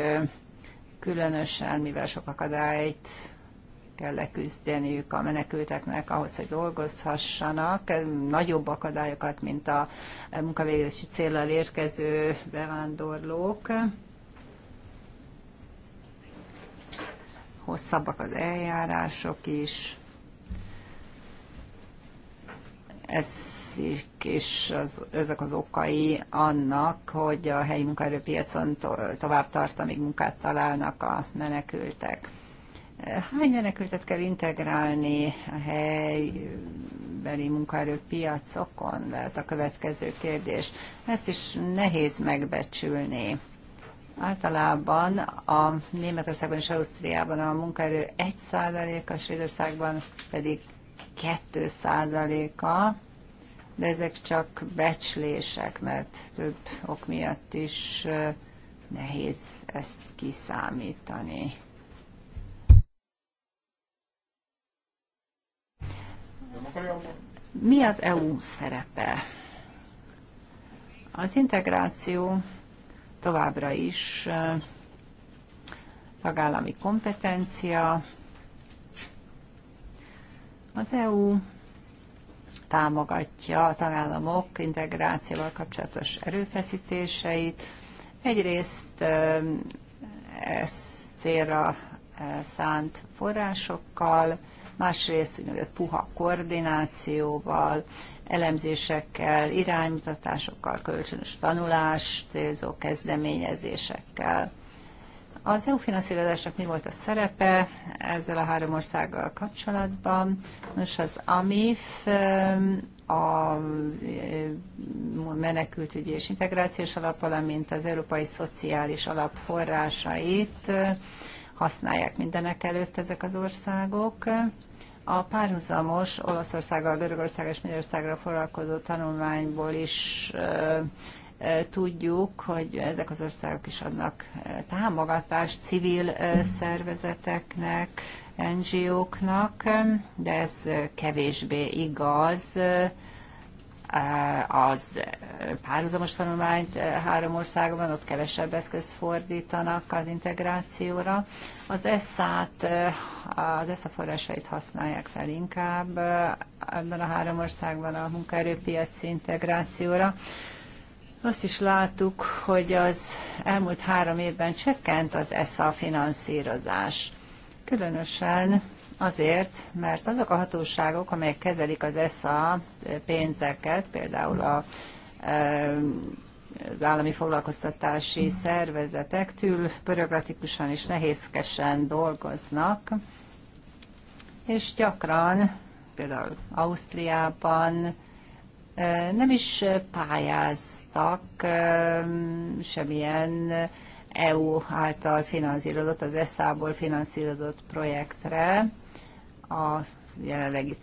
különösen, mivel sok akadályt kell leküzdeniük a menekülteknek ahhoz, hogy dolgozhassanak. Nagyobb akadályokat, mint a munkavégzési célral érkező bevándorlók. Hosszabbak az eljárások is. Ez és az, ezek az okai annak, hogy a helyi munkaerőpiacon to, tovább tart, amíg munkát találnak a menekültek. Hány menekültet kell integrálni a helybeli munkaerőpiacokon? Lehet a következő kérdés. Ezt is nehéz megbecsülni. Általában a Németországban és Ausztriában a munkaerő 1%-a, Svédországban pedig 2%-a, de ezek csak becslések, mert több ok miatt is nehéz ezt kiszámítani. Mi az EU szerepe? Az integráció továbbra is tagállami kompetencia. Az EU támogatja a tagállamok integrációval kapcsolatos erőfeszítéseit. Egyrészt ez célra szánt forrásokkal, másrészt úgynevezett puha koordinációval, elemzésekkel, iránymutatásokkal, kölcsönös tanulás, célzó kezdeményezésekkel. Az EU finanszírozásnak mi volt a szerepe ezzel a három országgal kapcsolatban? Nos, az AMIF a menekültügyi és integrációs alap, valamint az Európai Szociális Alap forrásait használják mindenek előtt ezek az országok. A párhuzamos Olaszországgal, Görögország és Magyarországra foglalkozó tanulmányból is tudjuk, hogy ezek az országok is adnak támogatást civil szervezeteknek, NGO-knak, de ez kevésbé igaz az eh, párhuzamos tanulmányt eh, három országban, ott kevesebb eszközt fordítanak az integrációra. Az ESZ-t, eh, az ESZ forrásait használják fel inkább ebben a három országban a munkaerőpiaci integrációra. Azt is láttuk, hogy az elmúlt három évben csökkent az ESZA finanszírozás. Különösen Azért, mert azok a hatóságok, amelyek kezelik az ESZA pénzeket, például a e, az állami foglalkoztatási szervezetek tül bürokratikusan és nehézkesen dolgoznak, és gyakran, például Ausztriában e, nem is pályáztak e, semmilyen EU által finanszírozott, az ESZA-ból finanszírozott projektre, a jelenlegi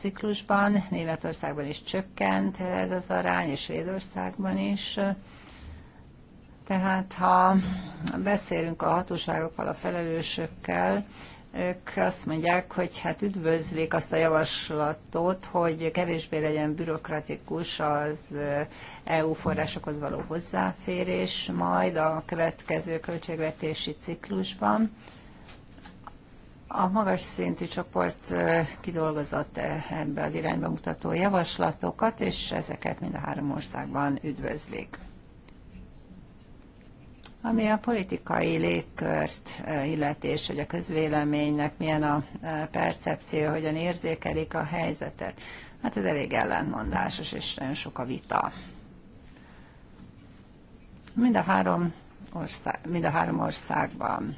ciklusban, Németországban is csökkent ez az arány, és Svédországban is. Tehát ha beszélünk a hatóságokkal, a felelősökkel, ők azt mondják, hogy hát üdvözlik azt a javaslatot, hogy kevésbé legyen bürokratikus az EU forrásokhoz való hozzáférés majd a következő költségvetési ciklusban. A magas szintű csoport kidolgozott ebbe az irányba mutató javaslatokat, és ezeket mind a három országban üdvözlik. Ami a politikai légkört illeti, és hogy a közvéleménynek milyen a percepció, hogyan érzékelik a helyzetet, hát ez elég ellentmondásos, és nagyon sok a vita. Mind a három, ország, mind a három országban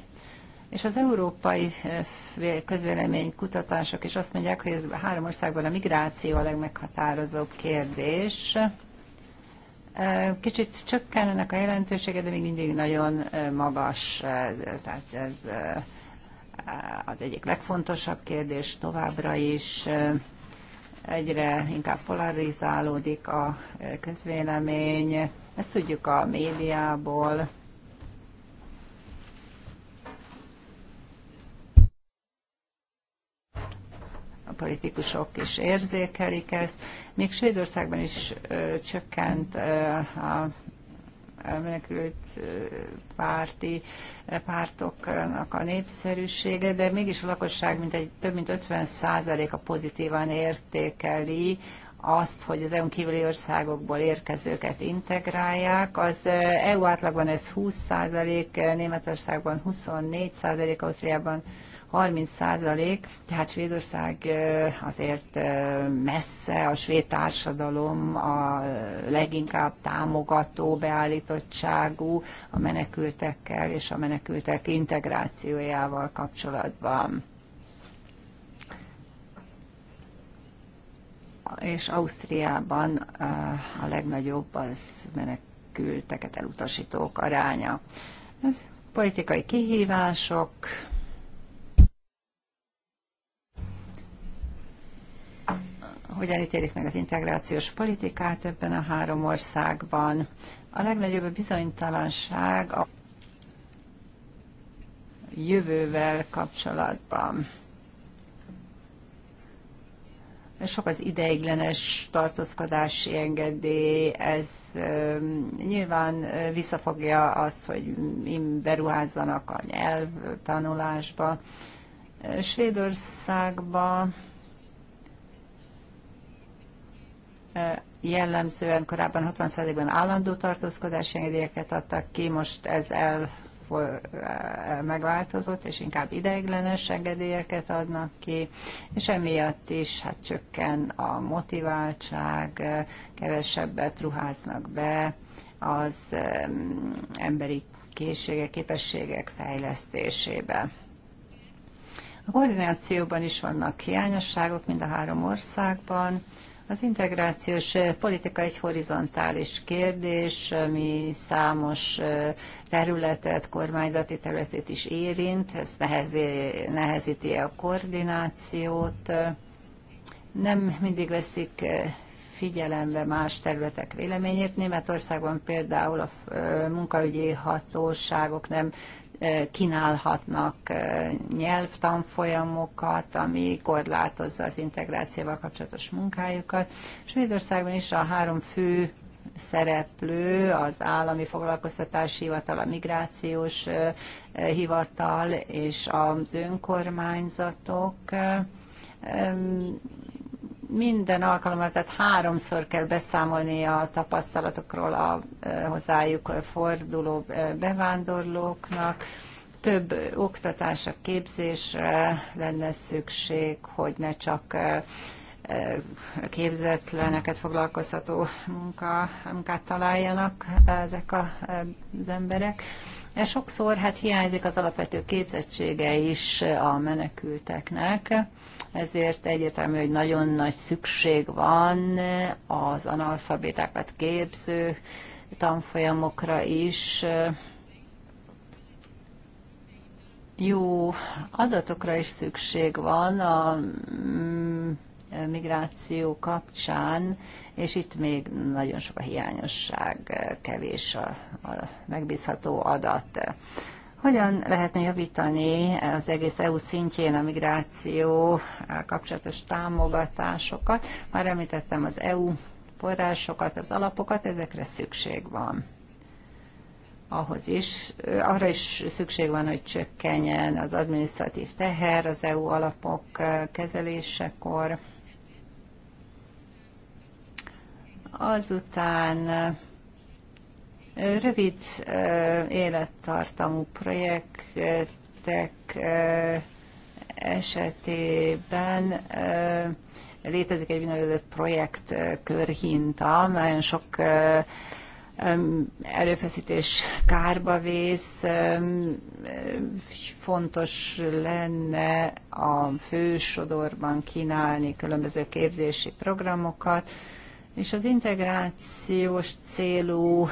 és az európai eh, közvélemény kutatások is azt mondják, hogy ez három országban a migráció a legmeghatározóbb kérdés. Eh, kicsit csökken ennek a jelentősége, de még mindig nagyon eh, magas, tehát ez az egyik legfontosabb kérdés továbbra is. Egyre inkább polarizálódik a közvélemény, ezt tudjuk a médiából, a politikusok is érzékelik ezt. Még Svédországban is ö, csökkent ö, a menekült párti pártoknak a népszerűsége, de mégis a lakosság mint egy, több mint 50 a pozitívan értékeli azt, hogy az EU-n kívüli országokból érkezőket integrálják. Az EU átlagban ez 20 Németországban 24 Ausztriában 30 százalék, tehát Svédország azért messze a svéd társadalom a leginkább támogató beállítottságú a menekültekkel és a menekültek integrációjával kapcsolatban. és Ausztriában a legnagyobb az menekülteket elutasítók aránya. Ez politikai kihívások, hogyan ítélik meg az integrációs politikát ebben a három országban. A legnagyobb bizonytalanság a jövővel kapcsolatban. Sok az ideiglenes tartózkodási engedély, ez nyilván visszafogja azt, hogy beruházzanak a nyelvtanulásba. Svédországban jellemzően korábban 60%-ban állandó tartózkodási engedélyeket adtak ki, most ez el megváltozott, és inkább ideiglenes engedélyeket adnak ki, és emiatt is hát csökken a motiváltság, kevesebbet ruháznak be az emberi készségek, képességek fejlesztésébe. A koordinációban is vannak hiányosságok mind a három országban. Az integrációs eh, politika egy horizontális kérdés, ami számos eh, területet, kormányzati területet is érint, ez nehezi, nehezíti a koordinációt, nem mindig veszik eh, figyelembe más területek véleményét. Németországban például a munkaügyi hatóságok nem kínálhatnak nyelvtanfolyamokat, ami korlátozza az integrációval kapcsolatos munkájukat. Svédországban is a három fő szereplő, az állami foglalkoztatási hivatal, a migrációs hivatal és az önkormányzatok minden alkalommal, tehát háromszor kell beszámolni a tapasztalatokról a hozzájuk forduló bevándorlóknak. Több oktatásra, képzésre lenne szükség, hogy ne csak képzetleneket foglalkoztató munka, munkát találjanak ezek a, az emberek. És e sokszor hát hiányzik az alapvető képzettsége is a menekülteknek ezért egyértelmű, hogy nagyon nagy szükség van az analfabétákat képző tanfolyamokra is, jó adatokra is szükség van a mm, migráció kapcsán, és itt még nagyon sok a hiányosság, kevés a, a megbízható adat. Hogyan lehetne javítani az egész EU szintjén a migráció kapcsolatos támogatásokat? Már említettem az EU forrásokat, az alapokat, ezekre szükség van ahhoz is, arra is szükség van, hogy csökkenjen az adminisztratív teher az EU alapok kezelésekor. Azután Rövid élettartamú projektek esetében létezik egy úgynevezett projekt körhinta, nagyon sok erőfeszítés kárba vész, fontos lenne a fősodorban kínálni különböző képzési programokat, és az integrációs célú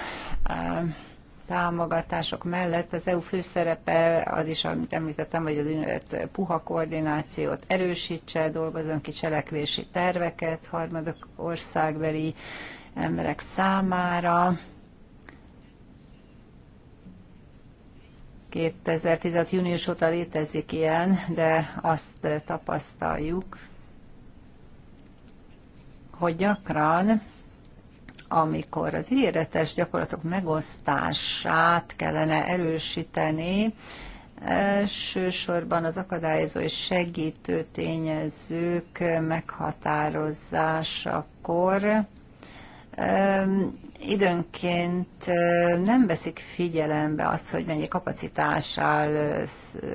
támogatások mellett az EU főszerepe az is, amit említettem, hogy az ünnepet puha koordinációt erősítse, dolgozzon ki cselekvési terveket harmadik országbeli emberek számára. 2016. június óta létezik ilyen, de azt tapasztaljuk, hogy gyakran amikor az ígéretes gyakorlatok megosztását kellene erősíteni, elsősorban az akadályozó és segítő tényezők meghatározásakor időnként nem veszik figyelembe azt, hogy mennyi kapacitás áll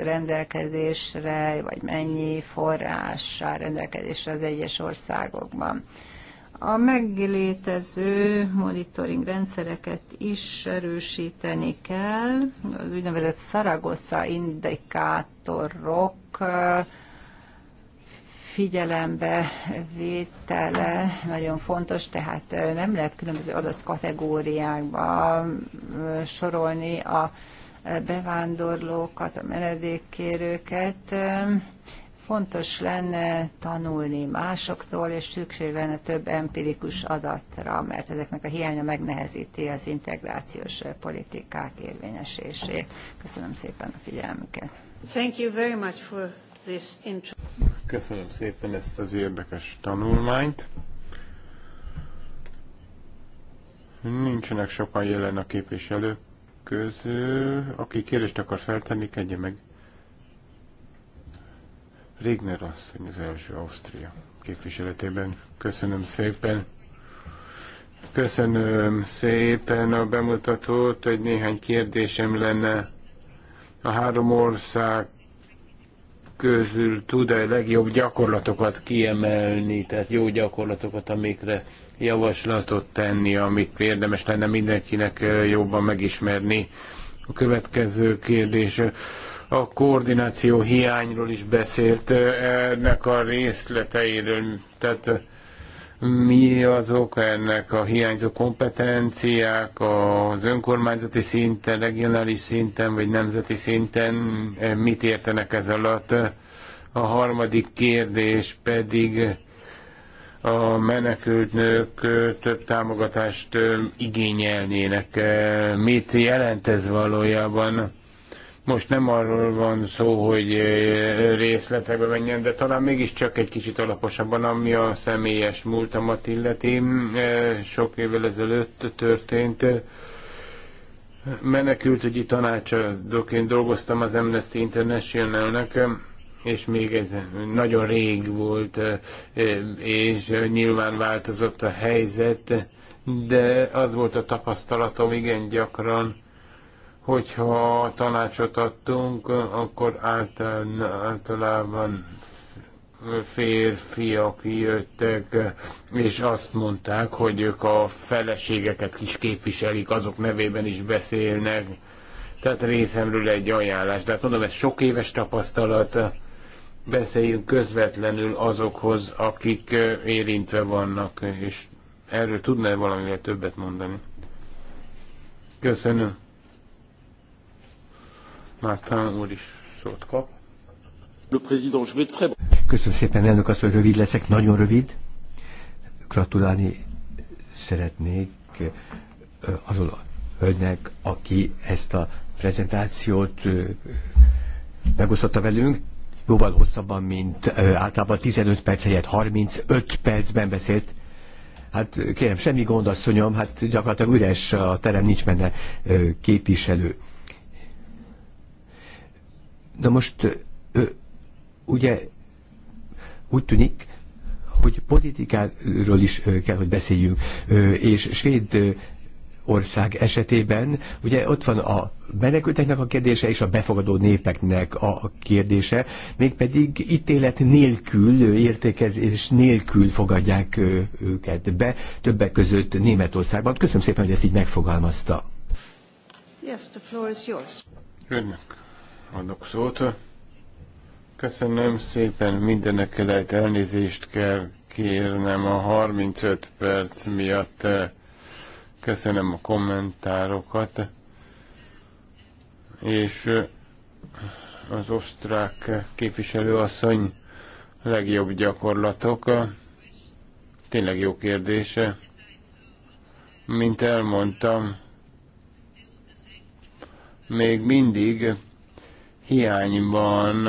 rendelkezésre, vagy mennyi forrás áll rendelkezésre az egyes országokban. A meglétező monitoring rendszereket is erősíteni kell. Az úgynevezett Saragossa indikátorok figyelembe vétele nagyon fontos, tehát nem lehet különböző adatkategóriákba sorolni a bevándorlókat, a menedékkérőket. Fontos lenne tanulni másoktól, és szükség lenne több empirikus adatra, mert ezeknek a hiánya megnehezíti az integrációs politikák érvényesését. Köszönöm szépen a figyelmüket. Thank you very much for this intro. Köszönöm szépen ezt az érdekes tanulmányt. Nincsenek sokan jelen a képviselők közül. Aki kérdést akar feltenni, kedje meg. Régner asszony az első Ausztria képviseletében. Köszönöm szépen. Köszönöm szépen a bemutatót. Egy néhány kérdésem lenne. A három ország közül tud-e legjobb gyakorlatokat kiemelni, tehát jó gyakorlatokat, amikre javaslatot tenni, amit érdemes lenne mindenkinek jobban megismerni. A következő kérdés a koordináció hiányról is beszélt ennek a részleteiről, tehát mi azok ennek a hiányzó kompetenciák az önkormányzati szinten, regionális szinten vagy nemzeti szinten, eh, mit értenek ez alatt. A harmadik kérdés pedig a menekültnők eh, több támogatást eh, igényelnének. Mit jelent ez valójában? Most nem arról van szó, hogy eh, részletekbe menjen, de talán mégiscsak egy kicsit alaposabban, ami a személyes múltamat illeti. Mm, eh, sok évvel ezelőtt történt Menekült menekültügyi tanácsadóként dolgoztam az Amnesty Internationalnek, és még ez nagyon rég volt, eh, és nyilván változott a helyzet, de az volt a tapasztalatom igen gyakran, Hogyha tanácsot adtunk, akkor általában férfiak jöttek, és azt mondták, hogy ők a feleségeket is képviselik, azok nevében is beszélnek. Tehát részemről egy ajánlás. De hát mondom, ez sok éves tapasztalat. Beszéljünk közvetlenül azokhoz, akik érintve vannak, és erről tudnál valamivel többet mondani. Köszönöm. Köszönöm szépen, elnök azt, hogy rövid leszek, nagyon rövid. Gratulálni szeretnék eh, azon a hölgynek, aki ezt a prezentációt eh, megosztotta velünk, jóval hosszabban, mint eh, általában 15 perc helyett 35 percben beszélt. Hát kérem, semmi gond, asszonyom, hát gyakorlatilag üres a terem, nincs benne képviselő de most ugye úgy tűnik, hogy politikáról is kell, hogy beszéljünk, és svéd ország esetében, ugye ott van a menekülteknek a kérdése és a befogadó népeknek a kérdése, mégpedig ítélet nélkül, értékezés nélkül fogadják őket be, többek között Németországban. Köszönöm szépen, hogy ezt így megfogalmazta. Yes, the floor is yours. Önök adok szót. Köszönöm szépen, mindenek előtt elnézést kell kérnem a 35 perc miatt. Köszönöm a kommentárokat. És az osztrák képviselőasszony legjobb gyakorlatok. Tényleg jó kérdése. Mint elmondtam, még mindig hiányban van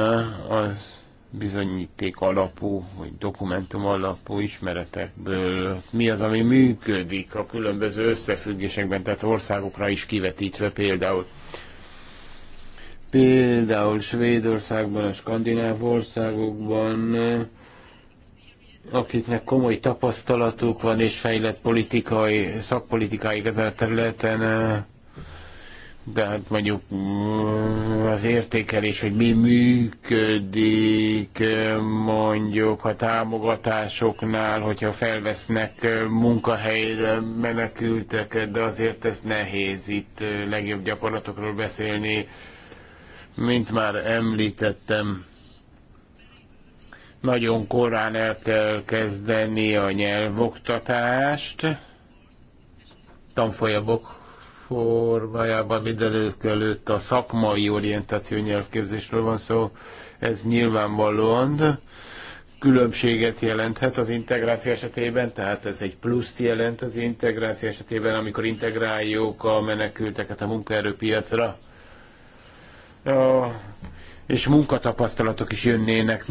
az bizonyíték alapú, vagy dokumentum alapú ismeretekből mi az, ami működik a különböző összefüggésekben, tehát országokra is kivetítve például. Például Svédországban, a skandináv országokban, akiknek komoly tapasztalatuk van és fejlett politikai, szakpolitikai ezen a területen, de hát mondjuk mm, az értékelés, hogy mi működik, mondjuk a támogatásoknál, hogyha felvesznek munkahelyre menekülteket, de azért ez nehéz itt legjobb gyakorlatokról beszélni, mint már említettem. Nagyon korán el kell kezdeni a nyelvoktatást, tanfolyamok formájában mindenők előtt a szakmai orientáció nyelvképzésről van szó, ez nyilvánvalóan különbséget jelenthet az integráció esetében, tehát ez egy pluszt jelent az integráció esetében, amikor integráljuk a menekülteket a munkaerőpiacra. A, és munkatapasztalatok is jönnének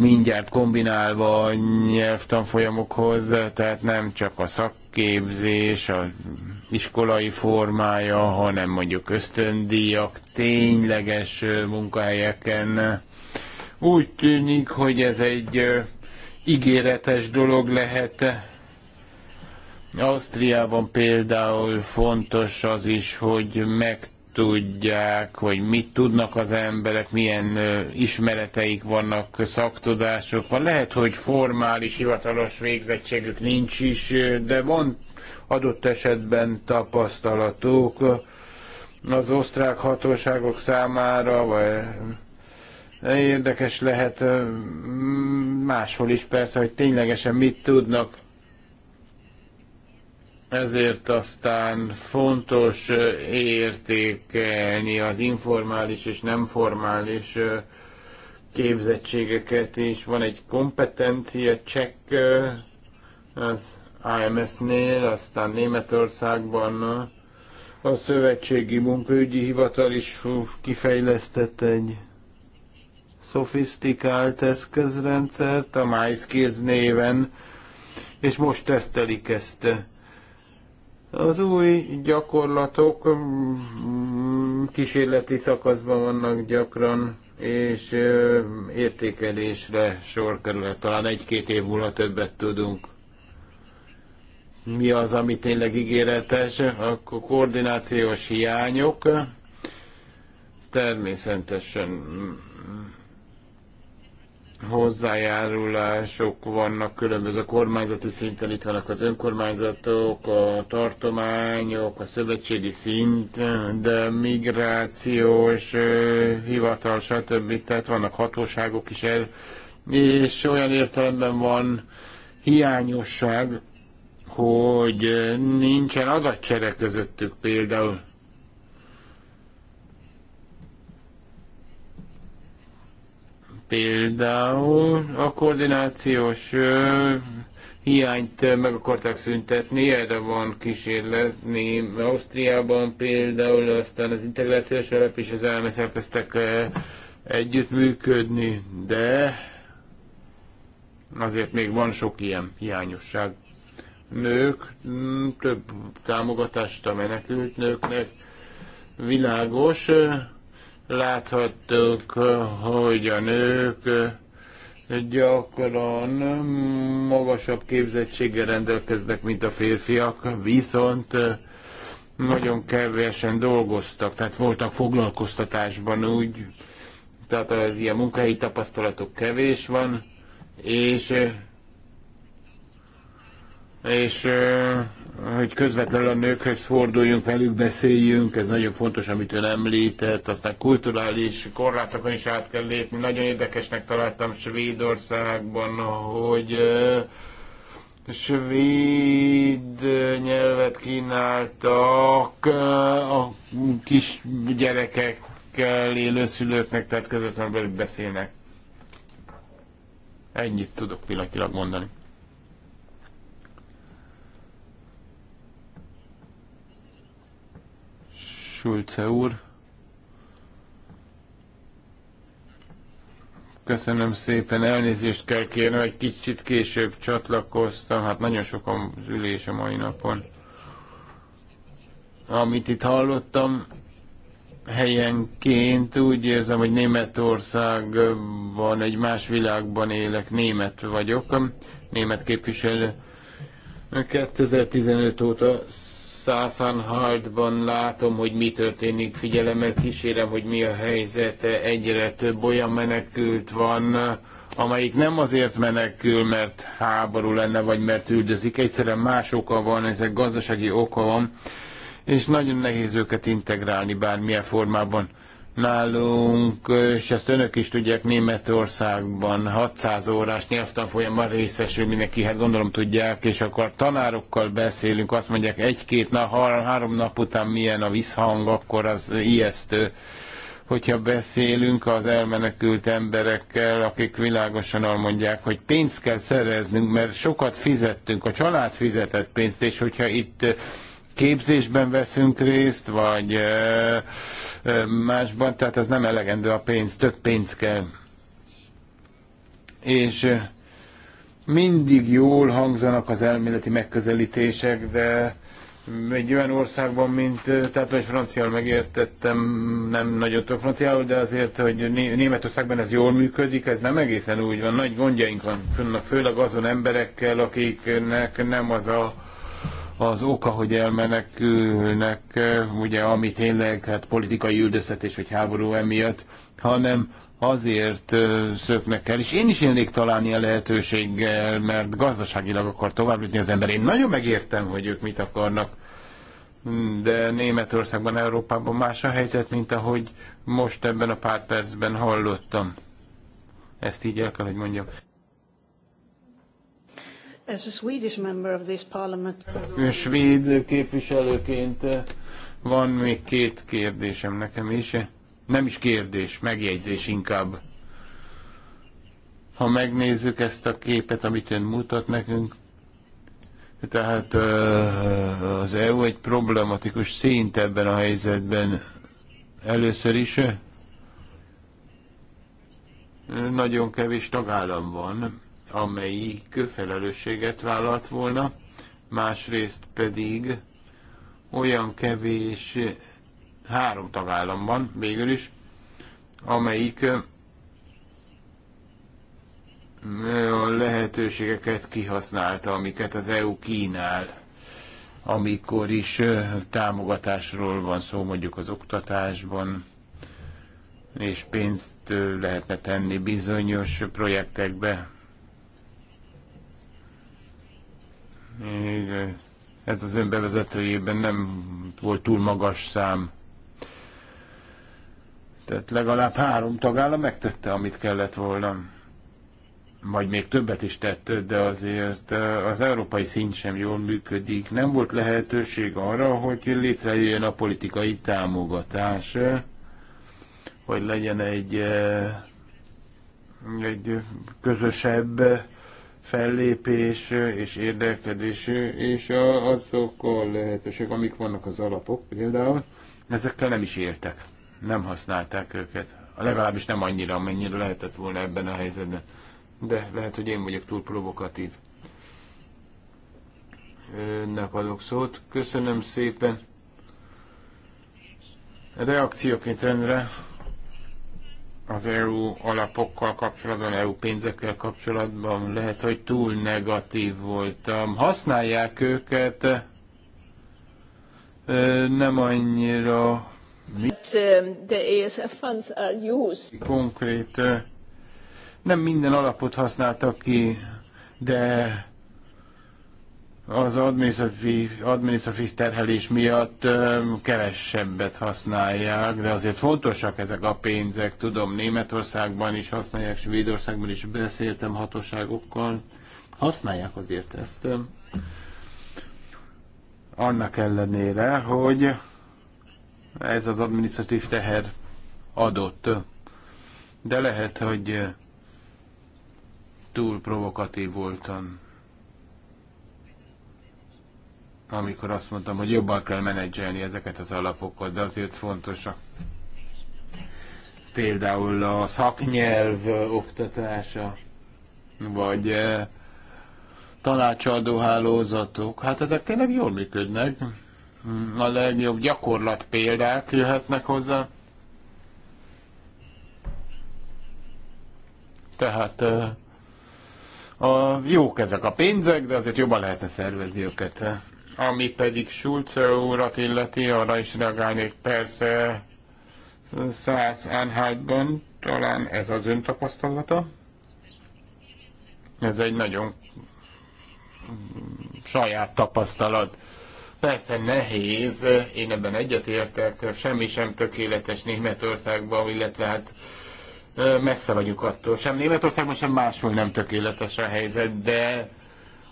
mindjárt kombinálva a nyelvtanfolyamokhoz, tehát nem csak a szak képzés, a iskolai formája, hanem mondjuk ösztöndíjak, tényleges munkahelyeken. Úgy tűnik, hogy ez egy ígéretes dolog lehet. Ausztriában például fontos az is, hogy meg tudják, hogy mit tudnak az emberek, milyen ismereteik vannak, szaktudások van. Lehet, hogy formális, hivatalos végzettségük nincs is, de van adott esetben tapasztalatuk az osztrák hatóságok számára, vagy érdekes lehet máshol is persze, hogy ténylegesen mit tudnak ezért aztán fontos értékelni az informális és nem formális képzettségeket is. Van egy kompetencia check az AMS-nél, aztán Németországban a Szövetségi Munkaügyi Hivatal is kifejlesztett egy szofisztikált eszközrendszert a MySkills néven, és most tesztelik ezt az új gyakorlatok mm, kísérleti szakaszban vannak gyakran, és értékelésre sor kerül. Talán egy-két év múlva többet tudunk. Mi az, ami tényleg ígéretes? A koordinációs hiányok természetesen hozzájárulások vannak különböző kormányzati szinten, itt vannak az önkormányzatok, a tartományok, a szövetségi szint, de migrációs hivatal, stb. Tehát vannak hatóságok is el, és olyan értelemben van hiányosság, hogy nincsen adatcsere közöttük például Például a koordinációs ö, hiányt meg akarták szüntetni, erre van kísérlet Ausztriában például, aztán az integrációs alap és az elmesz elkezdtek együttműködni, de azért még van sok ilyen hiányosság. Nők, több támogatást a menekült nőknek, világos, Láthattuk, hogy a nők gyakran magasabb képzettséggel rendelkeznek, mint a férfiak, viszont nagyon kevesen dolgoztak, tehát voltak foglalkoztatásban úgy, tehát az ilyen munkahelyi tapasztalatok kevés van, és és hogy közvetlenül a nőkhöz forduljunk, velük beszéljünk, ez nagyon fontos, amit ön említett, aztán kulturális korlátokon is át kell lépni. Nagyon érdekesnek találtam Svédországban, hogy svéd nyelvet kínáltak a kis gyerekekkel élő szülőknek, tehát közvetlenül velük beszélnek. Ennyit tudok pillanatilag mondani. Schulze úr. Köszönöm szépen, elnézést kell kérnem, egy kicsit később csatlakoztam, hát nagyon sok az ülés a mai napon. Amit itt hallottam, helyenként úgy érzem, hogy Németországban, egy más világban élek, német vagyok, német képviselő. 2015 óta Szászánhaldban látom, hogy mi történik, figyelemmel kísérem, hogy mi a helyzet, egyre több olyan menekült van, amelyik nem azért menekül, mert háború lenne, vagy mert üldözik, egyszerűen más oka van, ezek gazdasági oka van, és nagyon nehéz őket integrálni bármilyen formában nálunk, és ezt önök is tudják, Németországban 600 órás nyelvtanfolyamban részesül mindenki, hát gondolom tudják, és akkor tanárokkal beszélünk, azt mondják egy-két nap, három nap után milyen a visszhang, akkor az ijesztő. Hogyha beszélünk az elmenekült emberekkel, akik világosan mondják, hogy pénzt kell szereznünk, mert sokat fizettünk, a család fizetett pénzt, és hogyha itt képzésben veszünk részt, vagy másban, tehát ez nem elegendő a pénz, több pénz kell. És mindig jól hangzanak az elméleti megközelítések, de egy olyan országban, mint, tehát egy franciál megértettem, nem nagyon több franciául, de azért, hogy Németországban ez jól működik, ez nem egészen úgy van. Nagy gondjaink van, főleg azon emberekkel, akiknek nem az a az oka, hogy elmenekülnek, ugye ami tényleg hát politikai üldöztetés vagy háború emiatt, hanem azért szöknek el, és én is élnék talán ilyen lehetőséggel, mert gazdaságilag akar tovább jutni az ember. Én nagyon megértem, hogy ők mit akarnak, hmm, de Németországban, Európában más a helyzet, mint ahogy most ebben a pár percben hallottam. Ezt így el kell, hogy mondjam. As a Swedish member of this parliament. Svéd képviselőként van még két kérdésem nekem is. Nem is kérdés, megjegyzés inkább. Ha megnézzük ezt a képet, amit ön mutat nekünk, tehát az EU egy problematikus szint ebben a helyzetben először is. Nagyon kevés tagállam van amelyik felelősséget vállalt volna, másrészt pedig olyan kevés három tagállam van végül is, amelyik a lehetőségeket kihasználta, amiket az EU kínál, amikor is támogatásról van szó mondjuk az oktatásban, és pénzt lehetne tenni bizonyos projektekbe, Igen. Eh, ez az ön bevezetőjében nem volt túl magas szám. Tehát legalább három tagállam megtette, amit kellett volna. Vagy még többet is tett, de azért eh, az európai szint sem jól működik. Nem volt lehetőség arra, hogy létrejöjjön a politikai támogatás, eh, hogy legyen egy, egy közösebb fellépés és érdekedés és azok a lehetőségek, amik vannak az alapok például, ezekkel nem is értek. Nem használták őket. Legalábbis nem annyira, amennyire lehetett volna ebben a helyzetben. De lehet, hogy én vagyok túl provokatív. Önnek adok szót. Köszönöm szépen. Reakcióként rendre az EU alapokkal kapcsolatban, EU pénzekkel kapcsolatban lehet, hogy túl negatív voltam. Használják őket, nem annyira mit? Um, the ASF funds are used. Konkrét, nem minden alapot használtak ki, de az adminisztratív, adminisztratív terhelés miatt kevesebbet használják, de azért fontosak ezek a pénzek. Tudom, Németországban is használják, Svédországban is beszéltem hatóságokkal. Használják azért ezt. Annak ellenére, hogy ez az adminisztratív teher adott. De lehet, hogy túl provokatív voltam amikor azt mondtam, hogy jobban kell menedzselni ezeket az alapokat, de azért fontos a például a szaknyelv oktatása, vagy eh, tanácsadó hálózatok, hát ezek tényleg jól működnek. Mm, a legjobb gyakorlat példák jöhetnek hozzá. Tehát eh, a, jók ezek a pénzek, de azért jobban lehetne szervezni őket. Eh. Ami pedig Schulze úrat illeti, arra is reagálnék persze száz Anhaltban, talán ez az ön tapasztalata. Ez egy nagyon saját tapasztalat. Persze nehéz, én ebben egyetértek, semmi sem tökéletes Németországban, illetve hát messze vagyunk attól. Sem Németországban, sem máshol nem tökéletes a helyzet, de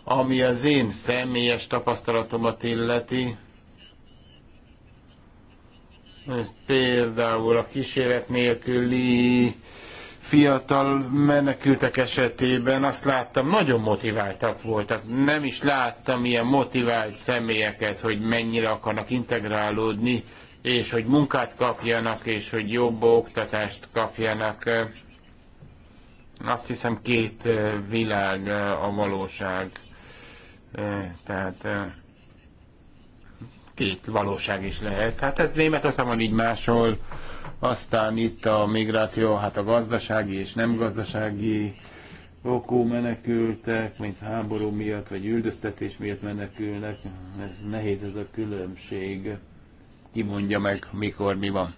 ami az én személyes tapasztalatomat illeti, például a kísérlet nélküli fiatal menekültek esetében azt láttam, nagyon motiváltak voltak. Nem is láttam ilyen motivált személyeket, hogy mennyire akarnak integrálódni, és hogy munkát kapjanak, és hogy jobb oktatást kapjanak. Azt hiszem két világ a valóság. Tehát két valóság is lehet. Hát ez Németországban így máshol, aztán itt a migráció, hát a gazdasági és nem gazdasági okó menekültek, mint háború miatt, vagy üldöztetés miatt menekülnek. Ez nehéz ez a különbség. Ki mondja meg, mikor mi van.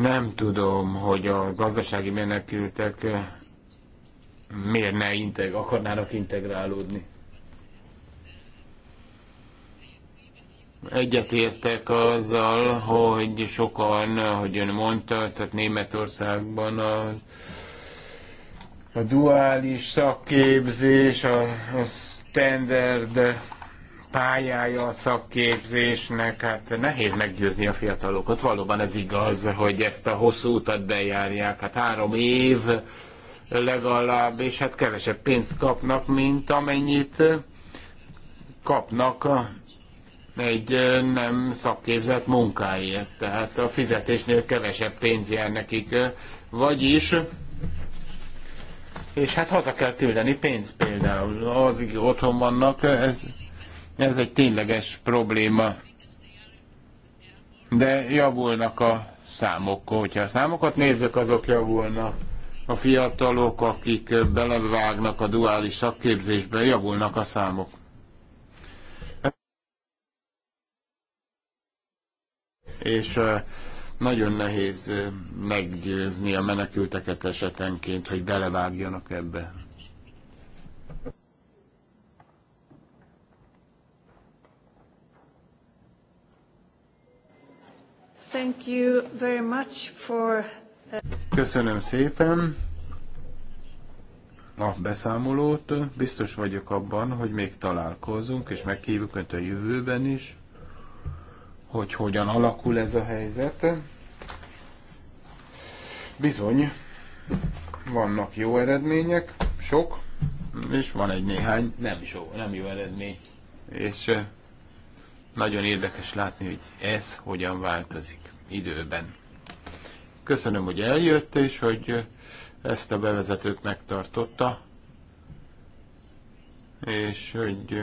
Nem tudom, hogy a gazdasági menekültek miért ne integ, akarnának integrálódni. Egyetértek azzal, hogy sokan, ahogy ön mondta, tehát Németországban a, a duális szakképzés, a, a standard pályája a szakképzésnek, hát nehéz meggyőzni a fiatalokat. Valóban ez igaz, hogy ezt a hosszú utat bejárják. Hát három év legalább, és hát kevesebb pénzt kapnak, mint amennyit kapnak egy nem szakképzett munkáért. Tehát a fizetésnél kevesebb pénz jár nekik. Vagyis, és hát haza kell küldeni pénzt például. Az, otthon vannak, ez, ez egy tényleges probléma. De javulnak a számok. Hogyha a számokat nézzük, azok javulnak a fiatalok, akik belevágnak a duális szakképzésbe, javulnak a számok. És eh, nagyon nehéz eh, meggyőzni a menekülteket esetenként, hogy belevágjanak ebbe. Thank you very much for Köszönöm szépen a beszámolót. Biztos vagyok abban, hogy még találkozunk, és meghívjuk Önt a jövőben is, hogy hogyan alakul ez a helyzet. Bizony, vannak jó eredmények, sok, és van egy néhány nem, so, nem jó eredmény. És eh, nagyon érdekes látni, hogy ez hogyan változik időben. Köszönöm, hogy eljött, és hogy ezt a bevezetőt megtartotta, és hogy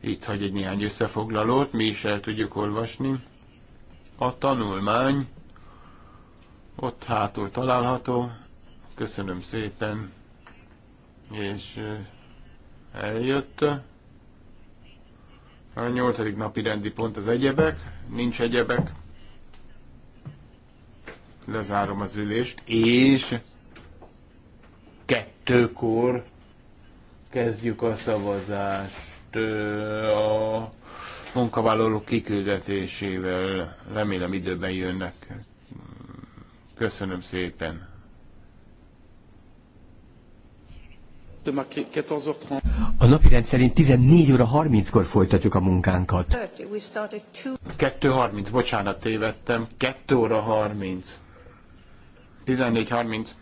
itt hagy egy néhány összefoglalót, mi is el tudjuk olvasni. A tanulmány ott hátul található. Köszönöm szépen, és eljött. A nyolcadik napi rendi pont az egyebek, nincs egyebek lezárom az ülést, és kettőkor kezdjük a szavazást a munkavállalók kiküldetésével. Remélem időben jönnek. Köszönöm szépen. A napi rend szerint 14 óra 30-kor folytatjuk a munkánkat. 2.30, bocsánat, tévedtem. 2 óra 30. 14.30.